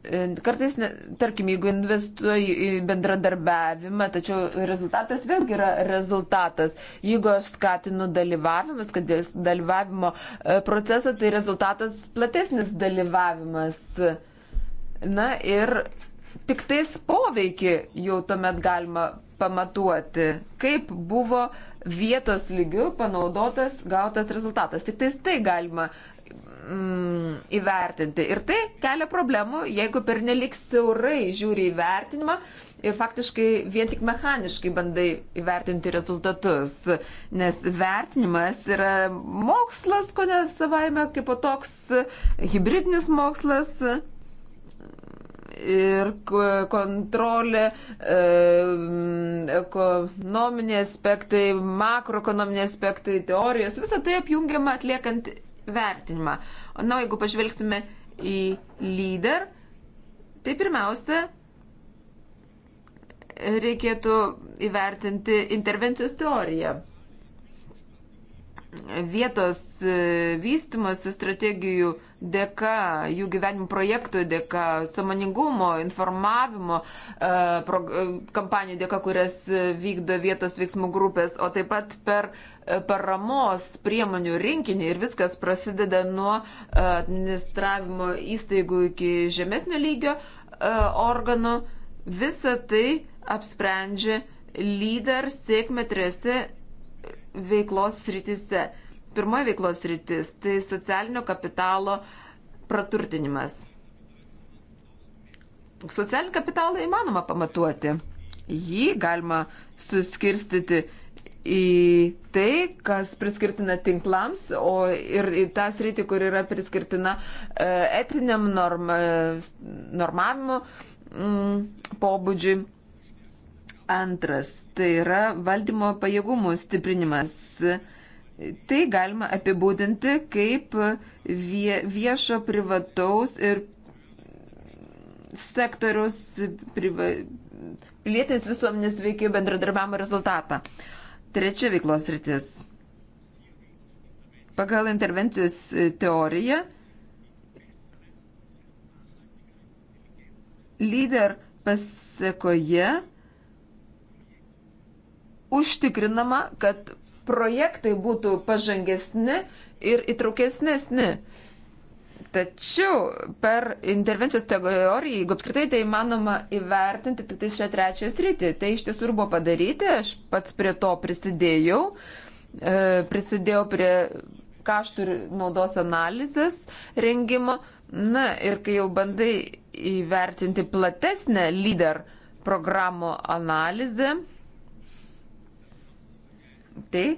E, kartais, tarkim, jeigu investuoji į bendradarbiavimą, tačiau rezultatas vėlgi yra rezultatas. Jeigu aš skatinu dalyvavimas, kad dalyvavimo e, procesą, tai rezultatas platesnis dalyvavimas. Na ir tik tais poveikį jau tuomet galima pamatuoti, kaip buvo uh, vietos lygių panaudotas gautas rezultatas. Tik tais tai galima mm, įvertinti. Ir tai kelia problemų, jeigu per nelik siaurai žiūri įvertinimą ir faktiškai vien tik mechaniškai bandai įvertinti rezultatus. Nes vertinimas yra mokslas, ko ne savaime, kaip toks hybridinis mokslas ir kontrolė, e, ekonominiai aspektai, makroekonominiai aspektai, teorijos, visą tai apjungiama atliekant vertinimą. Na, nu, jeigu pažvelgsime į lyder, tai pirmiausia, reikėtų įvertinti intervencijos teoriją vietos e, vystimosi strategijų dėka, jų gyvenimo projektų dėka, samoningumo, informavimo e, e, kampanijų dėka, kurias vykdo vietos veiksmų grupės, o taip pat per paramos priemonių rinkinį ir viskas prasideda nuo administravimo įstaigų iki žemesnio lygio organų. Visą tai apsprendžia lyder sėkmė trėsi veiklos sritise. Pirmoji veiklos sritis - tai socialinio kapitalo praturtinimas. Socialinį kapitalą įmanoma pamatuoti. Jį galima suskirstyti į tai, kas priskirtina tinklams, o ir į tą sritį, kur yra priskirtina e, etiniam norma, normavimo mm, pobūdžiui. Antras - tai yra valdymo pajėgumų stiprinimas. Tai galima apibūdinti kaip vie, viešo privataus ir sektoriaus priva, pilietinės visuomenės veikėjų bendradarbiavimo rezultatą. Trečia veiklos rytis. Pagal intervencijos teoriją lyder pasiekoje užtikrinama, kad projektai būtų pažangesni ir įtraukesnesni. Tačiau per intervencijos teoriją, jeigu apskritai tai manoma įvertinti tik tai šią trečią sritį, tai iš tiesų ir buvo padaryti, aš pats prie to prisidėjau, e, prisidėjau prie kaštų ir naudos analizės rengimo. Na ir kai jau bandai įvertinti platesnę lyder programų analizę, Tai ją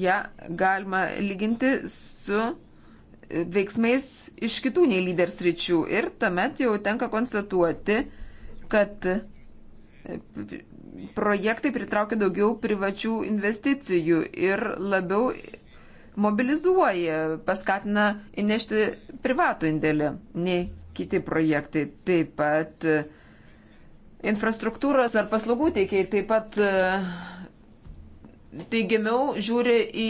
ja, galima lyginti su e, veiksmais iš kitų nei lyders ryčių. Ir tuomet jau tenka konstatuoti, kad e, projektai pritraukia daugiau privačių investicijų ir labiau mobilizuoja, paskatina įnešti privatų indėlį nei kiti projektai. Taip pat e, infrastruktūros ar paslaugų teikiai taip pat teigiamiau žiūri į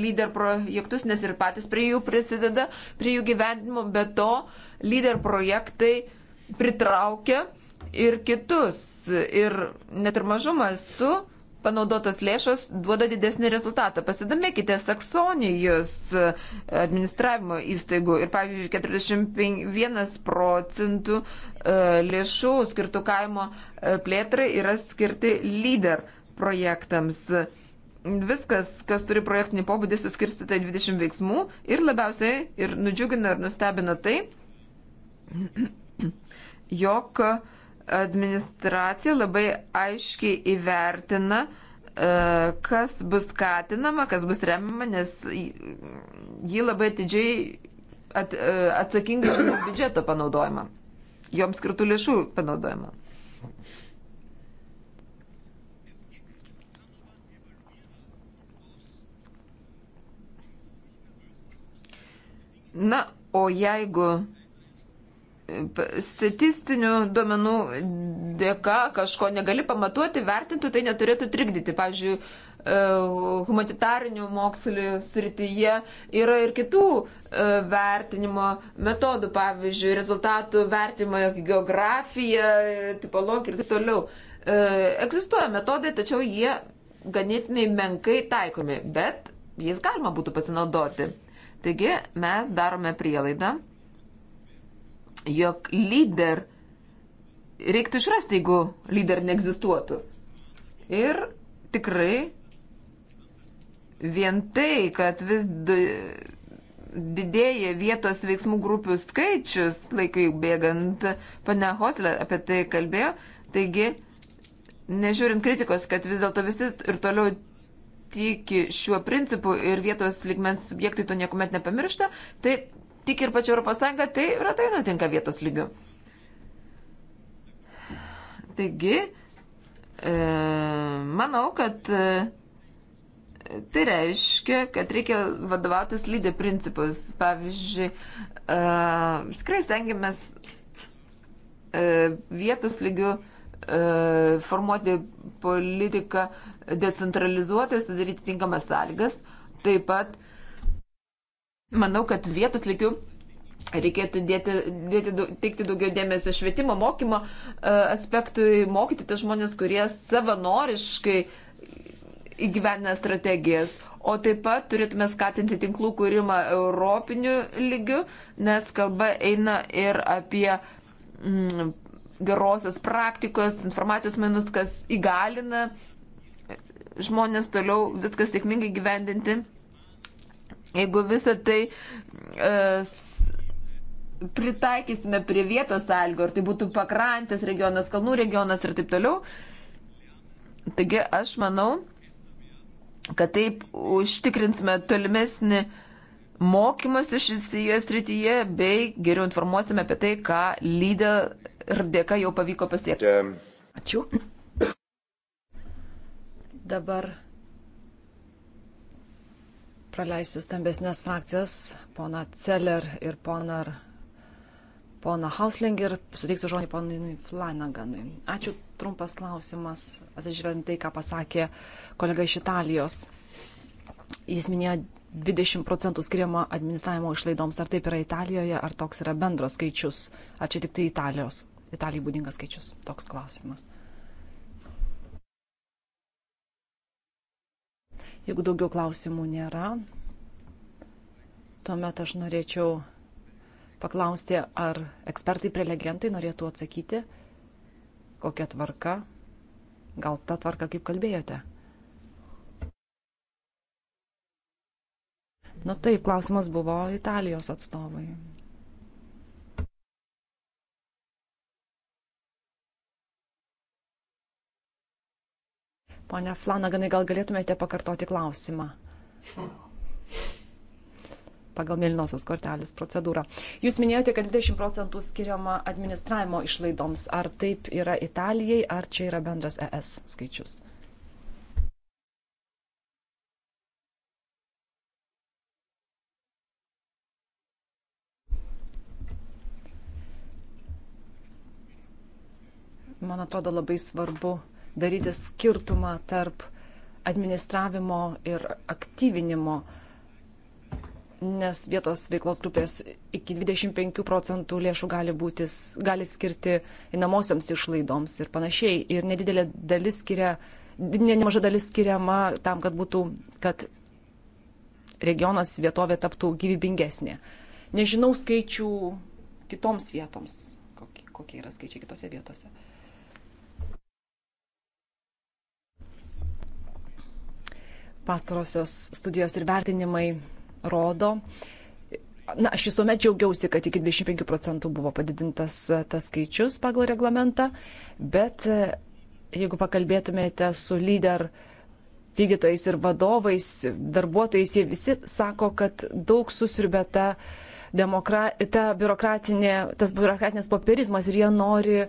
lyder projektus, nes ir patys prie jų prisideda, prie jų gyvenimo, bet to lyder projektai pritraukia ir kitus. Ir net ir mažumas tu panaudotos lėšos duoda didesnį rezultatą. Pasidomėkite Saksonijos administravimo įstaigų ir, pavyzdžiui, 41 procentų e, lėšų skirtų kaimo e, plėtrai yra skirti lyder projektams projektams. Viskas, kas turi projektinį pobūdį, suskirstyta į 20 veiksmų ir labiausiai ir nudžiugina ir nustebina tai, jog administracija labai aiškiai įvertina, e, kas bus skatinama, kas bus remiama, nes ji labai atidžiai at, e, atsakinga už biudžeto panaudojimą, joms skirtų lėšų panaudojimą. Na, o jeigu e, statistinių duomenų dėka kažko negali pamatuoti, vertintų, tai neturėtų trikdyti. Pavyzdžiui, e, humanitarinių mokslų srityje yra ir kitų e, vertinimo metodų, pavyzdžiui, rezultatų vertinimo geografija, tipologija ir taip toliau. Egzistuoja metodai, tačiau jie ganėtinai menkai taikomi, bet jais galima būtų pasinaudoti. Taigi mes darome prielaidą, jog lyder reiktų išrasti, jeigu lyder neegzistuotų. Ir tikrai vien tai, kad vis didėja vietos veiksmų grupių skaičius, laikai bėgant, pane Hoslė apie tai kalbėjo, taigi, nežiūrint kritikos, kad vis dėlto visi ir toliau tiki šiuo principu ir vietos ligmens subjektai to niekuomet nepamiršta, tai tik ir pačia Europos Sąjunga, tai retai nutinka vietos lygių. Taigi, e, manau, kad e, tai reiškia, kad reikia vadovautis lydė principus. Pavyzdžiui, e, tikrai stengiamės e, vietos lygių e, E, formuoti politiką decentralizuotai, sudaryti tinkamas sąlygas. Taip pat manau, kad vietos lygių reikėtų dėti, dėti, teikti daugiau dėmesio švietimo, mokymo e, aspektui, mokyti tas žmonės, kurie savanoriškai įgyvena strategijas. O taip pat turėtume skatinti tinklų kūrimą europiniu lygiu, nes kalba eina ir apie mm, gerosios praktikos, informacijos menus, kas įgalina žmonės toliau viską sėkmingai gyvendinti. Jeigu visą tai e, pritaikysime prie vietos sąlygų, ar tai būtų pakrantės regionas, kalnų regionas ir taip toliau, taigi aš manau, kad taip užtikrinsime tolimesnį mokymosi šis jie srityje bei geriau informuosime apie tai, ką lyder ir dėka jau pavyko pasiekti. Ačiū. Dabar praleisiu stambesnės frakcijas, pona Celler ir pona, pona Hausling ir suteiksiu žodį ponui Flanaganui. Ačiū, trumpas klausimas, atsižvelgiant tai, ką pasakė kolega iš Italijos. Jis minėjo 20 procentų skiriama administravimo išlaidoms. Ar taip yra Italijoje, ar toks yra bendras skaičius, ar čia tik tai Italijos Italijai būdingas skaičius? Toks klausimas. Jeigu daugiau klausimų nėra, tuomet aš norėčiau paklausti, ar ekspertai prelegentai norėtų atsakyti, kokia tvarka, gal ta tvarka, kaip kalbėjote. Na taip, klausimas buvo Italijos atstovai. Pone Flanaganai, gal galėtumėte pakartoti klausimą? Pagal mėlynosios kortelės procedūrą. Jūs minėjote, kad 20 procentų skiriama administravimo išlaidoms. Ar taip yra Italijai, ar čia yra bendras ES skaičius? man atrodo labai svarbu daryti skirtumą tarp administravimo ir aktyvinimo, nes vietos veiklos grupės iki 25 procentų lėšų gali, būti, gali skirti įnamosioms išlaidoms ir panašiai. Ir nedidelė dalis skiria, nemaža dalis skiriama tam, kad būtų, kad regionas vietovė taptų gyvybingesnė. Nežinau skaičių kitoms vietoms, kokie, kokie yra skaičiai kitose vietose. pastarosios studijos ir vertinimai rodo. Na, aš visuomet džiaugiausi, kad iki 25 procentų buvo padidintas e, tas skaičius pagal reglamentą, bet e, jeigu pakalbėtumėte su lyder vykdytojais ir vadovais, darbuotojais, jie visi sako, kad daug susirbė ta, demokra... ta biurokratinė, tas biurokratinės popierizmas ir jie nori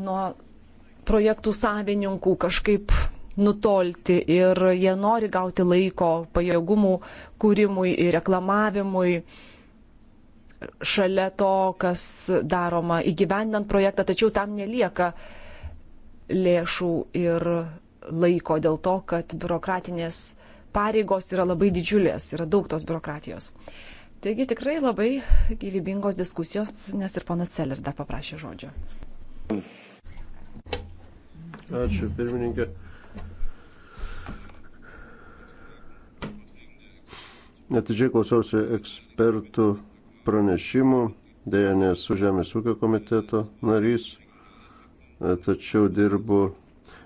nuo projektų savininkų kažkaip nutolti ir jie nori gauti laiko pajėgumų kūrimui ir reklamavimui šalia to, kas daroma įgyvendant projektą, tačiau tam nelieka lėšų ir laiko dėl to, kad biurokratinės pareigos yra labai didžiulės, yra daug tos biurokratijos. Taigi tikrai labai gyvybingos diskusijos, nes ir ponas Celer dar paprašė žodžio. Ačiū, pirmininkė. Netidžiai klausiausi ekspertų pranešimų, dėja nesu Žemės ūkio komiteto narys, e, tačiau dirbu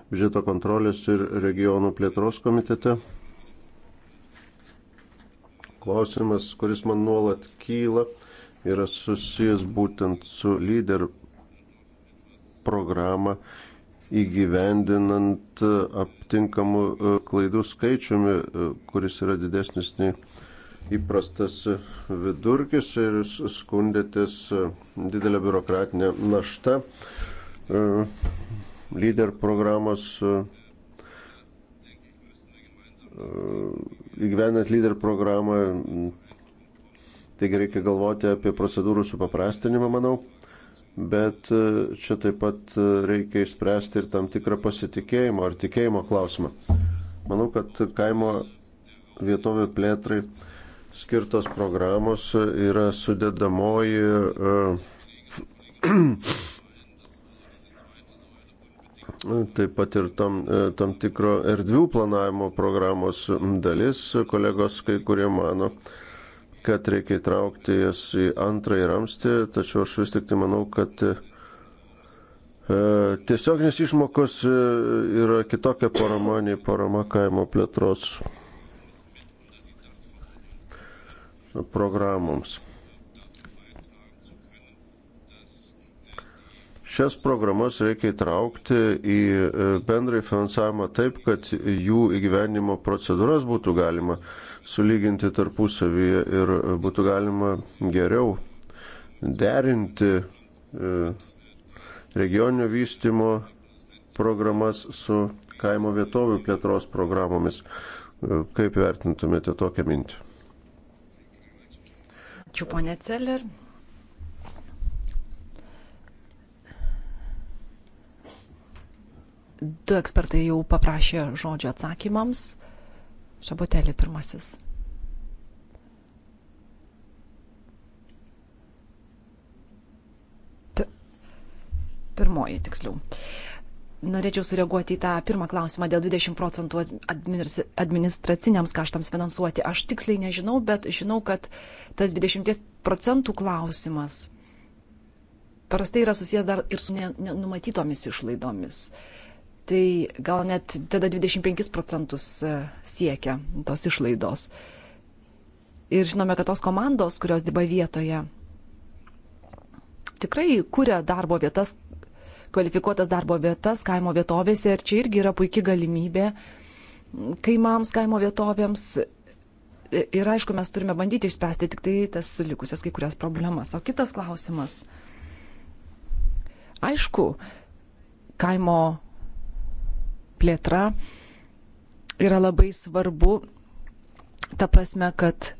biudžeto kontrolės ir regionų plėtros komitete. Klausimas, kuris man nuolat kyla, yra susijęs būtent su lyder programą įgyvendinant e, aptinkamų e, klaidų skaičiumi, kuris yra didesnis nei įprastas vidurkis ir skundėtės e, didelė biurokratinė našta. E, lyder programos e, įgyvenant lyder programą, taigi reikia galvoti apie procedūrų supaprastinimą, manau, bet čia taip pat reikia išspręsti ir tam tikrą pasitikėjimo ar tikėjimo klausimą. Manau, kad kaimo vietovių plėtrai skirtos programos yra sudėdamoji e, taip pat ir tam, e, tam tikro erdvių planavimo programos dalis. Kolegos kai kurie mano, kad reikia įtraukti jas į antrąjį ramstį, tačiau aš vis tik tai manau, kad e, tiesioginės išmokos yra kitokia parama nei parama kaimo plėtros programoms. Šias programas reikia įtraukti į e, bendrąjį finansavimą taip, kad jų įgyvenimo procedūras būtų galima sulyginti tarpusavyje ir būtų galima geriau derinti e, regioninio vystimo programas su kaimo vietovių plėtros programomis. E, kaip vertintumėte tokią mintį? Ačiū, ponė Celler. Du ekspertai jau paprašė žodžio atsakymams. Šabotelį pirmasis. Pirmoji tiksliau. Uh, norėčiau sureaguoti į tą pirmą klausimą dėl 20 procentų administraciniams kaštams finansuoti. Aš tiksliai nežinau, bet žinau, kad tas 20 procentų klausimas prastai yra susijęs dar ir su nenumatytomis išlaidomis. Tai gal net tada 25 procentus e, siekia tos išlaidos. Ir žinome, kad tos komandos, kurios dirba vietoje, tikrai kuria darbo vietas kvalifikuotas darbo vietas kaimo vietovėse ir čia irgi yra puikia galimybė kaimams, kaimo vietovėms. Ir aišku, mes turime bandyti išspręsti tik tai tas likusias kai kurias problemas. O kitas klausimas. Aišku, kaimo plėtra yra labai svarbu, ta prasme, kad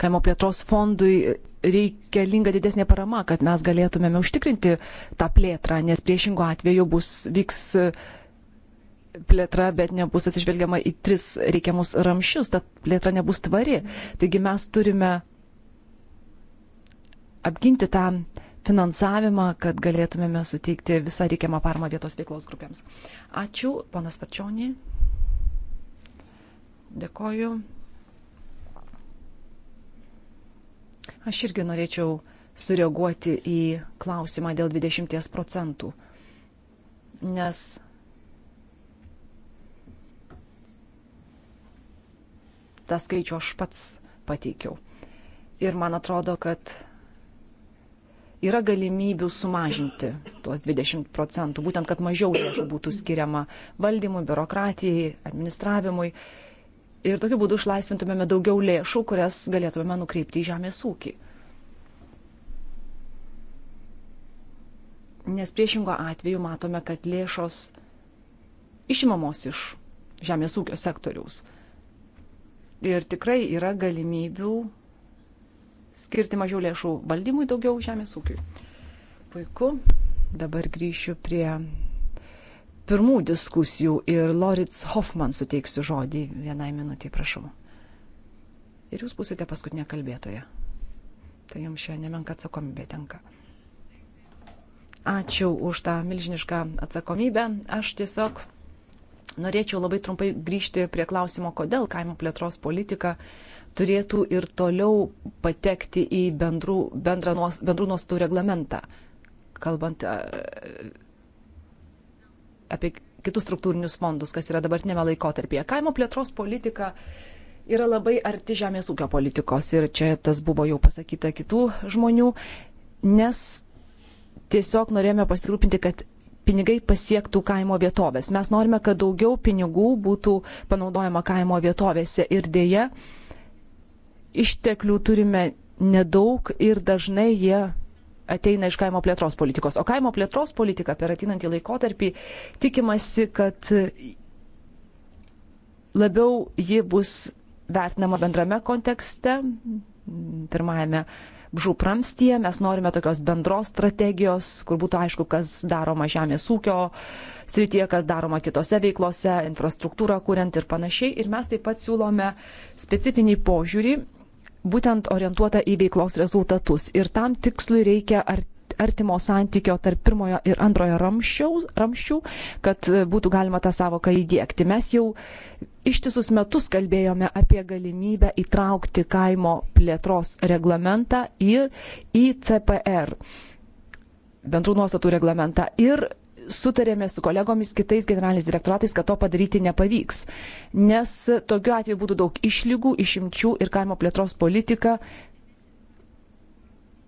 kaimo plėtros fondui reikalinga didesnė parama, kad mes galėtumėme užtikrinti tą plėtrą, nes priešingo atveju bus vyks e, plėtra, bet nebus atsižvelgiama į tris reikiamus ramšius, ta plėtra nebus tvari. Taigi mes turime apginti tą finansavimą, kad galėtumėme suteikti visą reikiamą parmą vietos veiklos grupėms. Ačiū, ponas Parčionį. Dėkoju. Aš irgi norėčiau sureaguoti į klausimą dėl 20 procentų, nes tą skaičių aš pats pateikiau. Ir man atrodo, kad yra galimybių sumažinti tuos 20 procentų, būtent kad mažiau lėšų būtų skiriama valdymui, biurokratijai, administravimui ir tokiu būdu išlaisvintumėme daugiau lėšų, kurias galėtumėme nukreipti į žemės ūkį. Nes priešingo atveju matome, kad lėšos išimamos iš žemės ūkio sektoriaus. Ir tikrai yra galimybių skirti mažiau lėšų valdymui, daugiau žemės ūkiui. Puiku. Dabar grįšiu prie pirmų diskusijų ir Loritz Hoffman suteiksiu žodį vienai minutį, prašau. Ir jūs būsite paskutinė kalbėtoja. Tai jums šią nemenka atsakomybė tenka. Ačiū už tą milžinišką atsakomybę. Aš tiesiog norėčiau labai trumpai grįžti prie klausimo, kodėl kaimo plėtros politika turėtų ir toliau patekti į bendrų, nuos, bendrų nuostų reglamentą, kalbant apie kitus struktūrinius fondus, kas yra dabartinėme laikotarpyje. Kaimo plėtros politika yra labai arti žemės ūkio politikos ir čia tas buvo jau pasakyta kitų žmonių, nes tiesiog norėjome pasirūpinti, kad pinigai pasiektų kaimo vietovės. Mes norime, kad daugiau pinigų būtų panaudojama kaimo vietovėse ir dėja išteklių turime nedaug ir dažnai jie ateina iš kaimo plėtros politikos. O kaimo plėtros politika per ateinantį laikotarpį tikimasi, kad labiau ji bus vertinama bendrame kontekste, pirmajame žūp ramstyje. Mes norime tokios bendros strategijos, kur būtų aišku, kas daroma žemės ūkio srityje, kas daroma kitose veiklose, infrastruktūrą kuriant ir panašiai. Ir mes taip pat siūlome specifinį požiūrį būtent orientuota į veiklos rezultatus. Ir tam tikslui reikia artimo santykio tarp pirmojo ir antrojo ramščių, ramščių kad e, būtų galima tą savoką įdėkti. Mes jau ištisus metus kalbėjome apie galimybę įtraukti kaimo plėtros reglamentą ir į CPR bendrų nuostatų reglamentą. Ir sutarėme su kolegomis kitais generaliniais direktoratais, kad to padaryti nepavyks. Nes tokiu atveju būtų daug išlygų, išimčių ir kaimo plėtros politika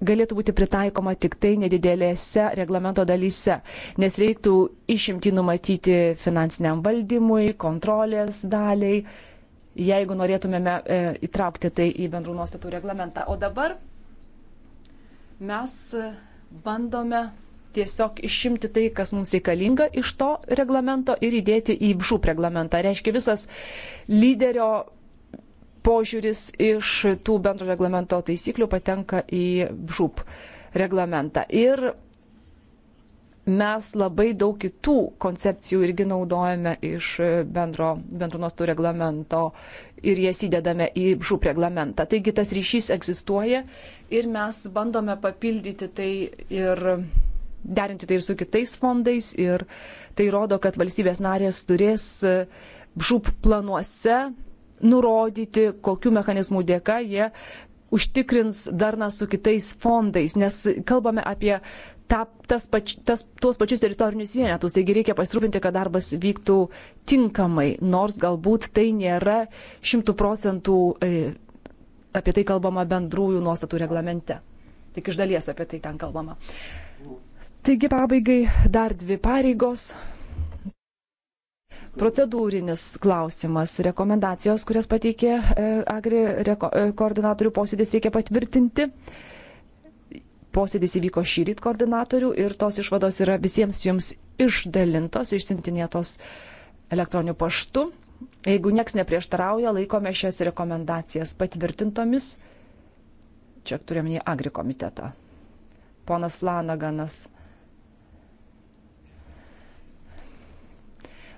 galėtų būti pritaikoma tik tai nedidelėse reglamento dalyse, nes reiktų išimti numatyti finansiniam valdymui, kontrolės daliai, jeigu norėtumėme e, įtraukti tai į bendrų nuostatų reglamentą. O dabar mes bandome tiesiog išimti tai, kas mums reikalinga iš to reglamento ir įdėti į BŽUP reglamentą. Reiškia visas lyderio požiūris iš tų bendro reglamento taisyklių patenka į BŽUP reglamentą. Ir mes labai daug kitų koncepcijų irgi naudojame iš bendro, bendro nuostų reglamento ir jas įdedame į žūp reglamentą. Taigi tas ryšys egzistuoja ir mes bandome papildyti tai ir derinti tai ir su kitais fondais ir tai rodo, kad valstybės narės turės e, žūp planuose nurodyti, kokiu mechanizmu dėka jie užtikrins darną su kitais fondais, nes kalbame apie ta, tas pač, tas, tuos pačius teritorinius vienetus. Taigi reikia pasirūpinti, kad darbas vyktų tinkamai, nors galbūt tai nėra šimtų procentų e, apie tai kalbama bendrųjų nuostatų reglamente. Tik iš dalies apie tai ten kalbama. Taigi pabaigai dar dvi pareigos. Procedūrinis klausimas. Rekomendacijos, kurias pateikė e, Agri reko, e, koordinatorių posėdis, reikia patvirtinti. Posėdis įvyko šį rytą koordinatorių ir tos išvados yra visiems jums išdalintos, išsintinėtos elektroniniu paštu. Jeigu nieks neprieštarauja, laikome šias rekomendacijas patvirtintomis. Čia turėminį Agri komitetą. Ponas Lanaganas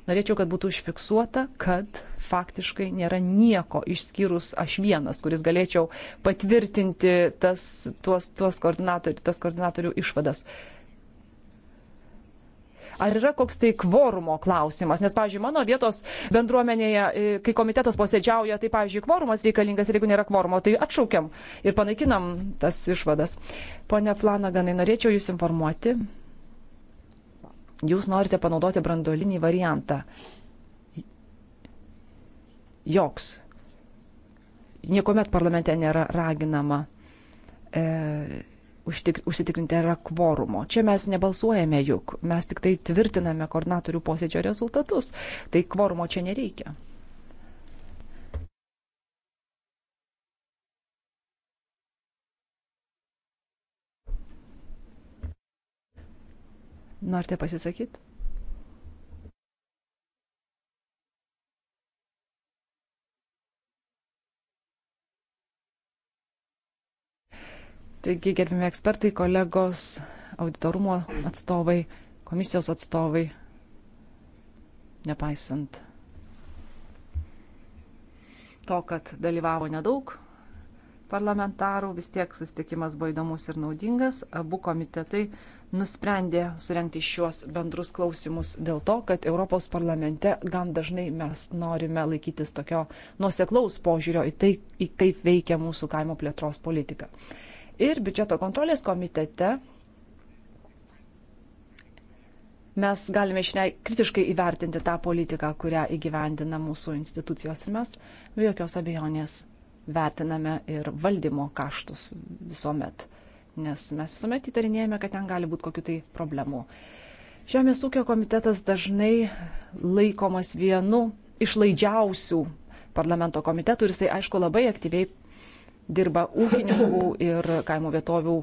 norėčiau, kad būtų užfiksuota, kad faktiškai nėra nieko išskyrus aš vienas, kuris galėčiau patvirtinti tas, tuos, tuos koordinatorių, tas koordinatorių išvadas. Ar yra koks tai kvorumo klausimas? Nes, pavyzdžiui, mano vietos bendruomenėje, e, kai komitetas posėdžiauja, tai, pavyzdžiui, kvorumas reikalingas ir jeigu nėra kvorumo, tai atšaukiam ir panaikinam tas išvadas. Pone Flanaganai, norėčiau Jūs informuoti, jūs norite panaudoti brandolinį variantą. Joks. Niekuomet parlamente nėra raginama e, užtik, užsitikrinti yra kvorumo. Čia mes nebalsuojame juk, mes tik tai tvirtiname koordinatorių posėdžio rezultatus. Tai kvorumo čia nereikia. Norite pasisakyti? Taigi, gerbimi ekspertai, kolegos, auditorumo atstovai, komisijos atstovai, nepaisant to, kad dalyvavo nedaug parlamentarų, vis tiek susitikimas buvo įdomus ir naudingas. Abu komitetai nusprendė surenkti šiuos bendrus klausimus dėl to, kad Europos parlamente gan dažnai mes norime laikytis tokio nuoseklaus požiūrio į tai, į kaip veikia mūsų kaimo plėtros politika. Ir biudžeto kontrolės komitete mes galime išnei, kritiškai įvertinti tą politiką, kurią įgyvendina mūsų institucijos ir mes be jokios abejonės vertiname ir valdymo kaštus visuomet nes mes visuomet įtarinėjame, kad ten gali būti kokiu tai problemu. Žemės ūkio komitetas dažnai laikomas vienu išlaidžiausių parlamento komitetų ir jisai, aišku, labai aktyviai dirba ūkininkų ir kaimo vietovių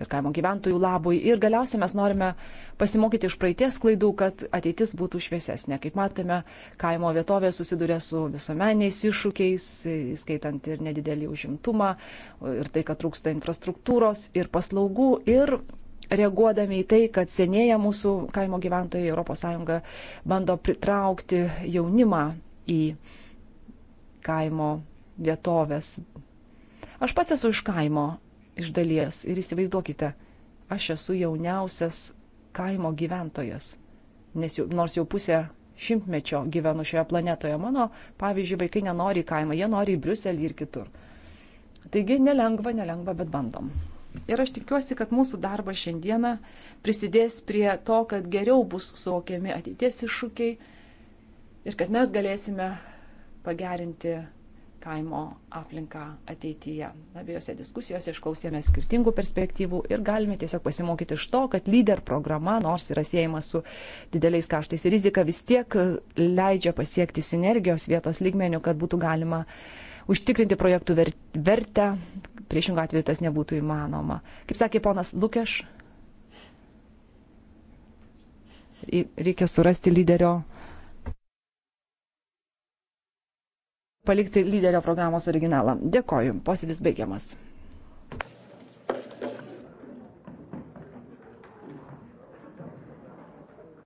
ir kaimo gyventojų labui. Ir galiausiai mes norime pasimokyti iš praeities klaidų, kad ateitis būtų šviesesnė. Kaip matėme, kaimo vietovė susiduria su visuomeniais iššūkiais, įskaitant ir nedidelį užimtumą, ir tai, kad trūksta infrastruktūros ir paslaugų. Ir reaguodami į tai, kad senėja mūsų kaimo gyventojai ES bando pritraukti jaunimą į kaimo vietovės. Aš pats esu iš kaimo iš dalies. Ir įsivaizduokite, aš esu jauniausias kaimo gyventojas, nes jau, nors jau pusę šimtmečio gyvenu šioje planetoje. Mano, pavyzdžiui, vaikai nenori į kaimą, jie nori į Briuselį ir kitur. Taigi nelengva, nelengva, bet bandom. Ir aš tikiuosi, kad mūsų darbas šiandieną prisidės prie to, kad geriau bus suvokiami ateities iššūkiai ir kad mes galėsime pagerinti kaimo aplinką ateityje. Abiejose diskusijose išklausėme skirtingų perspektyvų ir galime tiesiog pasimokyti iš to, kad lyder programa, nors yra siejama su dideliais kaštais ir rizika, vis tiek leidžia pasiekti sinergijos vietos lygmenių, kad būtų galima užtikrinti projektų vertę, priešingų atveju tas nebūtų įmanoma. Kaip sakė ponas Lukeš, reikia surasti lyderio palikti lyderio programos originalą. Dėkoju. Posėdis baigiamas.